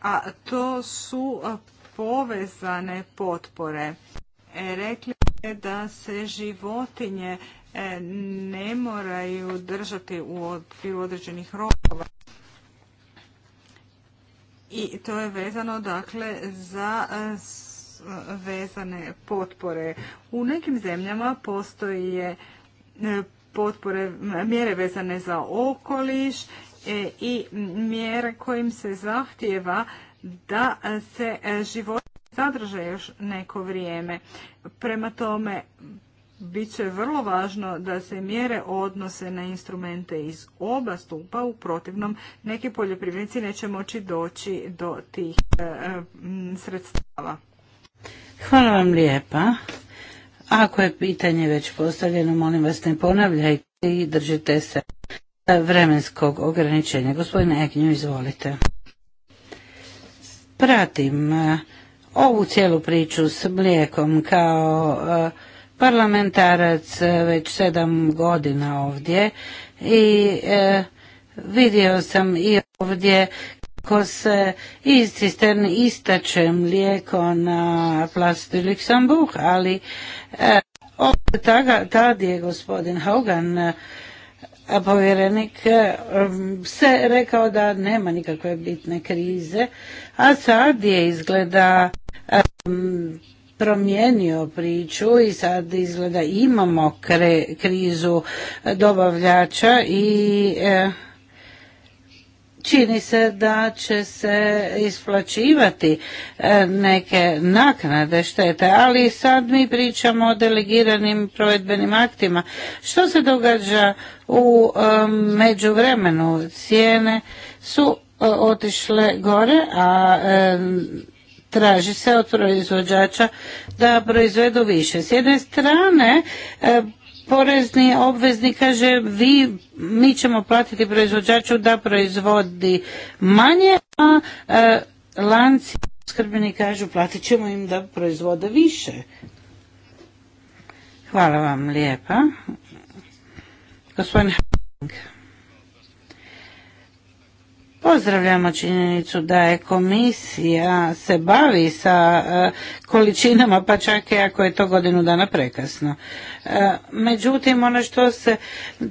a to su povezane potpore. E, rekli ste da se životinje e, ne moraju držati u okviru određenih rokova. I to je vezano dakle za e, vezane potpore. U nekim zemljama postoji potpore, mjere vezane za okoliš E, i mjere kojim se zahtjeva da se e, život zadrže još neko vrijeme. Prema tome, bit će vrlo važno da se mjere odnose na instrumente iz oba stupa, u protivnom neki poljoprivrednici neće moći doći do tih e, sredstava. Hvala vam lijepa. Ako je pitanje već postavljeno, molim vas ne ponavljajte i držite se vremenskog ograničenja. Gospodine Eknju, izvolite. Pratim e, ovu cijelu priču s mlijekom kao e, parlamentarac e, već sedam godina ovdje i vidio sam i ovdje kako se iz cisterne istače mlijeko na plastu Luxemburg, ali od tada je gospodin Hogan povjerenik se rekao da nema nikakve bitne krize, a sad je izgleda promijenio priču i sad izgleda imamo krizu dobavljača i eh, čini se da će se isplaćivati e, neke naknade štete, ali sad mi pričamo o delegiranim provedbenim aktima. Što se događa u e, međuvremenu? Cijene su e, otišle gore, a traži se od proizvođača da proizvedu više. S jedne strane porezni obveznik kaže vi, mi ćemo platiti proizvođaču da proizvodi manje, a e, lanci skrbeni kažu platit ćemo im da proizvode više. Hvala vam lijepa. Gospodin Pozdravljamo činjenicu da je komisija se bavi sa e, količinama, pa čak i ako je to godinu dana prekasno. E, međutim, ono što se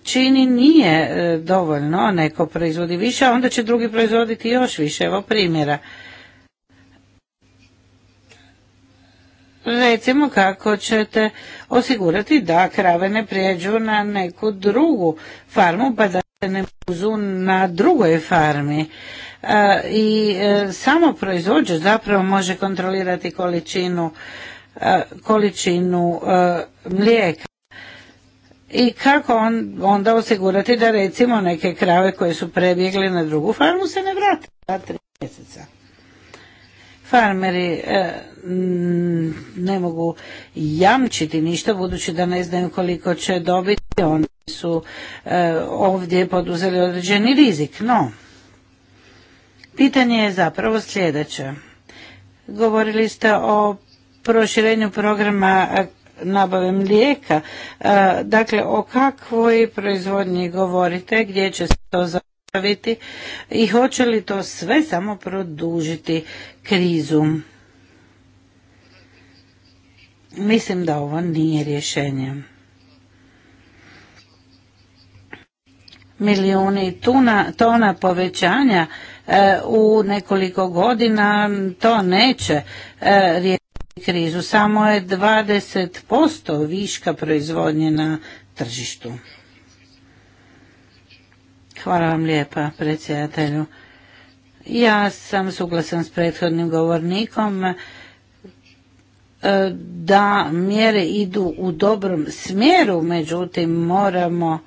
čini nije e, dovoljno, neko proizvodi više, a onda će drugi proizvoditi još više. Evo primjera. recimo kako ćete osigurati da krave ne prijeđu na neku drugu farmu pa da ne na drugoj farmi i e, samo proizvođač zapravo može kontrolirati količinu e, količinu e, mlijeka i kako on, onda osigurati da recimo neke krave koje su prebjegle na drugu farmu se ne vrate za tri mjeseca farmeri e, ne mogu jamčiti ništa budući da ne znaju koliko će dobiti. Oni su e, ovdje poduzeli određeni rizik. No, pitanje je zapravo sljedeće. Govorili ste o proširenju programa nabave mlijeka. E, dakle, o kakvoj proizvodnji govorite, gdje će se to završiti? napraviti i hoće li to sve samo produžiti krizu. Mislim da ovo nije rješenje. Milijuni tona povećanja e, u nekoliko godina to neće e, riješiti krizu. Samo je 20% viška proizvodnje na tržištu. Hvala vam lijepa predsjedatelju. Ja sam suglasan s prethodnim govornikom e, da mjere idu u dobrom smjeru, međutim moramo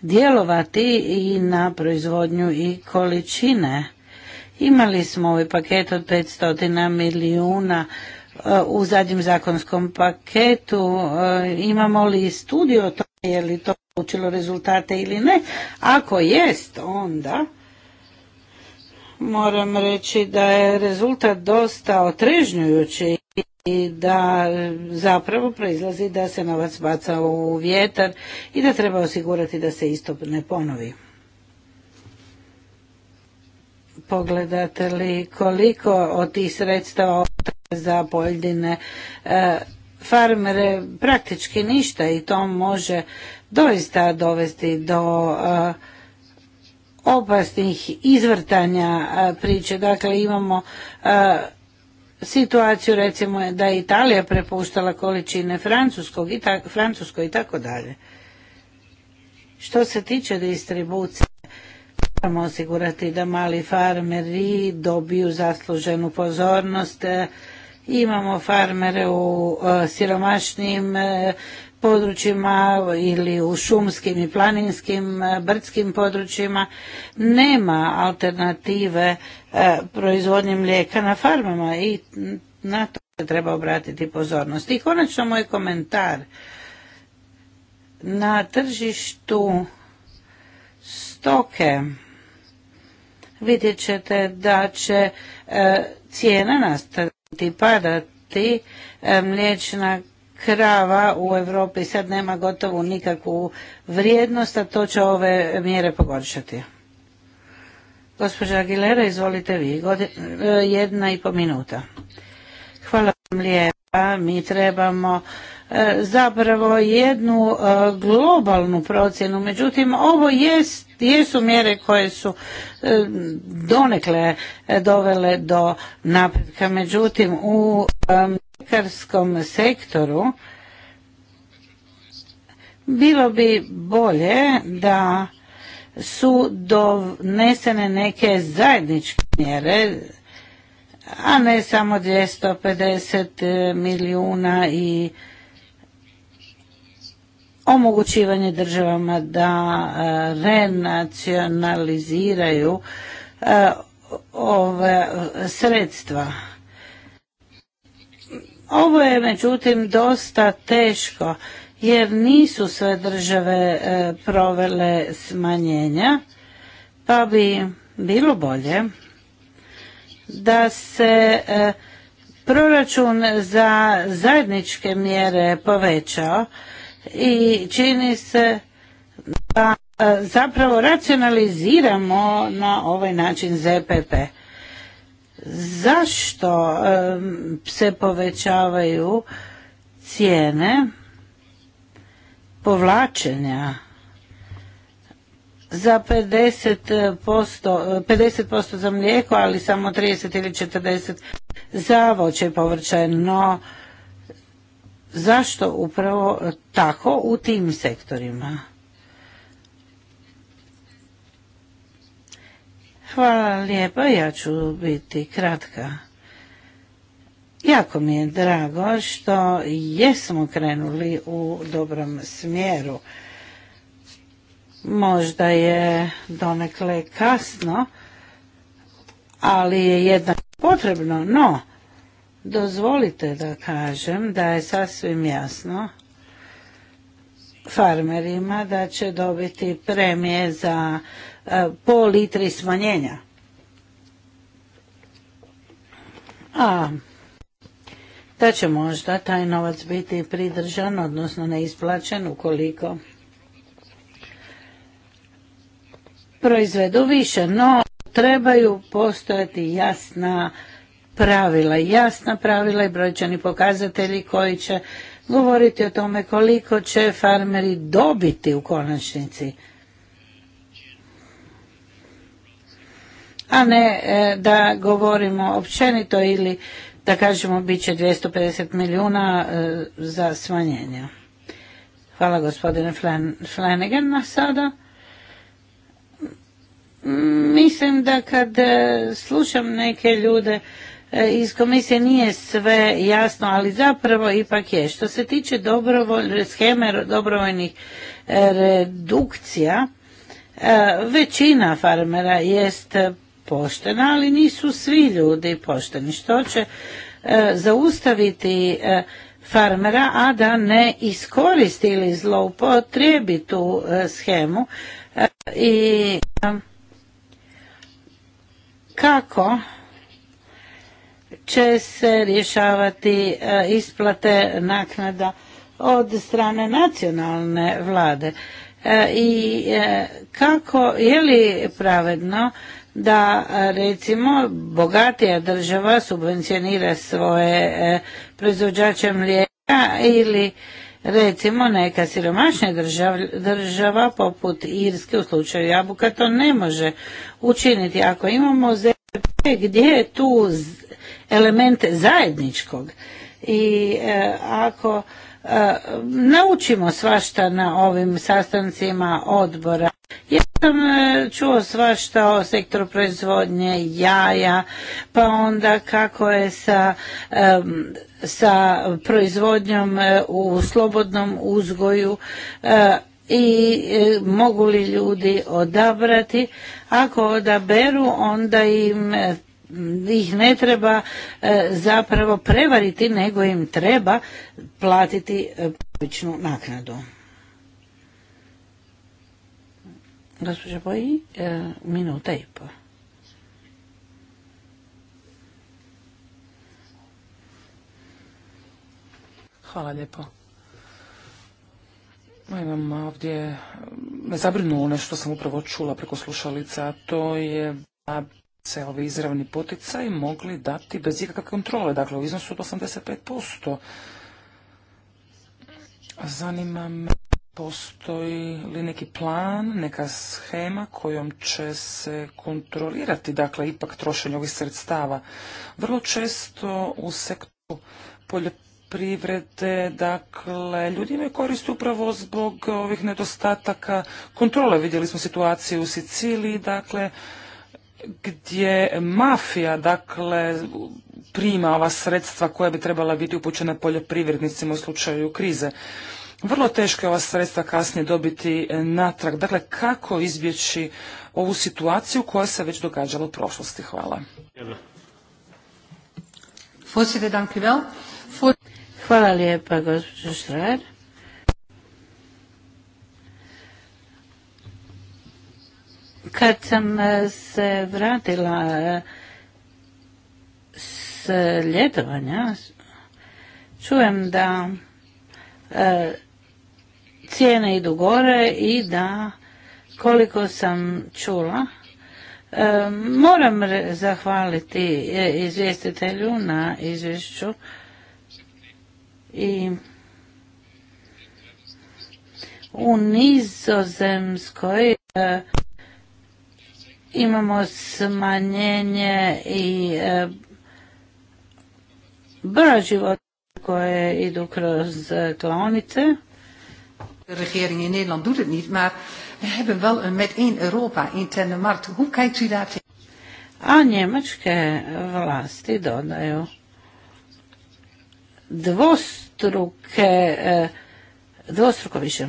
djelovati i na proizvodnju i količine. Imali smo ovaj paket od 500 milijuna e, u zadnjem zakonskom paketu. E, imamo li studiju o tome, je li to Učilo rezultate ili ne. Ako jest, onda moram reći da je rezultat dosta otrežnjujući i da e, zapravo proizlazi da se novac baca u vjetar i da treba osigurati da se isto ne ponovi. Pogledate li koliko od tih sredstava za pojedine e, farmere praktički ništa i to može doista dovesti do eh, opasnih izvrtanja eh, priče. Dakle, imamo eh, situaciju recimo da je Italija prepuštala količine Francuskog i Francuskoj i tako dalje. Što se tiče distribucije, moramo osigurati da mali farmeri dobiju zasluženu pozornost. Imamo farmere u siromašnim područjima ili u šumskim i planinskim e, brdskim područjima nema alternative e, proizvodnje mlijeka na farmama i na to se treba obratiti pozornost. I konačno moj komentar. Na tržištu stoke vidjet ćete da će e, cijena nastaviti padati mliječna krava u Europi sad nema gotovo nikakvu vrijednost, a to će ove mjere pogoršati. Gospođa Aguilera, izvolite vi, e, jedna i po minuta. Hvala vam lijepa, mi trebamo e, zapravo jednu e, globalnu procjenu, međutim ovo jest, jesu mjere koje su donekle dovele do napretka, međutim u bankarskom sektoru bilo bi bolje da su donesene neke zajedničke mjere, a ne samo 250 milijuna i omogućivanje državama da e, renacionaliziraju e, ova sredstva ovo je međutim dosta teško jer nisu sve države e, provele smanjenja, pa bi bilo bolje da se e, proračun za zajedničke mjere povećao i čini se da e, zapravo racionaliziramo na ovaj način ZPP zašto se povećavaju cijene povlačenja za 50%, 50% za mlijeko, ali samo 30 ili 40 za voće i povrće, no zašto upravo tako u tim sektorima? Hvala lijepa, ja ću biti kratka. Jako mi je drago što jesmo krenuli u dobrom smjeru. Možda je donekle kasno, ali je jednako potrebno, no dozvolite da kažem da je sasvim jasno farmerima da će dobiti premije za E, po litri smanjenja. A da će možda taj novac biti pridržan, odnosno neisplaćen ukoliko proizvedu više, no trebaju postojati jasna pravila, jasna pravila i brojčani pokazatelji koji će govoriti o tome koliko će farmeri dobiti u konačnici a ne e, da govorimo općenito ili da kažemo bit će 250 milijuna e, za smanjenje. Hvala gospodine Flanagan na sada. Mislim da kad e, slušam neke ljude iz komisije nije sve jasno, ali zapravo ipak je. Što se tiče dobrovoljne scheme dobrovoljnih redukcija, većina farmera jest poštena, ali nisu svi ljudi pošteni, što će e, zaustaviti e, farmera, a da ne iskoristi ili zloupotrijebi tu e, schemu i kako će se rješavati isplate naknada od strane nacionalne vlade i kako je li pravedno da recimo bogatija država subvencionira svoje e, proizvođače mlijeka ili recimo neka siromašnja država, poput Irske u slučaju jabuka to ne može učiniti. Ako imamo gdje je tu element zajedničkog i e, ako E, naučimo svašta na ovim sastancima odbora. Ja sam e, čuo svašta o sektoru proizvodnje jaja, pa onda kako je sa, sa proizvodnjom e, u slobodnom uzgoju i mogu li ljudi odabrati. Ako odaberu onda im ih ne treba e, zapravo prevariti, nego im treba platiti e, povičnu naknadu. Gospođa Boji, e, minuta i po. Hvala lijepo. Imam ovdje, me zabrinulo nešto sam upravo čula preko slušalica, to je da se ovi izravni poticaj mogli dati bez ikakve kontrole, dakle u iznosu od 85%. Zanima me, postoji li neki plan, neka schema kojom će se kontrolirati, dakle, ipak trošenje ovih sredstava. Vrlo često u sektoru poljoprivrede, dakle, ljudi imaju koristi upravo zbog ovih nedostataka kontrole. Vidjeli smo situaciju u Siciliji, dakle, gdje mafija dakle prima ova sredstva koja bi trebala biti upućena poljoprivrednicima u slučaju krize. Vrlo teško je ova sredstva kasnije dobiti natrag. Dakle, kako izbjeći ovu situaciju koja se već događala u prošlosti? Hvala. Hvala lijepa, gospođo Kad sam e, se vratila e, s ljetovanja, čujem da e, cijene idu gore i da koliko sam čula moram zahvaliti izvjestitelju na izvješću i u nizozemskoj imamo smanjenje i e, broja života koje idu kroz e, klaonice. De regering in Nederland doet het niet, maar we hebben wel een met één Europa interne markt. Hoe kijkt u daar A njemačke vlasti dodaju dvostruke, e, dvostruko više.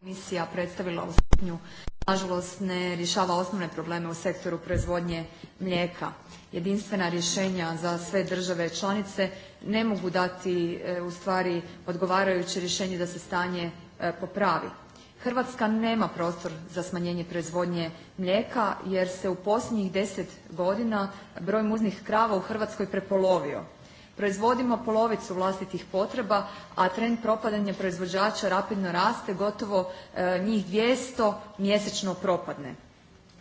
Komisija predstavila u nažalost ne rješava osnovne probleme u sektoru proizvodnje mlijeka. Jedinstvena rješenja za sve države članice ne mogu dati e, ustvari odgovarajuće rješenje da se stanje e, popravi. Hrvatska nema prostor za smanjenje proizvodnje mlijeka jer se u posljednjih 10 godina broj muznih krava u Hrvatskoj prepolovio. Proizvodimo polovicu vlastitih potreba, a trend propadanja proizvođača rapidno raste, gotovo e, njih 200 mjesečno propadne.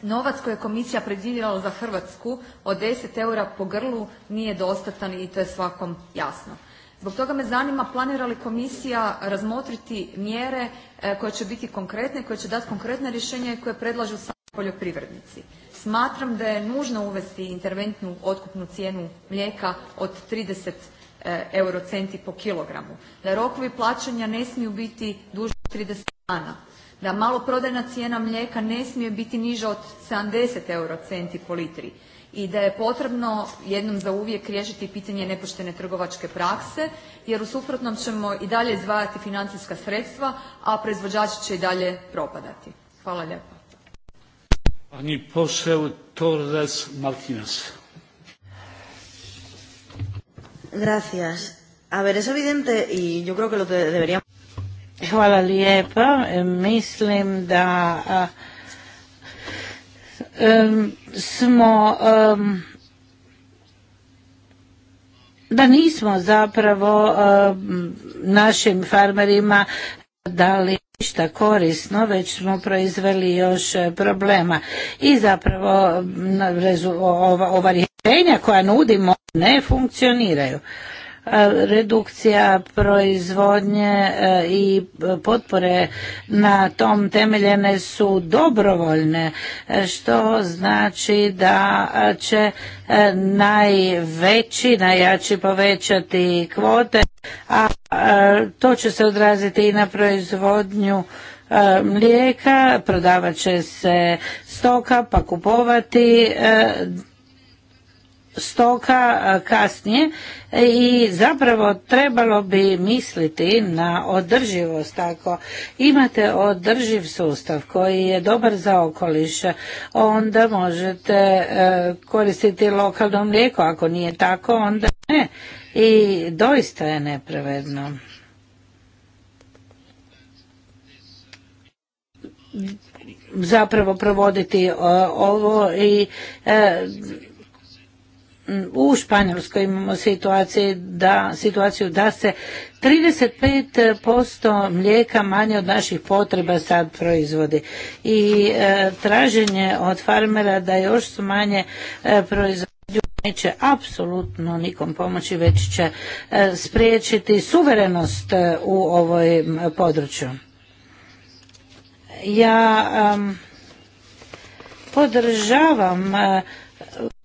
Novac koji je komisija predvidjela za Hrvatsku od 10 eura po grlu nije dostatan i to je svakom jasno. Zbog toga me zanima planira li komisija razmotriti mjere e, koje će biti konkretne koje će dati konkretna rješenja i koje predlažu sami poljoprivrednici. Smatram da je nužno uvesti interventnu otkupnu cijenu mlijeka od 30 e, eurocenti po kilogramu, da rokovi plaćanja ne smiju biti duži od 30 dana, da maloprodajna cijena mlijeka ne smije biti niža od 70 eurocenti po litri i da je potrebno jednom zauvijek riješiti pitanje nepoštene trgovačke prakse jer u suprotnom ćemo i dalje izdvajati financijska sredstva, a proizvođači će i dalje propadati. Hvala lijepa. Pani poseł Torres Martínez. Gracias. A ver, es evidente y yo creo que lo deberíamos... Hvala lijepa. Mislim da a, smo... Um, da nismo zapravo našim farmerima dali ništa korisno, već smo proizveli još e, problema. I zapravo ova, rješenja koja nudimo ne funkcioniraju. E, redukcija proizvodnje e, i potpore na tom temeljene su dobrovoljne, što znači da će najveći, najjači povećati kvote a to će se odraziti i na proizvodnju mlijeka, prodavat će se stoka, pa kupovati stoka kasnije i zapravo trebalo bi misliti na održivost ako imate održiv sustav koji je dobar za okoliš onda možete koristiti lokalno mlijeko ako nije tako onda ne i doista je nepravedno. Zapravo provoditi e, ovo i e, u Španjolskoj imamo situaciju da, situaciju da se 35% mlijeka manje od naših potreba sad proizvodi i e, traženje od farmera da još su manje neće apsolutno nikom pomoći, već će e, spriječiti suverenost e, u ovoj području. Ja podržavam e,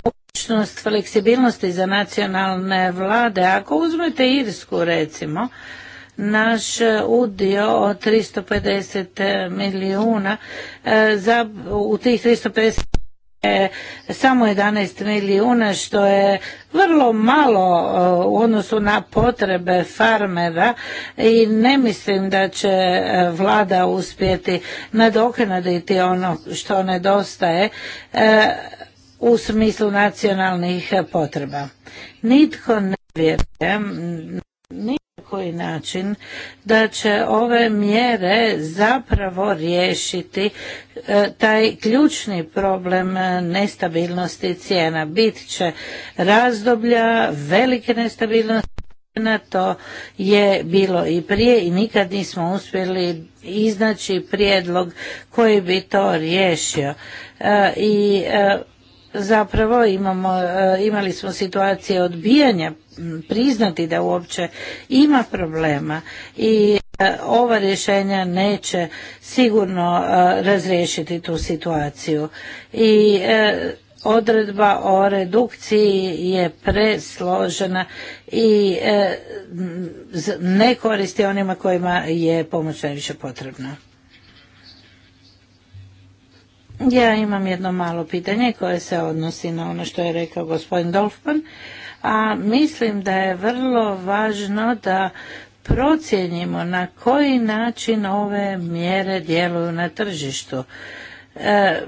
mogućnost fleksibilnosti za nacionalne vlade. Ako uzmete Irsku recimo, naš udio od 350 milijuna u tih 350 E, samo 11 milijuna što je vrlo malo e, u odnosu na potrebe farmera i ne mislim da će e, vlada uspjeti nadoknaditi ono što nedostaje u smislu nacionalnih potreba. Nitko ne vjeruje, koji način da će ove mjere zapravo riješiti e, taj ključni problem nestabilnosti cijena. Bit će razdoblja velike nestabilnosti cijena, to je bilo i prije i nikad nismo uspjeli iznaći prijedlog koji bi to riješio. E, I e, zapravo imamo, e, imali smo situacije odbijanja priznati da uopće ima problema i e, ova rješenja neće sigurno e, razriješiti tu situaciju i odredba o redukciji je presložena i ne koristi onima kojima je pomoć najviše potrebna. Ja imam jedno malo pitanje koje se odnosi na ono što je rekao gospodin Dolfman, a mislim da je vrlo važno da procijenimo na koji način ove mjere djeluju na tržištu. E,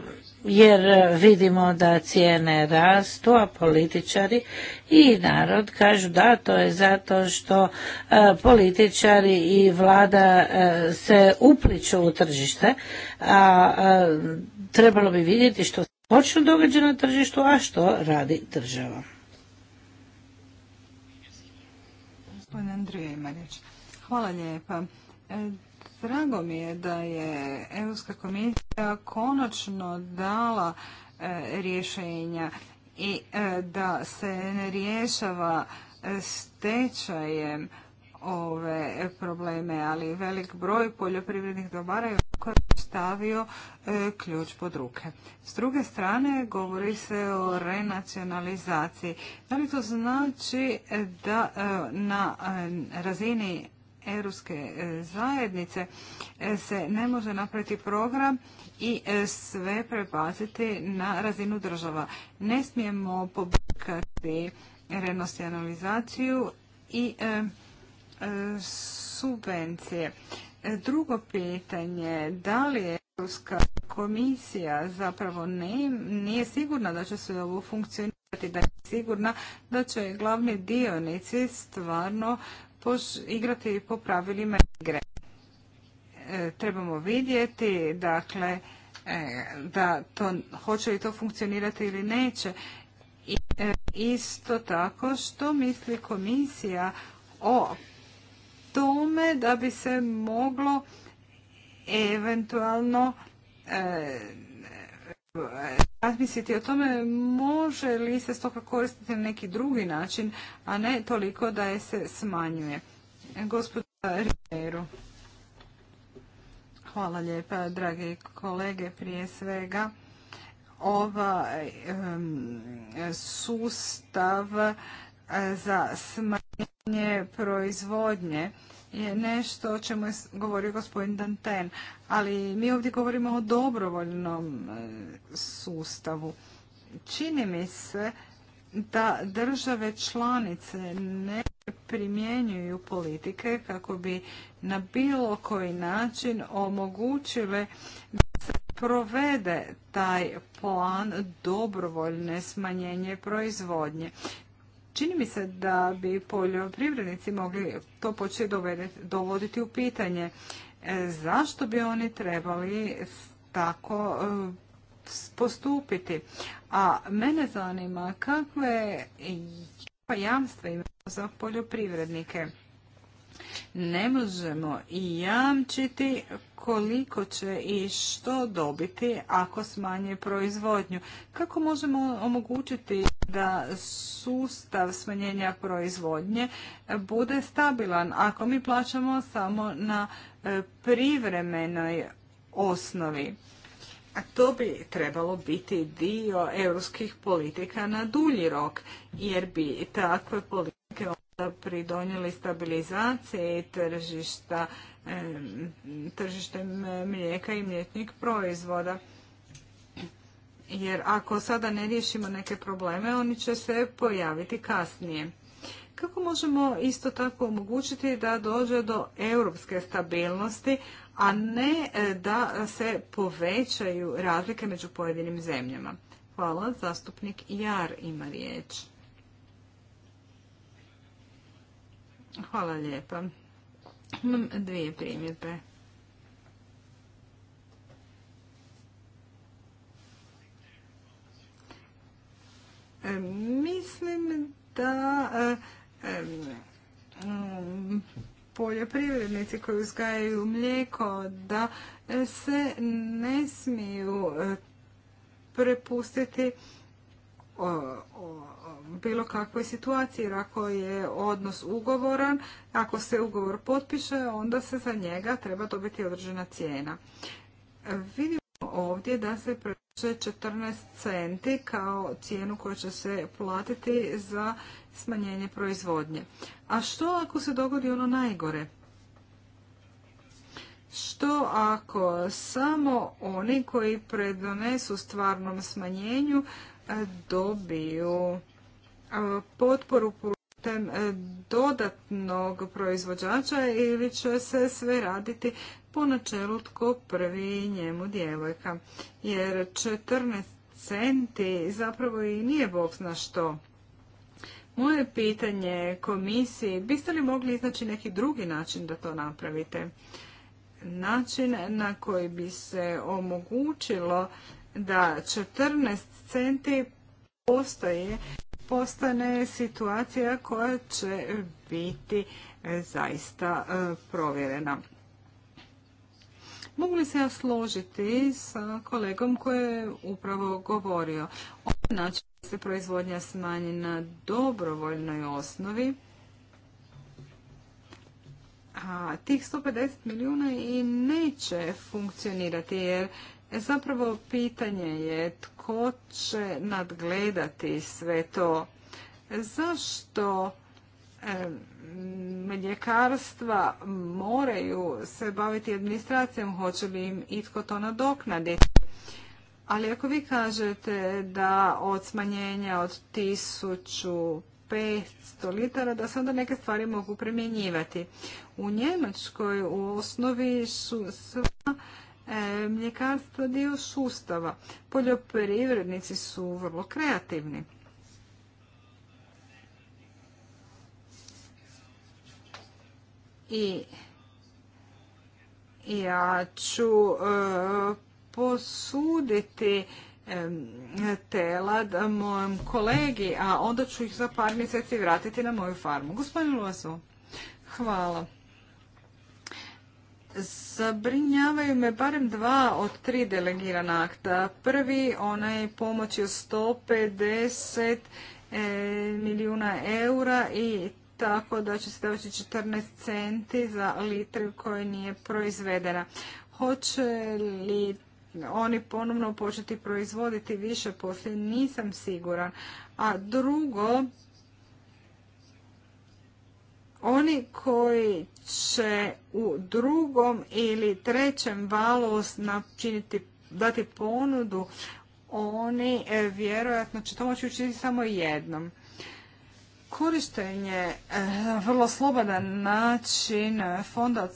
jer vidimo da cijene rastu, a političari i narod kažu da to je zato što e, političari i vlada e, se upliču u tržište, a trebalo bi vidjeti što se točno događa na tržištu, a što radi država. Gospodin hvala lijepa. E, drago mi je da je Europska komisija konačno dala e, rješenja i e, da se ne rješava stečajem ove probleme, ali velik broj poljoprivrednih dobara je stavio e, ključ pod ruke. S druge strane, govori se o renacionalizaciji. Da li to znači e, da e, na razini Europske zajednice se ne može napraviti program i sve prebaciti na razinu država. Ne smijemo pobrkati renacionalizaciju i subvencije. Drugo pitanje, da li je Europska komisija zapravo nije sigurna da će se ovo funkcionirati, da je sigurna da će glavni dionici stvarno igrati po pravilima igre. E, trebamo vidjeti, dakle, e, da to, hoće li to funkcionirati ili neće. E, isto tako, što misli komisija o tome da bi se moglo eventualno e, razmisliti o tome može li se stoka koristiti na neki drugi način, a ne toliko da je se smanjuje. Gospoda Hvala lijepa, Drage kolege, prije svega. Ova sustav e, za smanjenje pitanje proizvodnje je nešto o čemu je govorio gospodin Danten, ali mi ovdje govorimo o dobrovoljnom e, sustavu. Čini mi se da države članice ne primjenjuju politike kako bi na bilo koji način omogućile da se provede taj plan dobrovoljne smanjenje proizvodnje. Čini mi se da bi poljoprivrednici mogli to početi dovoditi u pitanje. E, zašto bi oni trebali tako e, postupiti? A mene zanima kakve jamstva imamo za poljoprivrednike. Ne možemo i jamčiti koliko će i što dobiti ako smanje proizvodnju. Kako možemo omogućiti da sustav smanjenja proizvodnje bude stabilan ako mi plaćamo samo na e, privremenoj osnovi? A to bi trebalo biti dio europskih politika na dulji rok, jer bi takve politike banke onda pridonijeli stabilizaciji tržišta, tržištem mlijeka i mljetnih proizvoda. Jer ako sada ne riješimo neke probleme, oni će se pojaviti kasnije. Kako možemo isto tako omogućiti da dođe do europske stabilnosti, a ne e, da se povećaju razlike među pojedinim zemljama? Hvala. Zastupnik Jar ima riječ. Hvala lijepa. Imam dvije primjedbe. E, mislim da e, e, mm, poljoprivrednici koji uzgajaju mlijeko da se ne smiju prepustiti bilo kakvoj situaciji, jer ako je odnos ugovoran, ako se ugovor potpiše, onda se za njega treba dobiti određena cijena. Vidimo ovdje da se predlaže 14 centi kao cijenu koja će se platiti za smanjenje proizvodnje. A što ako se dogodi ono najgore? Što ako samo oni koji predonesu stvarnom smanjenju e, dobiju potporu putem e, dodatnog proizvođača ili će se sve raditi po načelu tko prvi njemu djevojka. Jer 14 centi zapravo i nije bog zna što. Moje pitanje komisiji, biste li mogli iznaći neki drugi način da to napravite? Način na koji bi se omogućilo da 14 centi postoje postane situacija koja će biti e, zaista e, provjerena. Mogu li se ja složiti sa kolegom koji je upravo govorio? Ovaj da se proizvodnja smanji na dobrovoljnoj osnovi, a tih 150 milijuna i neće funkcionirati jer E, zapravo pitanje je tko će nadgledati sve to. Zašto e, mljekarstva moraju se baviti administracijom, hoće li im itko to nadoknaditi? Ali ako vi kažete da od smanjenja od 1500 litara, da se onda neke stvari mogu primjenjivati. U Njemačkoj u osnovi su sva E, mljekarstvo dio sustava. Poljoprivrednici su vrlo kreativni. I ja ću e, posuditi tela telad mojem kolegi, a onda ću ih za par mjeseci vratiti na moju farmu. Gospodin Luazo, hvala. Zabrinjavaju me barem dva od tri delegirana akta. Prvi, onaj pomoć od 150 e, milijuna eura i tako da će se doći 14 centi za litru koja nije proizvedena. Hoće li oni ponovno početi proizvoditi više poslije? Nisam siguran. A drugo, oni koji će u drugom ili trećem valu načiniti, dati ponudu, oni e, vjerojatno će to moći učiniti samo jednom. Korištenje e, vrlo slobodan način e, fonda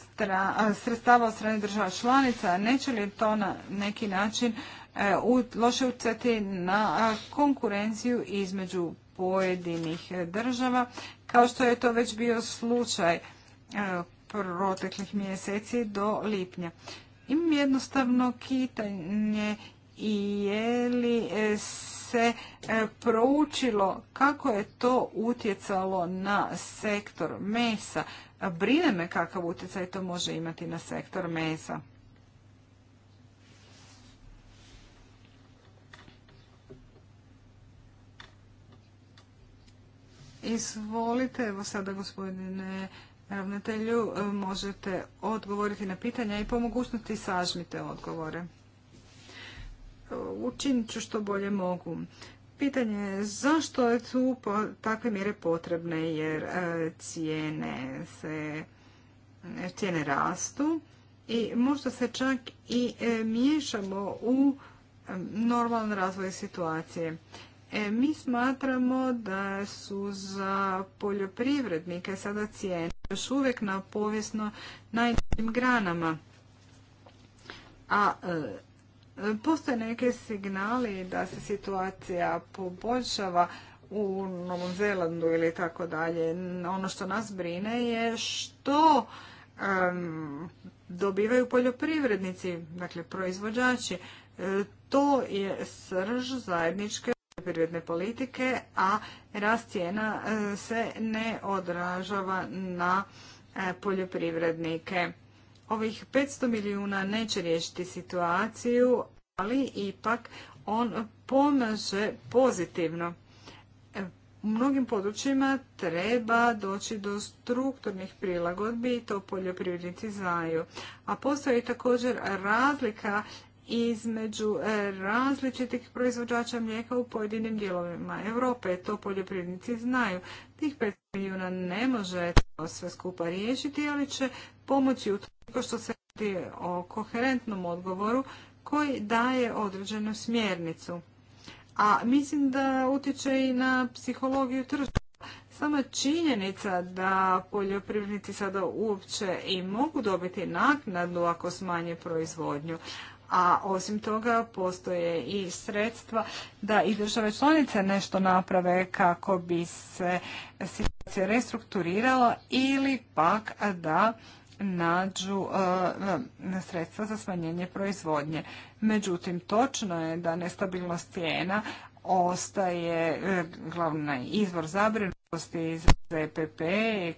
sredstava od strane država članica, neće li to na neki način loše utjecati na konkurenciju između pojedinih država, kao što je to već bio slučaj e, proteklih mjeseci do lipnja. Imam jednostavno kitanje i je li e, se e, proučilo kako je to utjecalo na sektor mesa. Brine me kakav utjecaj to može imati na sektor mesa. Izvolite, evo sada gospodine ravnatelju, možete odgovoriti na pitanja i po mogućnosti sažmite odgovore. Učinit ću što bolje mogu. Pitanje je zašto su takve mjere potrebne jer e, cijene se cijene rastu i možda se čak i e, miješamo u e, normalan razvoj situacije. E, mi smatramo da su za poljoprivrednike sada cijene još uvijek na povijesno najnižim granama. A e, postoje neke signali da se situacija poboljšava u Novom Zelandu ili tako dalje. Ono što nas brine je što dobivaju poljoprivrednici, dakle proizvođači. E, to je srž zajedničke poljoprivredne politike, a rast cijena e, se ne odražava na e, poljoprivrednike. Ovih 500 milijuna neće riješiti situaciju, ali ipak on pomaže pozitivno. E, u mnogim područjima treba doći do strukturnih prilagodbi i to poljoprivrednici znaju. A postoji također razlika između e, različitih proizvođača mlijeka u pojedinim dijelovima Europe. To poljoprivrednici znaju. Tih 5 milijuna ne može to sve skupa riješiti, ali će pomoći u što se radi o koherentnom odgovoru koji daje određenu smjernicu. A mislim da utječe i na psihologiju tržišta. Sama činjenica da poljoprivrednici sada uopće i mogu dobiti naknadu ako smanje proizvodnju, a osim toga postoje i sredstva da i države članice nešto naprave kako bi se situacija restrukturirala ili pak da nađu e, sredstva za smanjenje proizvodnje. Međutim, točno je da nestabilnost cijena ostaje e, glavni izvor zabrinutosti za EPP.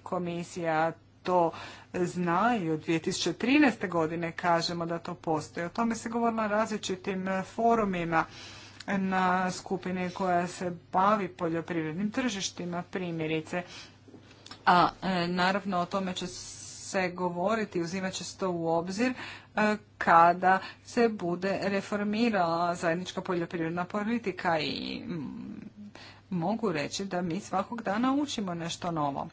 Komisija to zna i od 2013. godine kažemo da to postoji. O tome se govorilo na različitim e, forumima na skupine koja se bavi poljoprivrednim tržištima primjerice. A e, naravno o tome će se govoriti, uzimat će se to u obzir e, kada se bude reformirala zajednička poljoprivredna politika i mogu reći da mi svakog dana učimo nešto novo.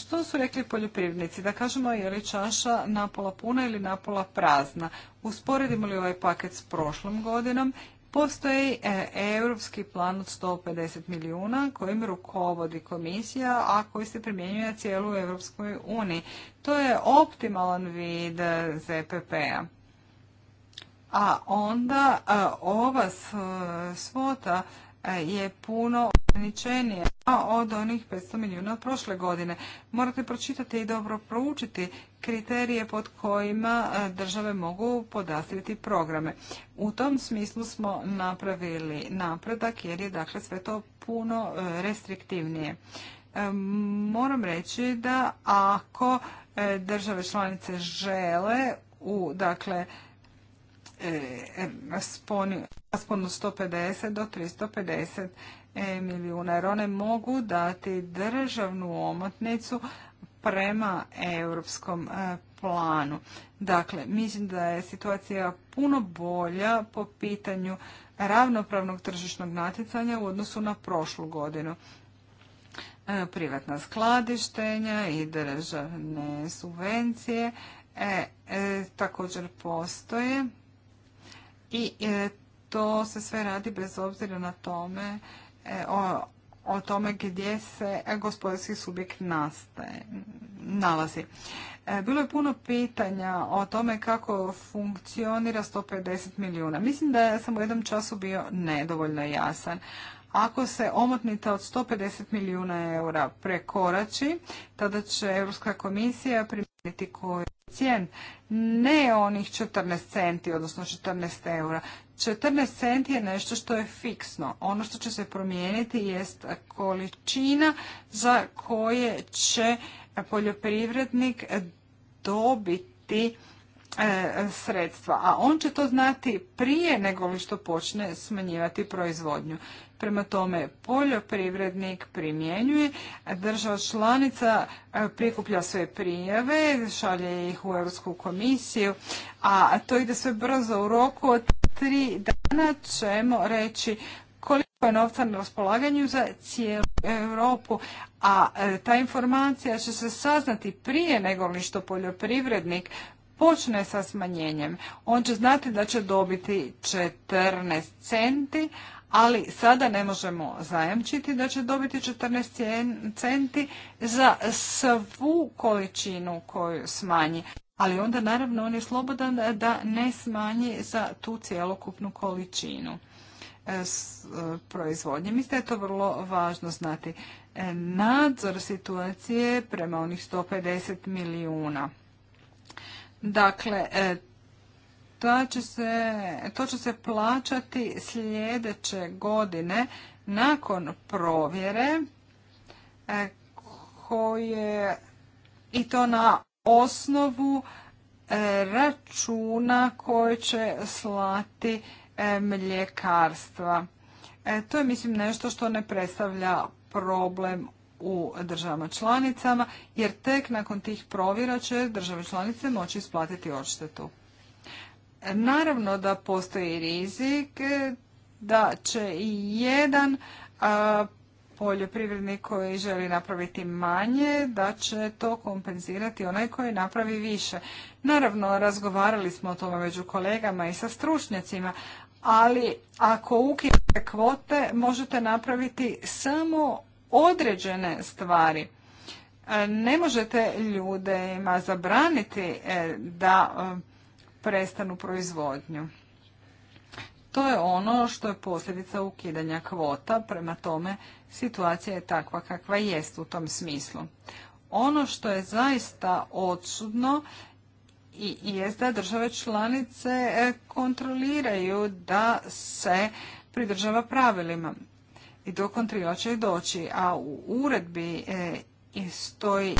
Što su rekli poljoprivrednici? Da kažemo je li čaša napola puna ili napola prazna? Usporedimo li ovaj paket s prošlom godinom? Postoji e, europski plan od 150 milijuna kojim rukovodi komisija, a koji se primjenjuje na cijelu Europskoj uniji. To je optimalan vid ZPP-a. A onda e, ova e, svota je puno ograničenije od onih 500 milijuna prošle godine. Morate pročitati i dobro proučiti kriterije pod kojima e, države mogu podastriti programe. U tom smislu smo napravili napredak jer je dakle sve to puno e, restriktivnije. E, moram reći da ako države članice žele u dakle E, rasponu 150 do 350 e, milijuna, jer one mogu dati državnu omotnicu prema europskom e, planu. Dakle, mislim da je situacija puno bolja po pitanju ravnopravnog tržišnog natjecanja u odnosu na prošlu godinu. Privatna skladištenja i državne subvencije također postoje i e, to se sve radi bez obzira na tome e, o, tome gdje se gospodarski subjekt nastaje, nalazi. E, bilo je puno pitanja o tome kako funkcionira 150 milijuna. Mislim da sam u jednom času bio nedovoljno jasan, ako se omotnita od 150 milijuna eura prekorači, tada će Europska komisija primijeniti koeficijen ne onih 14 centi, odnosno 14 eura. 14 centi je nešto što je fiksno. Ono što će se promijeniti jest količina za koje će poljoprivrednik dobiti e, sredstva, a on će to znati prije nego li što počne smanjivati proizvodnju. Prema tome, poljoprivrednik primjenjuje, država članica e, prikuplja sve prijave, šalje ih u Europsku komisiju, a to ide sve brzo u roku od tri dana ćemo reći koliko je novca na raspolaganju za cijelu Europu, a e, ta informacija će se saznati prije nego li što poljoprivrednik počne sa smanjenjem. On će znati da će dobiti 14 centi, ali sada ne možemo zajamčiti da će dobiti 14 centi za svu količinu koju smanji. Ali onda naravno on je slobodan da ne smanji za tu cjelokupnu količinu e, e, proizvodnje. Mislim da je to vrlo važno znati. E, nadzor situacije prema onih 150 milijuna. Dakle, to će se, to će se plaćati sljedeće godine nakon provjere e, koje i to na osnovu e, računa koje će slati e, mljekarstva. To je mislim nešto što ne predstavlja problem u državama članicama jer tek nakon tih provjera će države članice moći isplatiti odštetu. Naravno da postoji rizik da će i jedan poljoprivrednik koji želi napraviti manje, da će to kompenzirati onaj koji napravi više. Naravno, razgovarali smo o tome među kolegama i sa stručnjacima, ali ako ukinete kvote, možete napraviti samo određene stvari. E, ne možete ljudima zabraniti e, da prestanu proizvodnju. To je ono što je posljedica ukidanja kvota, prema tome situacija je takva kakva jest u tom smislu. Ono što je zaista odsudno i jest da države članice e, kontroliraju da se pridržava pravilima. I do kontrola će doći, a u uredbi e, stoji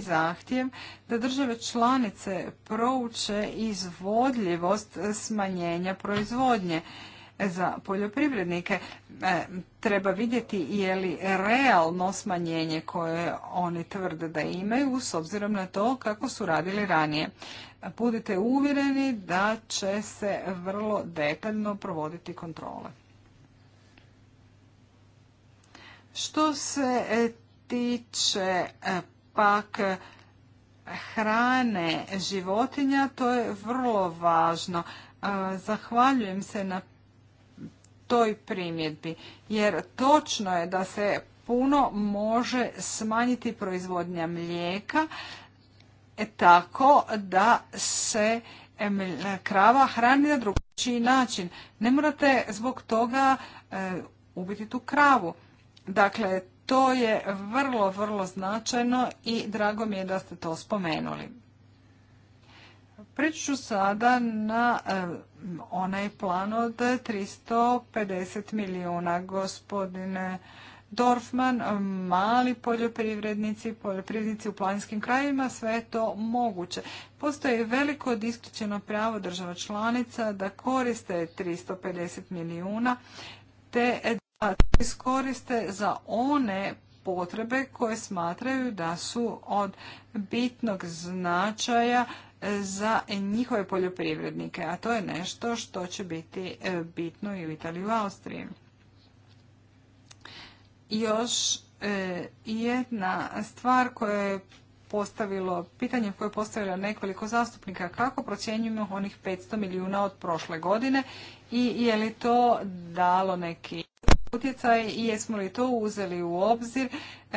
zahtjev da države članice prouče izvodljivost smanjenja proizvodnje za poljoprivrednike. E, treba vidjeti je li realno smanjenje koje oni tvrde da imaju s obzirom na to kako su radili ranije. Budite uvjereni da će se vrlo detaljno provoditi kontrole. Što se e, tiče e, pak hrane životinja, to je vrlo važno. E, zahvaljujem se na toj primjedbi, jer točno je da se puno može smanjiti proizvodnja mlijeka e, tako da se e, krava hrani na drugi način. Ne morate zbog toga ubiti tu kravu. Dakle, to je vrlo, vrlo značajno i drago mi je da ste to spomenuli. Priču sada na onaj plan od 350 milijuna. Gospodine Dorfman, mali poljoprivrednici, poljoprivrednici u planinskim krajevima, sve je to moguće. Postoji veliko diskrecijno pravo država članica da koriste 350 milijuna te iskoriste za one potrebe koje smatraju da su od bitnog značaja za njihove poljoprivrednike, a to je nešto što će biti e, bitno i u Italiji i u Austriji. Još e, jedna stvar koja je postavilo, pitanje koje je postavilo nekoliko zastupnika, kako procjenjujemo onih 500 milijuna od prošle godine i je li to dalo neki utjecaj i jesmo li to uzeli u obzir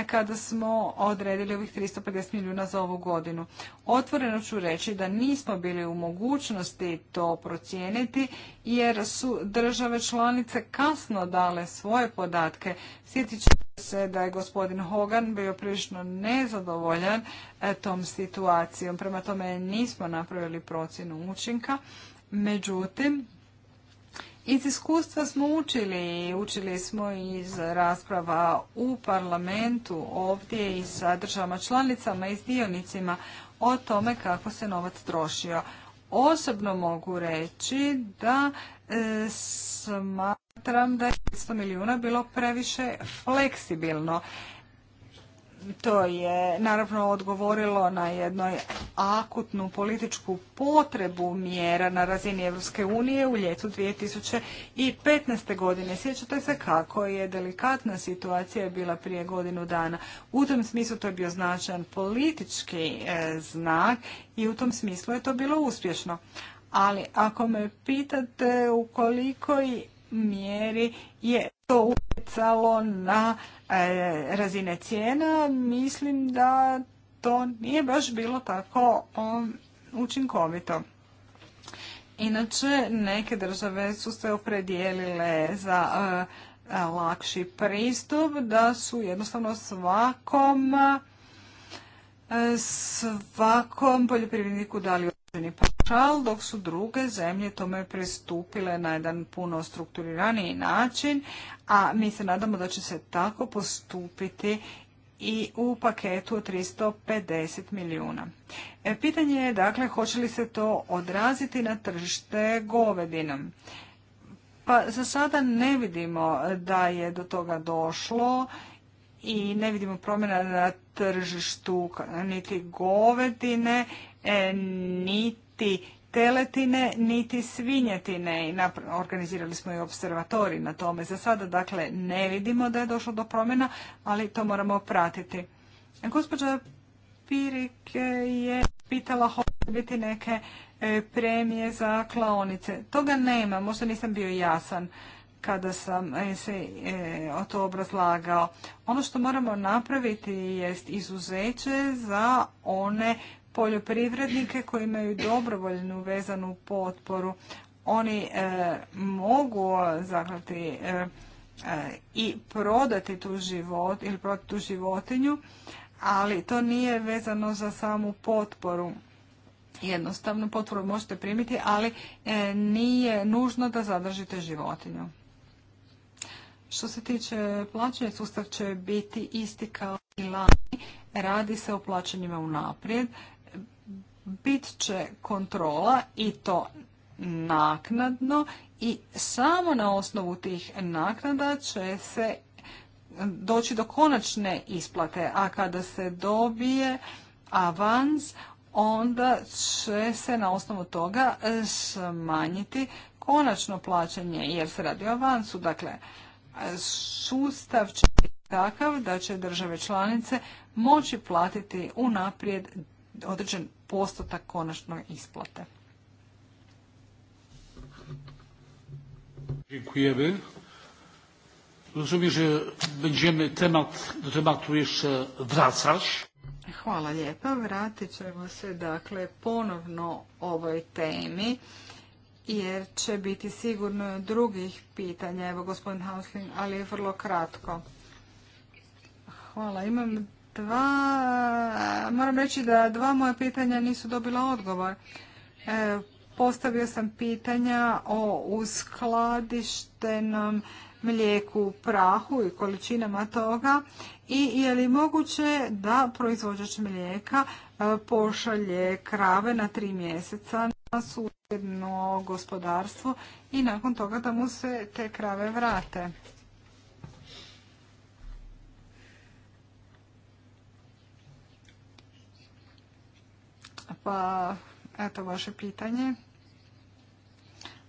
kada smo odredili ovih 350 milijuna za ovu godinu. Otvoreno ću reći da nismo bili u mogućnosti to procijeniti jer su države članice kasno dale svoje podatke. Sjetit ću se da je gospodin Hogan bio prilično nezadovoljan e, tom situacijom. Prema tome nismo napravili procjenu učinka. Međutim, iz iskustva smo učili, učili smo iz rasprava u parlamentu, ovdje i sa državama članicama i s dionicima o tome kako se novac trošio. Osobno mogu reći da e, smatram da je 500 milijuna bilo previše fleksibilno to je naravno odgovorilo na jednoj akutnu političku potrebu mjera na razini Europske unije u ljetu 2015. godine. Sjećate se kako je delikatna situacija bila prije godinu dana. U tom smislu to je bio značajan politički e, znak i u tom smislu je to bilo uspješno. Ali ako me pitate u kolikoj mjeri je to utjecalo na E, razine cijena, mislim da to nije baš bilo tako učinkovito. Inače, neke države su se opredijelile za e, lakši pristup, da su jednostavno svakom e, svakom poljoprivredniku dali dok su druge zemlje tome pristupile na jedan puno strukturiraniji način, a mi se nadamo da će se tako postupiti i u paketu 350 milijuna. E, pitanje je dakle hoće li se to odraziti na tržište govedinom. Pa za sada ne vidimo da je do toga došlo i ne vidimo promjena na tržištu niti govedine E, niti teletine, niti svinjetine i organizirali smo i observatori na tome. Za sada dakle ne vidimo da je došlo do promjena, ali to moramo pratiti. E, gospođa Pirik e, je pitala hoće biti neke premije za klaonice. Toga nema, možda nisam bio jasan kada sam se o to obrazlagao. Ono što moramo napraviti jest izuzeće za one poljoprivrednike koji imaju dobrovoljnu vezanu potporu. Oni e, mogu zaklati e, e, i prodati tu život ili prodati tu životinju, ali to nije vezano za samu potporu. Jednostavno potporu možete primiti, ali nije nužno da zadržite životinju. Što se tiče plaćanja, sustav će biti isti kao i lani. Radi se o plaćanjima unaprijed bit će kontrola i to naknadno i samo na osnovu tih naknada će se e, doći do konačne isplate, a kada se dobije avans, onda će se na osnovu toga e, smanjiti konačno plaćanje, jer se radi o avansu. Dakle, sustav će biti takav da će države članice moći platiti unaprijed određen postotak konačno isplate. Dziękujemy. Rozumiem, temat, do tematu jeszcze wracać. Hvala lijepa. Vratit ćemo se dakle ponovno ovoj temi jer će biti sigurno drugih pitanja. Evo gospodin Hausling, ali je vrlo kratko. Hvala. Imam dva, moram reći da dva moja pitanja nisu dobila odgovor. E, postavio sam pitanja o uskladištenom mlijeku u prahu i količinama toga i je li moguće da proizvođač mlijeka e, pošalje krave na tri mjeseca na susjedno gospodarstvo i nakon toga da mu se te krave vrate. Pa, eto vaše pitanje.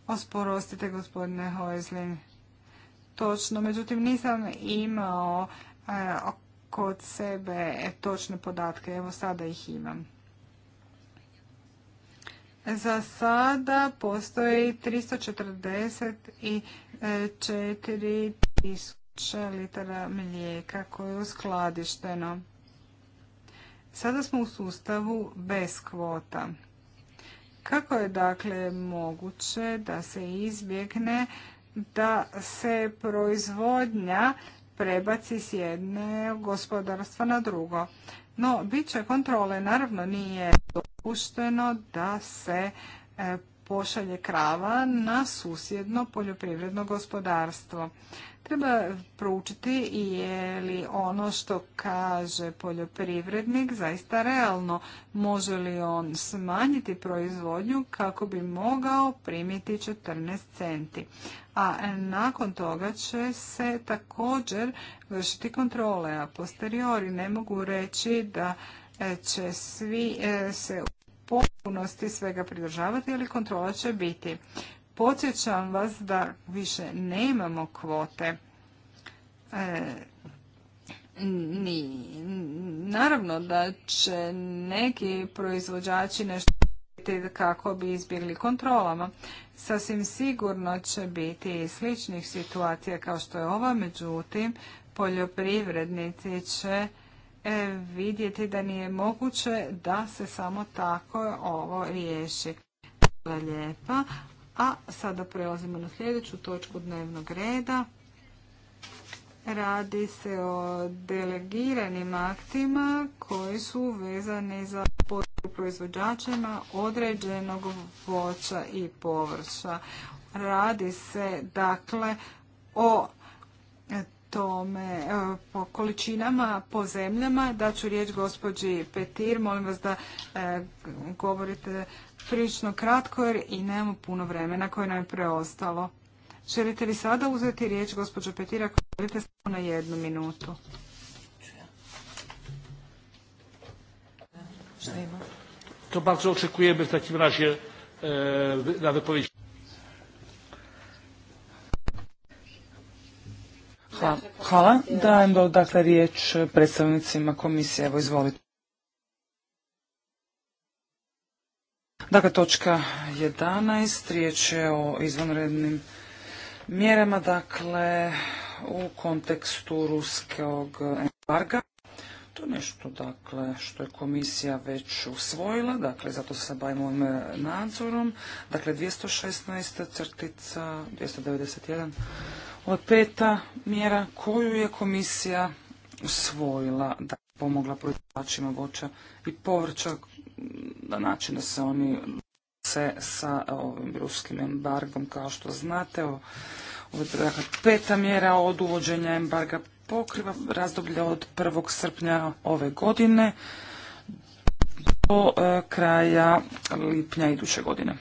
Osporostite, gospodine Hojzlin. Točno, međutim nisam imao e, kod sebe točne podatke. Evo sada ih imam. Za sada postoji 344 tisuće litara mlijeka koje je uskladišteno. Sada smo u sustavu bez kvota. Kako je dakle moguće da se izbjegne da se proizvodnja prebaci s jedne gospodarstva na drugo? No, bit će kontrole. Naravno nije dopušteno da se e, pošalje krava na susjedno poljoprivredno gospodarstvo. Treba proučiti je li ono što kaže poljoprivrednik zaista realno. Može li on smanjiti proizvodnju kako bi mogao primiti 14 centi. A nakon toga će se također vršiti kontrole, a posteriori ne mogu reći da e, će svi e, se u potpunosti svega pridržavati, ali kontrola će biti. Podsjećam vas da više nemamo kvote. E, ni, naravno da će neki proizvođači nešto kako bi izbjegli kontrolama. Sasvim sigurno će biti i sličnih situacija kao što je ova, međutim, poljoprivrednici će e, vidjeti da nije moguće da se samo tako ovo riješi. Hvala lijepa. A sada prelazimo na sljedeću točku dnevnog reda. Radi se o delegiranim aktima koji su vezani za potporu proizvođačima određenog voća i povrća. Radi se dakle o tome e, po količinama, po zemljama. Daću riječ gospođi Petir, molim vas da e, govorite prilično kratko jer i nemamo puno vremena koje nam je preostalo. Želite li sada uzeti riječ, gospođo Petira, ako želite samo na jednu minutu? To bardzo oczekujemy w takim razie e, na wypowiedź. Hvala. Dajem dakle riječ predstavnicima komisije. Evo izvolite. Dakle, točka 11, riječ je o izvanrednim mjerama, dakle, u kontekstu ruskog embarga. To je nešto, dakle, što je komisija već usvojila, dakle, zato se bavimo ovim nadzorom. Dakle, 216 crtica, 291, ovo peta mjera koju je komisija usvojila da pomogla proizvođačima voća i povrća na način da se oni se sa ovim ruskim embargom, kao što znate, ovo je dakle, peta mjera od uvođenja embarga pokriva razdoblje od 1. srpnja ove godine do e, kraja lipnja iduće godine.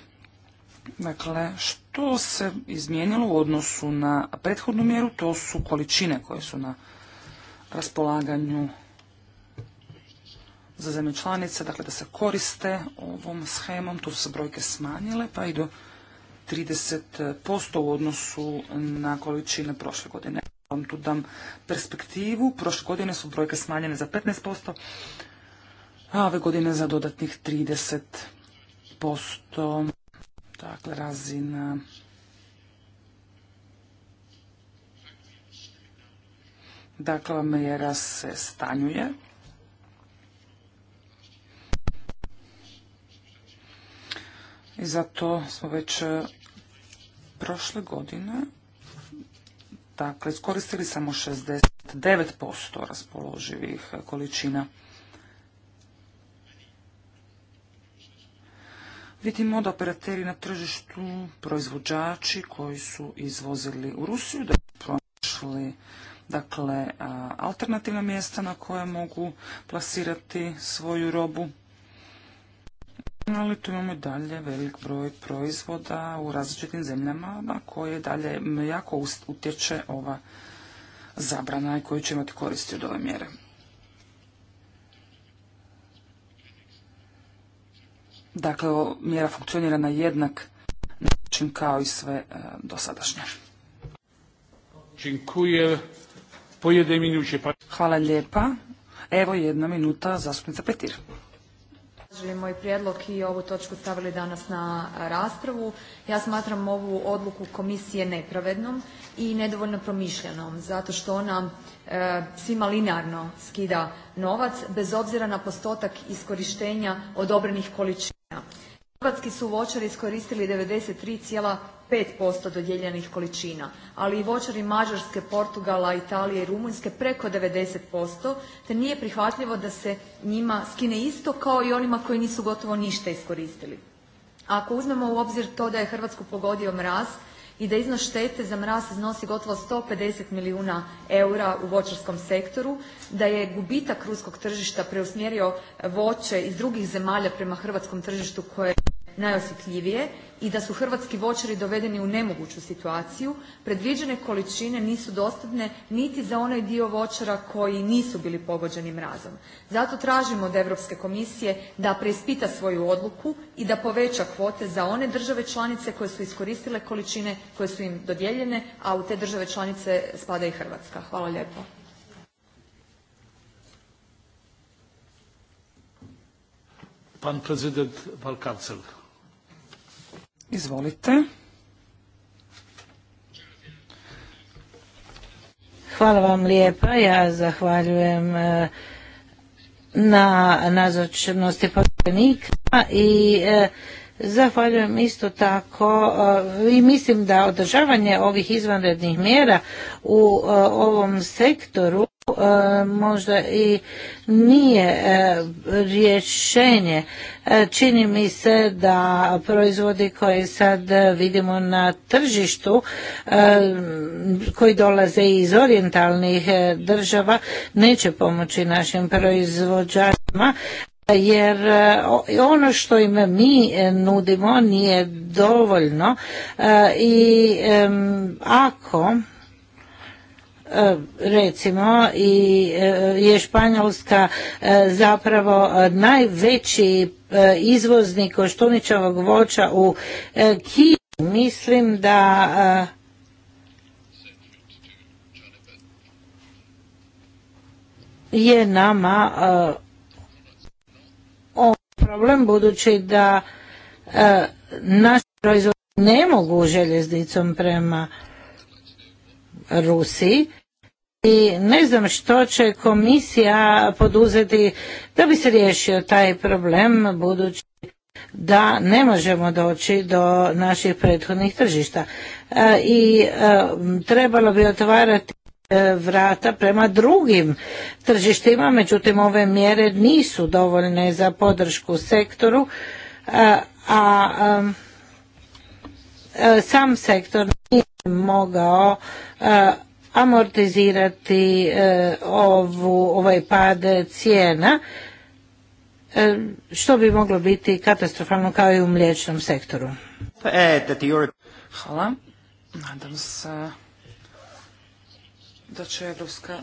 Dakle, što se izmijenilo u odnosu na prethodnu mjeru, to su količine koje su na raspolaganju za zemlje članice, dakle da se koriste ovom schemom, tu su se brojke smanjile pa i do 30% u odnosu na količine prošle godine. Vam tu dam perspektivu, prošle godine su brojke smanjene za 15%, a ove godine za dodatnih 30%, dakle razina Dakle, mjera se stanjuje, I zato smo već e, prošle godine dakle, iskoristili samo 69% raspoloživih e, količina. Vidimo da operateri na tržištu, proizvođači koji su izvozili u Rusiju, da su pronašli dakle, alternativna mjesta na koje mogu plasirati svoju robu. Ali tu imamo i dalje velik broj proizvoda u različitim zemljama na koje dalje jako utječe ova zabrana i koju će imati koristi od ove mjere. Dakle, mjera funkcionira na jednak način kao i sve e, dosadašnje. Pa- Hvala lijepa. Evo jedna minuta, zastupnica Petir moj prijedlog i ovu točku stavili danas na raspravu. Ja smatram ovu odluku komisije nepravednom i nedovoljno promišljenom zato što ona e, svima linearno skida novac bez obzira na postotak iskorištenja odobrenih količina. Hrvatski su voćari iskoristili 93,5% dodijeljenih količina, ali i voćari Mađarske, Portugala, Italije i Rumunjske preko 90% te nije prihvatljivo da se njima skine isto kao i onima koji nisu gotovo ništa iskoristili. Ako uzmemo u obzir to da je Hrvatsku pogodio mraz i da iznos štete za mraz iznosi gotovo 150 milijuna eura u voćarskom sektoru, da je gubitak ruskog tržišta preusmjerio voće iz drugih zemalja prema hrvatskom tržištu koje najosjetljivije i da su hrvatski voćari dovedeni u nemoguću situaciju, predviđene količine nisu dostupne niti za onaj dio voćara koji nisu bili pogođeni mrazom. Zato tražimo od Europske komisije da preispita svoju odluku i da poveća kvote za one države članice koje su iskoristile količine koje su im dodijeljene, a u te države članice spada i Hrvatska. Hvala lijepo. Pan Izvolite. Hvala vam lijepa. Ja zahvaljujem e, na nazočnosti povjerenika i e, Zahvaljujem isto tako e, i mislim da održavanje ovih izvanrednih mjera u ovom sektoru E, možda i nije e, rješenje. E, čini mi se da proizvodi koje sad vidimo na tržištu, koji dolaze iz orientalnih država, neće pomoći našim proizvođačima jer ono što im mi nudimo nije dovoljno i ako E, recimo i e, je Španjolska e, zapravo najveći izvoznik koštuničavog voća u Kini. Mislim da je nama ovaj problem budući da naš proizvod ne mogu željeznicom prema Rusiji i ne znam što će komisija poduzeti da bi se riješio taj problem budući da ne možemo doći do naših prethodnih tržišta e, i e, trebalo bi otvarati e, vrata prema drugim tržištima, međutim ove mjere nisu dovoljne za podršku sektoru, a, sam sektor nije mogao amortizirati e, ovu, ovaj pad cijena e, što bi moglo biti katastrofalno kao i u mliječnom sektoru. Hvala. Nadam se da će Evropska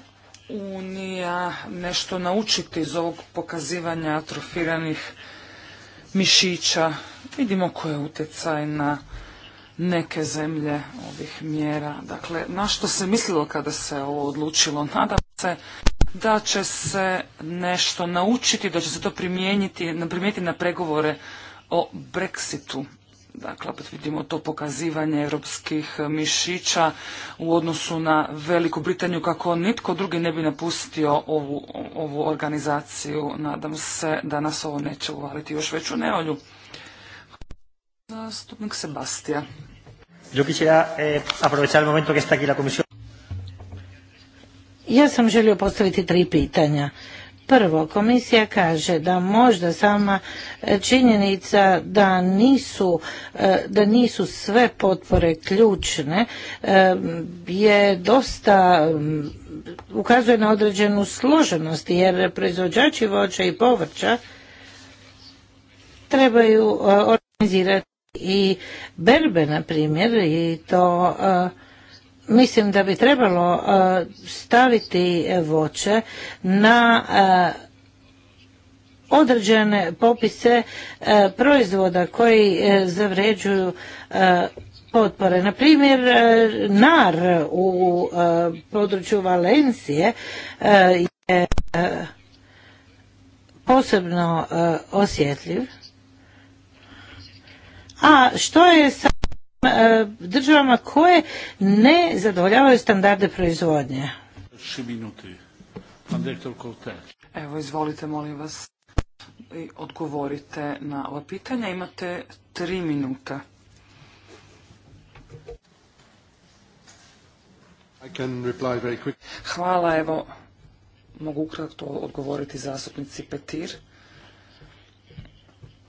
unija nešto naučiti iz ovog pokazivanja atrofiranih mišića. Vidimo koji je utjecaj na neke zemlje ovih mjera. Dakle, na što se mislilo kada se ovo odlučilo? Nadam se da će se nešto naučiti, da će se to primijeniti, primijeniti na pregovore o Brexitu. Dakle, opet vidimo to pokazivanje europskih mišića u odnosu na Veliku Britaniju kako nitko drugi ne bi napustio ovu, ovu organizaciju. Nadam se da nas ovo neće uvaliti još veću neolju. Zastupnik Sebastija. Yo quisiera eh, aprovechar momento que está aquí la comisión. Ja sam želio postaviti tri pitanja. Prvo, komisija kaže da možda sama e, činjenica da nisu, e, da nisu sve potpore ključne e, je dosta ukazuje na određenu složenost jer proizvođači voća i povrća trebaju organizirati i berbe, na primjer, i to e, mislim da bi trebalo e, staviti voće na e, određene popise proizvoda koji zavređuju potpore. Na primjer, nar u području Valencije je posebno osjetljiv a što je sa e, državama koje ne zadovoljavaju standarde proizvodnje? minuti. Evo, izvolite, molim vas, odgovorite na ova pitanja. Imate tri minuta. Hvala, evo, mogu ukratko odgovoriti zastupnici Petir.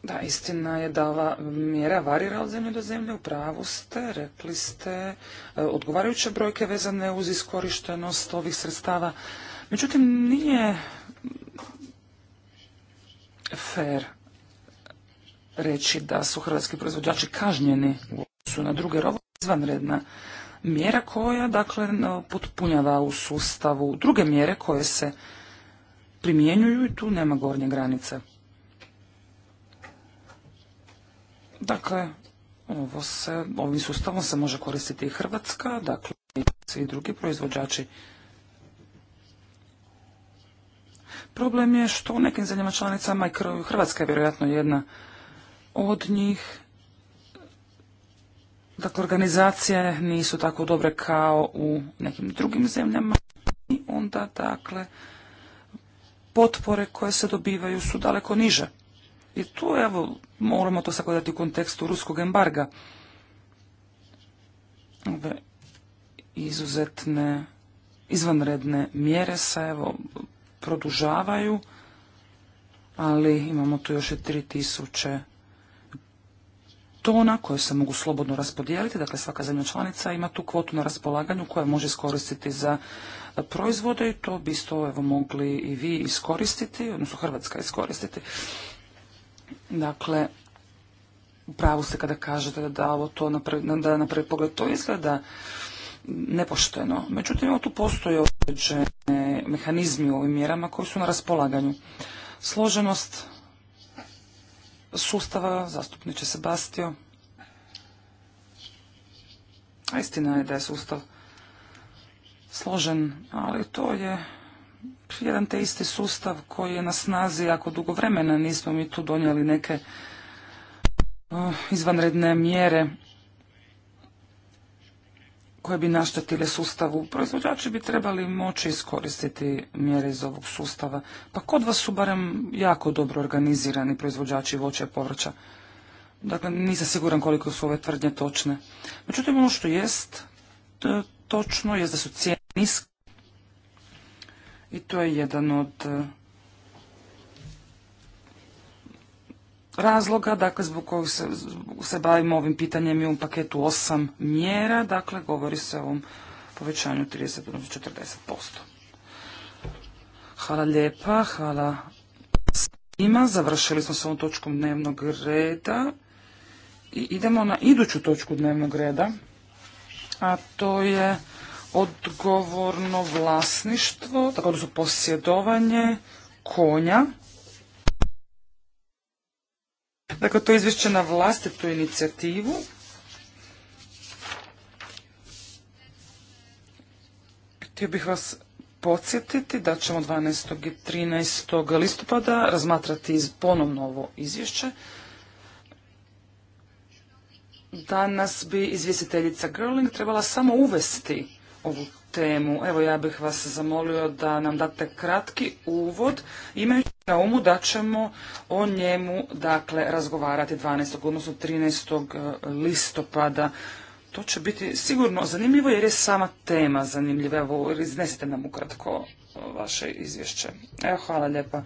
Da, istina je da ova mjera varira od zemlje do zemlje, u pravu ste, rekli ste, e, odgovarajuće brojke vezane uz iskorištenost ovih sredstava. Međutim, nije fair reći da su hrvatski proizvođači kažnjeni u odnosu na druge rovo izvanredna mjera koja dakle potpunjava u sustavu druge mjere koje se primjenjuju i tu nema gornje granice. Dakle, ovo se, ovim sustavom se može koristiti i Hrvatska, dakle i svi drugi proizvođači. Problem je što u nekim zemljama članicama i Hrvatska je vjerojatno jedna od njih. Dakle, organizacije nisu tako dobre kao u nekim drugim zemljama i onda, dakle, potpore koje se dobivaju su daleko niže. I tu evo, moramo to sagledati u kontekstu ruskog embarga. Ove izuzetne, izvanredne mjere se evo produžavaju, ali imamo tu još i 3000 tona koje se mogu slobodno raspodijeliti, dakle svaka zemlja članica ima tu kvotu na raspolaganju koja može iskoristiti za proizvode i to biste evo mogli i vi iskoristiti, odnosno Hrvatska iskoristiti. Dakle, u pravu se kada kažete da ovo to na da na prvi pogled to izgleda nepošteno. Međutim, ovo tu postoje određene mehanizmi u ovim mjerama koji su na raspolaganju. Složenost sustava, zastupniče Sebastio. A istina je da je sustav složen, ali to je jedan te isti sustav koji je na snazi jako dugo vremena. Nismo mi tu donijeli neke eh, izvanredne mjere koje bi naštetile sustavu. Proizvođači bi trebali moći iskoristiti mjere iz ovog sustava. Pa kod vas su barem jako dobro organizirani proizvođači voća i povrća. Dakle, nisam siguran koliko su ove tvrdnje točne. Međutim, ono što jest eh, točno je da su cijene niske i to je jedan od e, razloga, dakle, zbog kojeg se, se bavimo ovim pitanjem i u paketu osam mjera, dakle, govori se o ovom povećanju 30 odnosno 40%. Hvala lijepa, hvala svima. Završili smo s ovom točkom dnevnog reda i idemo na iduću točku dnevnog reda, a to je odgovorno vlasništvo, tako su posjedovanje konja. Dakle, to je izvješće na vlastitu inicijativu. Htio bih vas podsjetiti da ćemo 12. i 13. listopada razmatrati ponovno ovo izvješće. Danas bi izvjestiteljica Girling trebala samo uvesti ovu temu. Evo ja bih vas zamolio da nam date kratki uvod imajući na umu da ćemo o njemu dakle razgovarati 12. odnosno 13. Eh, listopada. To će biti sigurno zanimljivo jer je sama tema zanimljiva. Evo iznesite nam ukratko vaše izvješće. Evo hvala lijepa.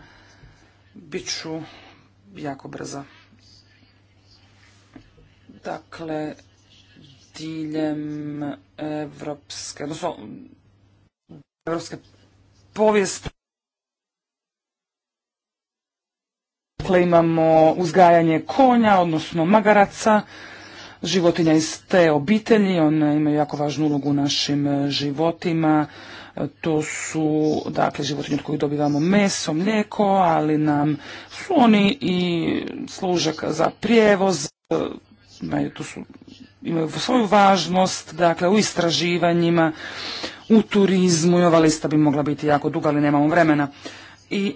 Biću jako brza. Dakle, diljem evropske, odnosno evropske povijesti. Dakle, imamo uzgajanje konja, odnosno magaraca, životinja iz te obitelji, one imaju jako važnu ulogu u našim životima. To su, dakle, životinje od kojih dobivamo meso, mlijeko, ali nam su oni i služak za prijevoz, e, tu su imaju svoju važnost, dakle u istraživanjima, u turizmu i ova lista bi mogla biti jako duga, ali nemamo vremena. I e,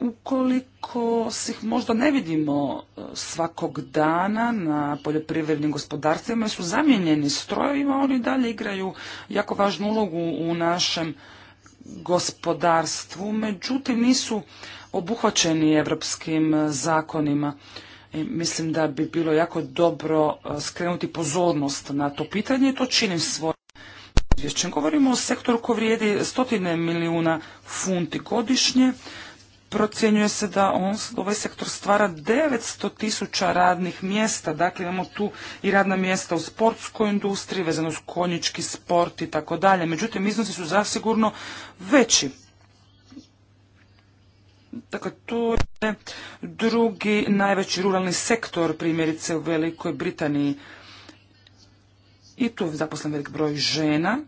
ukoliko se ih možda ne vidimo e, svakog dana na poljoprivrednim gospodarstvima su zamijenjeni strojevima, oni dalje igraju jako važnu ulogu u našem gospodarstvu, međutim nisu obuhvaćeni evropskim e, zakonima mislim da bi bilo jako dobro e, skrenuti pozornost na to pitanje i to činim svojim izvješćem. Govorimo o sektoru koji vrijedi stotine milijuna funti godišnje. Procjenjuje se da on, ovaj sektor stvara 900 tisuća radnih mjesta, dakle imamo tu i radna mjesta u sportskoj industriji, vezano s konjički sport i tako dalje. Međutim, iznosi su zasigurno veći. Dakle, to je drugi najveći ruralni sektor, primjerice u Velikoj Britaniji. I tu je zaposlen velik broj žena,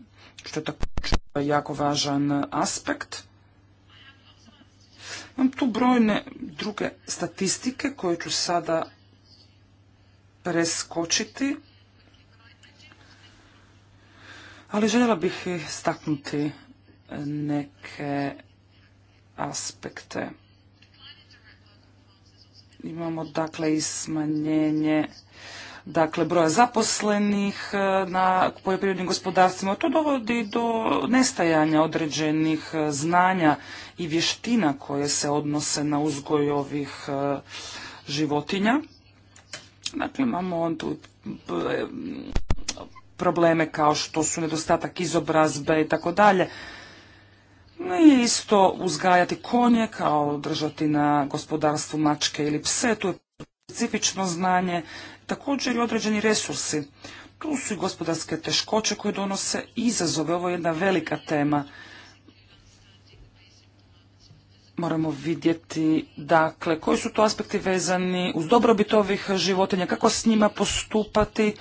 što je također jako važan aspekt. Imam tu brojne druge statistike koje ću sada preskočiti. Ali željela bih istaknuti neke aspekte. Imamo dakle i smanjenje dakle broja zaposlenih e, na poljoprivrednim gospodarstvima. To dovodi do nestajanja određenih e, znanja i vještina koje se odnose na uzgoj ovih e, životinja. Dakle, imamo tu probleme kao što su nedostatak izobrazbe i tako dalje. Nije isto uzgajati konje kao držati na gospodarstvu mačke ili pse, tu je specifično znanje, također i određeni resursi. Tu su i gospodarske teškoće koje donose izazove, ovo je jedna velika tema. Moramo vidjeti, dakle, koji su to aspekti vezani uz dobrobit ovih životinja, kako s njima postupati,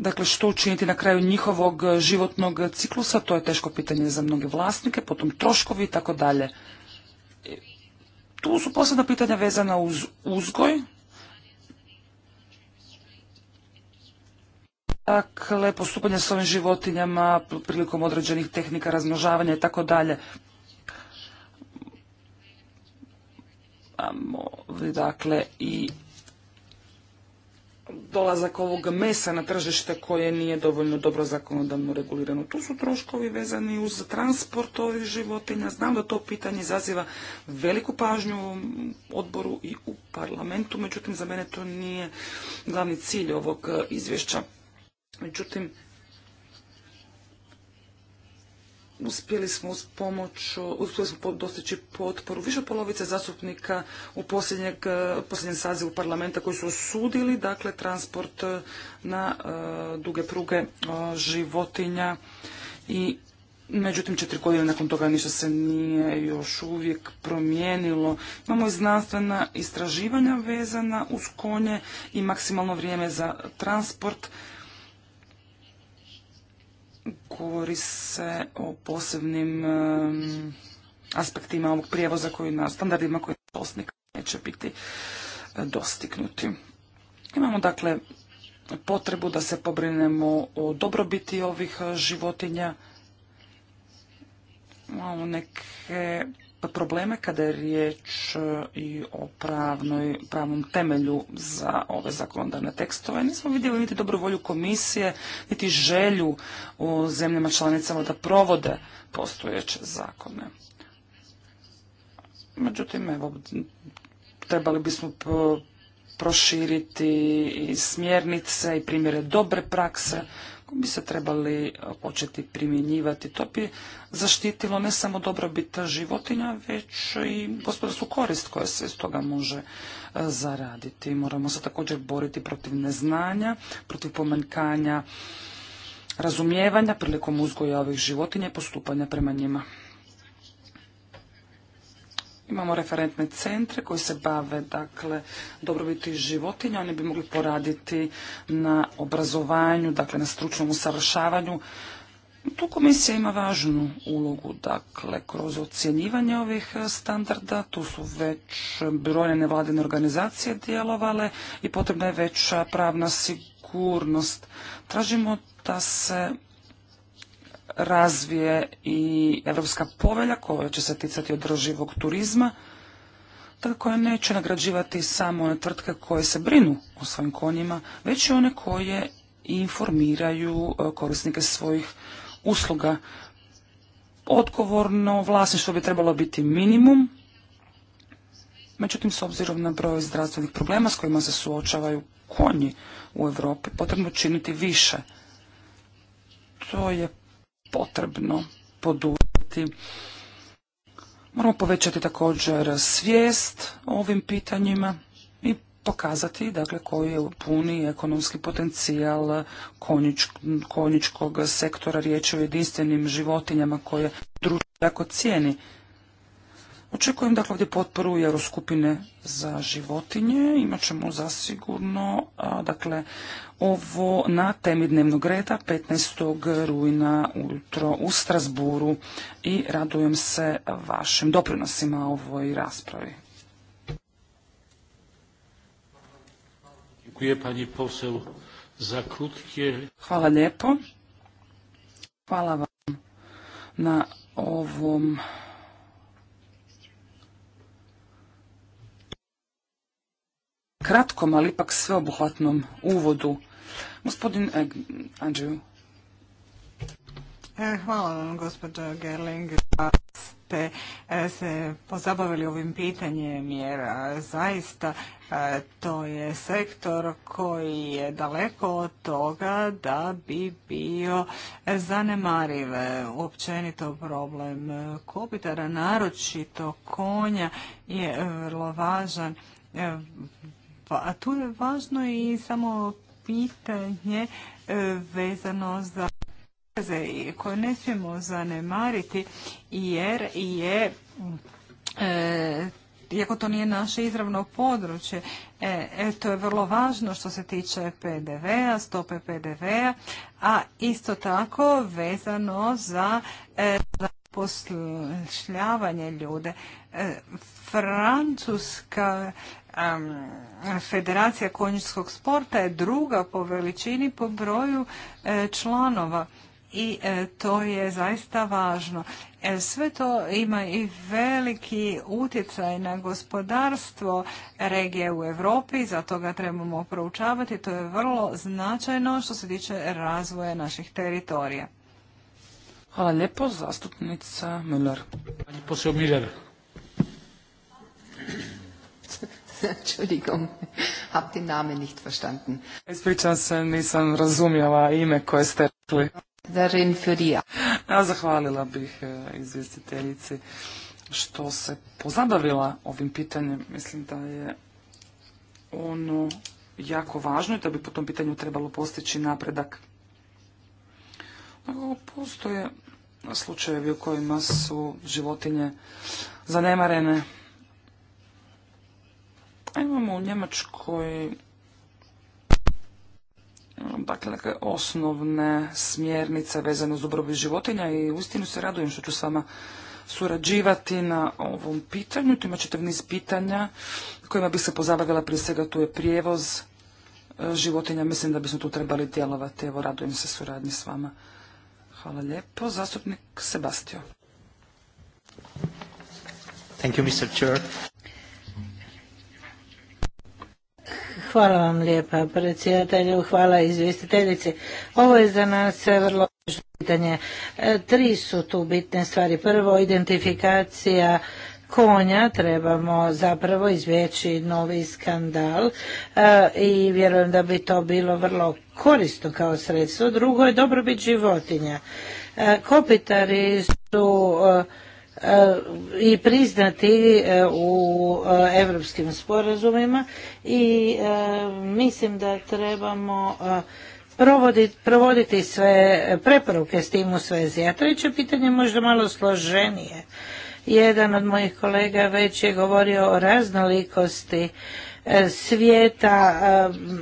Dakle, što učiniti na kraju njihovog e, životnog ciklusa, to je teško pitanje za mnoge vlasnike, potom troškovi i tako dalje. E, tu su posebna pitanja vezana uz uzgoj. Dakle, postupanje s ovim životinjama prilikom određenih tehnika razmnožavanja i tako dalje. Dakle, i dolazak ovog mesa na tržište koje nije dovoljno dobro zakonodavno regulirano. Tu su troškovi vezani uz transport ovih životinja. Znam da to pitanje izaziva veliku pažnju u odboru i u parlamentu, međutim za mene to nije glavni cilj ovog izvješća. Međutim, uspjeli smo uz pomoć, uspjeli smo dostići potporu više polovice zastupnika u e, posljednjem sazivu parlamenta koji su osudili, dakle, transport e, na e, duge pruge životinja i Međutim, četiri godine nakon toga ništa se nije još uvijek promijenilo. Imamo i znanstvena istraživanja vezana uz konje i maksimalno vrijeme za transport govori se o posebnim aspektima ovog prijevoza koji na standardima koji posnik neće biti e, dostignuti. Imamo dakle potrebu da se pobrinemo o dobrobiti ovih e, životinja. Imamo neke probleme kada je riječ e, i o pravnoj, pravnom temelju za ove zakonodavne tekstove. Nismo vidjeli niti dobru volju komisije, niti želju u zemljama članicama da provode postojeće zakone. Međutim, evo, trebali bismo proširiti i smjernice i primjere dobre prakse bi se trebali e, početi primjenjivati. To bi zaštitilo ne samo dobrobit životinja, već i gospodarsku korist koja se iz toga može e, zaraditi. Moramo se također boriti protiv neznanja, protiv pomanjkanja razumijevanja prilikom uzgoja ovih životinja i postupanja prema njima. Imamo referentne centre koji se bave dakle, dobrobiti životinja. Oni bi mogli poraditi na obrazovanju, dakle na stručnom usavršavanju. Tu komisija ima važnu ulogu, dakle, kroz ocjenjivanje ovih standarda, tu su već brojne nevladine organizacije djelovale i potrebna je veća pravna sigurnost. Tražimo da se razvije i Europska povelja koja će se ticati održivog turizma, tako koja neće nagrađivati samo one tvrtke koje se brinu o svojim konjima, već i one koje informiraju e, korisnike svojih usluga. Odgovorno vlasništvo bi trebalo biti minimum, međutim s obzirom na broj zdravstvenih problema s kojima se suočavaju konji u Europi, potrebno činiti više. To je potrebno poduzeti. Moramo povećati također svijest o ovim pitanjima i pokazati dakle, koji je puni ekonomski potencijal konjičkog sektora. Riječ je o jedinstvenim životinjama koje društvo jako cijeni. Očekujem dakle ovdje potporu i Euroskupine za životinje. Imat ćemo zasigurno dakle, ovo na temi dnevnog reda 15. rujna ujutro u Strasburu i radujem se vašim doprinosima ovoj raspravi. Hvala lijepo. Hvala vam na ovom kratkom, ali ipak sveobuhvatnom uvodu. Gospodin Andžeju. E, hvala vam, gospođo Gerling, da ste e, se pozabavili ovim pitanjem, jer zaista e, to je sektor koji je daleko od toga da bi bio zanemariv općenito problem kopitara, naročito konja je vrlo važan a tu je važno i samo pitanje e, vezano za koje ne smijemo zanemariti jer je e, iako to nije naše izravno područje, e, e, to je vrlo važno što se tiče PDV-a, stope PDV-a, a isto tako vezano za e, ljude. Francuska Federacija konjičkog sporta je druga po veličini po broju e, članova i e, to je zaista važno. E, sve to ima i veliki utjecaj na gospodarstvo regije u Europi, zato ga trebamo proučavati. To je vrlo značajno što se tiče razvoja naših teritorija. Hvala lijepo, zastupnica Miller. Miller. Entschuldigung, hab den Namen nicht verstanden. Ispričam se, nisam razumjela ime koje ste rekli. Darin Furija. Ja zahvalila bih e, izvjestiteljici što se pozabavila ovim pitanjem. Mislim da je ono jako važno i da bi po tom pitanju trebalo postići napredak. Postoje slučajevi u kojima su životinje zanemarene, Njemačkoj um, dakle, osnovne smjernice vezano uz dobrobit životinja i uistinu se radujem što ću s vama surađivati na ovom pitanju. Tu ima čitav niz pitanja kojima bi se pozabavila prije svega tu je prijevoz e, životinja. Mislim da bismo tu trebali djelovati. Evo, radujem se suradnji s vama. Hvala lijepo. Zastupnik Sebastio. Thank you, Mr. Chair. Hvala vam lijepa predsjedatelju, hvala izvjestiteljici. Ovo je za nas vrlo važno pitanje. E, tri su tu bitne stvari. Prvo, identifikacija konja trebamo zapravo izvjeći novi skandal e, i vjerujem da bi to bilo vrlo korisno kao sredstvo. Drugo je dobrobit životinja. E, kopitari su i priznati e, u europskim sporazumima i e, mislim da trebamo e, provoditi, sve preporuke s tim u svezi. A treće pitanje je možda malo složenije. Jedan od mojih kolega već je govorio o raznolikosti svijeta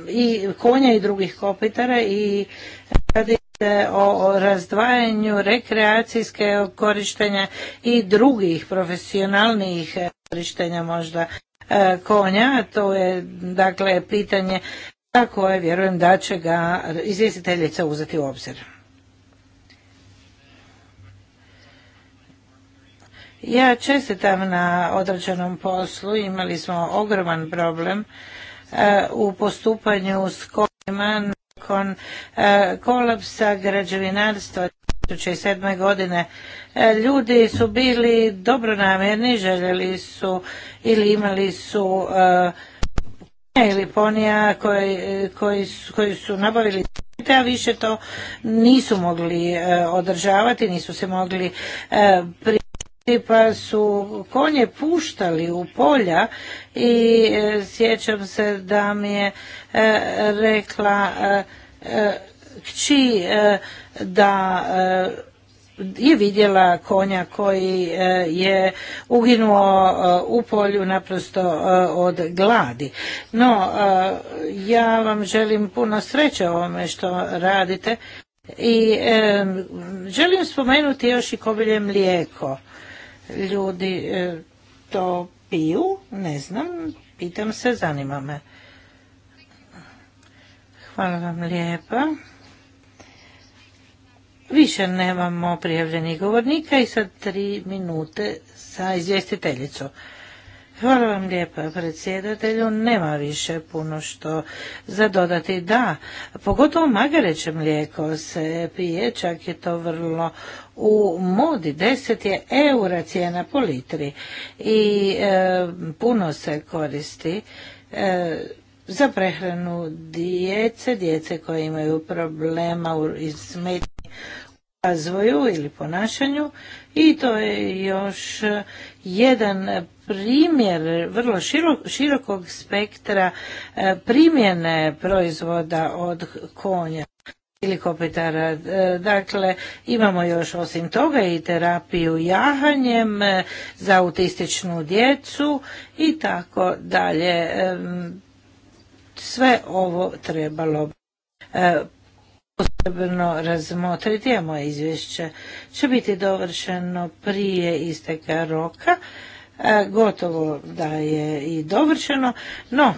i konja i drugih kopitara i o razdvajanju rekreacijske korištenja i drugih profesionalnih e, korištenja možda e, konja. To je dakle pitanje za koje vjerujem da će ga izvjestiteljica uzeti u obzir. Ja čestitam na određenom poslu, imali smo ogroman problem e, u postupanju s kojima nakon e, kolapsa građevinarstva 2007. godine e, ljudi su bili dobronamjerni, željeli su ili imali su e, ili ponija koji, koji, su, koji su nabavili a više to nisu mogli održavati, nisu se mogli pri pa su konje puštali u polja i e, sjećam se da mi je e, rekla e, kći da je vidjela konja koji je uginuo u polju naprosto od gladi. No, ja vam želim puno sreće ovome što radite i želim spomenuti još i kobilje mlijeko ljudi e, to piju, ne znam, pitam se, zanima me. Hvala vam lijepa. Više nemamo prijavljenih govornika i sad tri minute sa izvjestiteljicu. Hvala vam lijepa predsjedatelju, nema više puno što za dodati. Da, pogotovo magareće mlijeko se pije, čak je to vrlo u modi 10 je eura cijena po litri i e, puno se koristi e, za prehranu djece, djece koje imaju problema u razvoju ili ponašanju i to je još jedan primjer vrlo širokog spektra e, primjene proizvoda od konja kopitara. E, dakle, imamo još osim toga i terapiju jahanjem e, za autističnu djecu i tako dalje. E, sve ovo trebalo posebno razmotriti, a moje izvješće će biti dovršeno prije isteka roka gotovo da je i dovršeno, no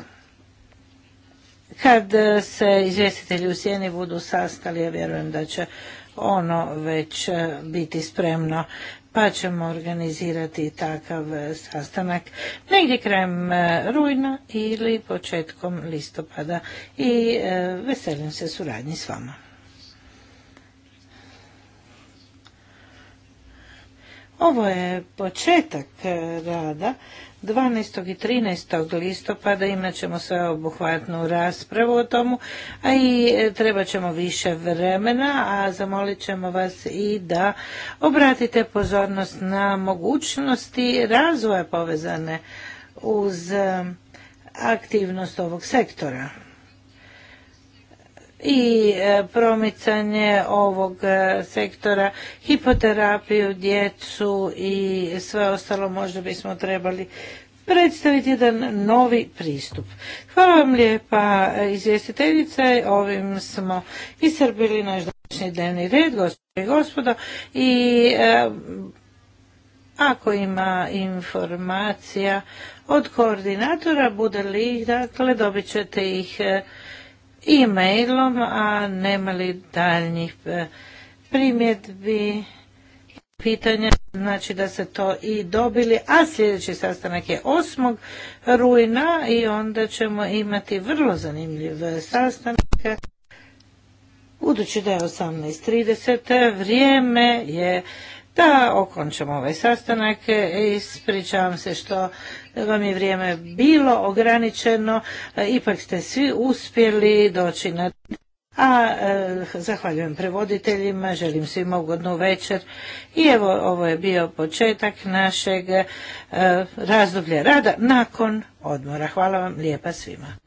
kad e, se izvjestitelji u sjeni budu sastali, ja vjerujem da će ono već e, biti spremno pa ćemo organizirati takav e, sastanak negdje krajem rujna ili početkom listopada i veselim se suradnji s vama. Ovo je početak e, rada. 12. i 13. listopada imat ćemo sveobuhvatnu raspravu o tomu, a i e, treba ćemo više vremena, a zamolit ćemo vas i da obratite pozornost na mogućnosti razvoja povezane uz e, aktivnost ovog sektora i e, promicanje ovog e, sektora, hipoterapiju, djecu i sve ostalo možda bismo trebali predstaviti jedan novi pristup. Hvala vam lijepa e, izvjestiteljice, ovim smo iscrpili naš današnji dnevni red, gospodo i gospodo, i ako ima informacija od koordinatora, bude li ih, dakle, dobit ćete ih e-mailom, a nema li daljnjih e, primjedbi, pitanja, znači da se to i dobili, a sljedeći sastanak je 8. rujna i onda ćemo imati vrlo zanimljiv sastanak. Budući da je 18.30, vrijeme je da okončamo ovaj sastanak. E, ispričavam se što da vam je vrijeme bilo ograničeno, e, ipak ste svi uspjeli doći na... A e, zahvaljujem prevoditeljima, želim svima ugodnu večer i evo ovo je bio početak našeg e, razdoblja rada nakon odmora. Hvala vam lijepa svima.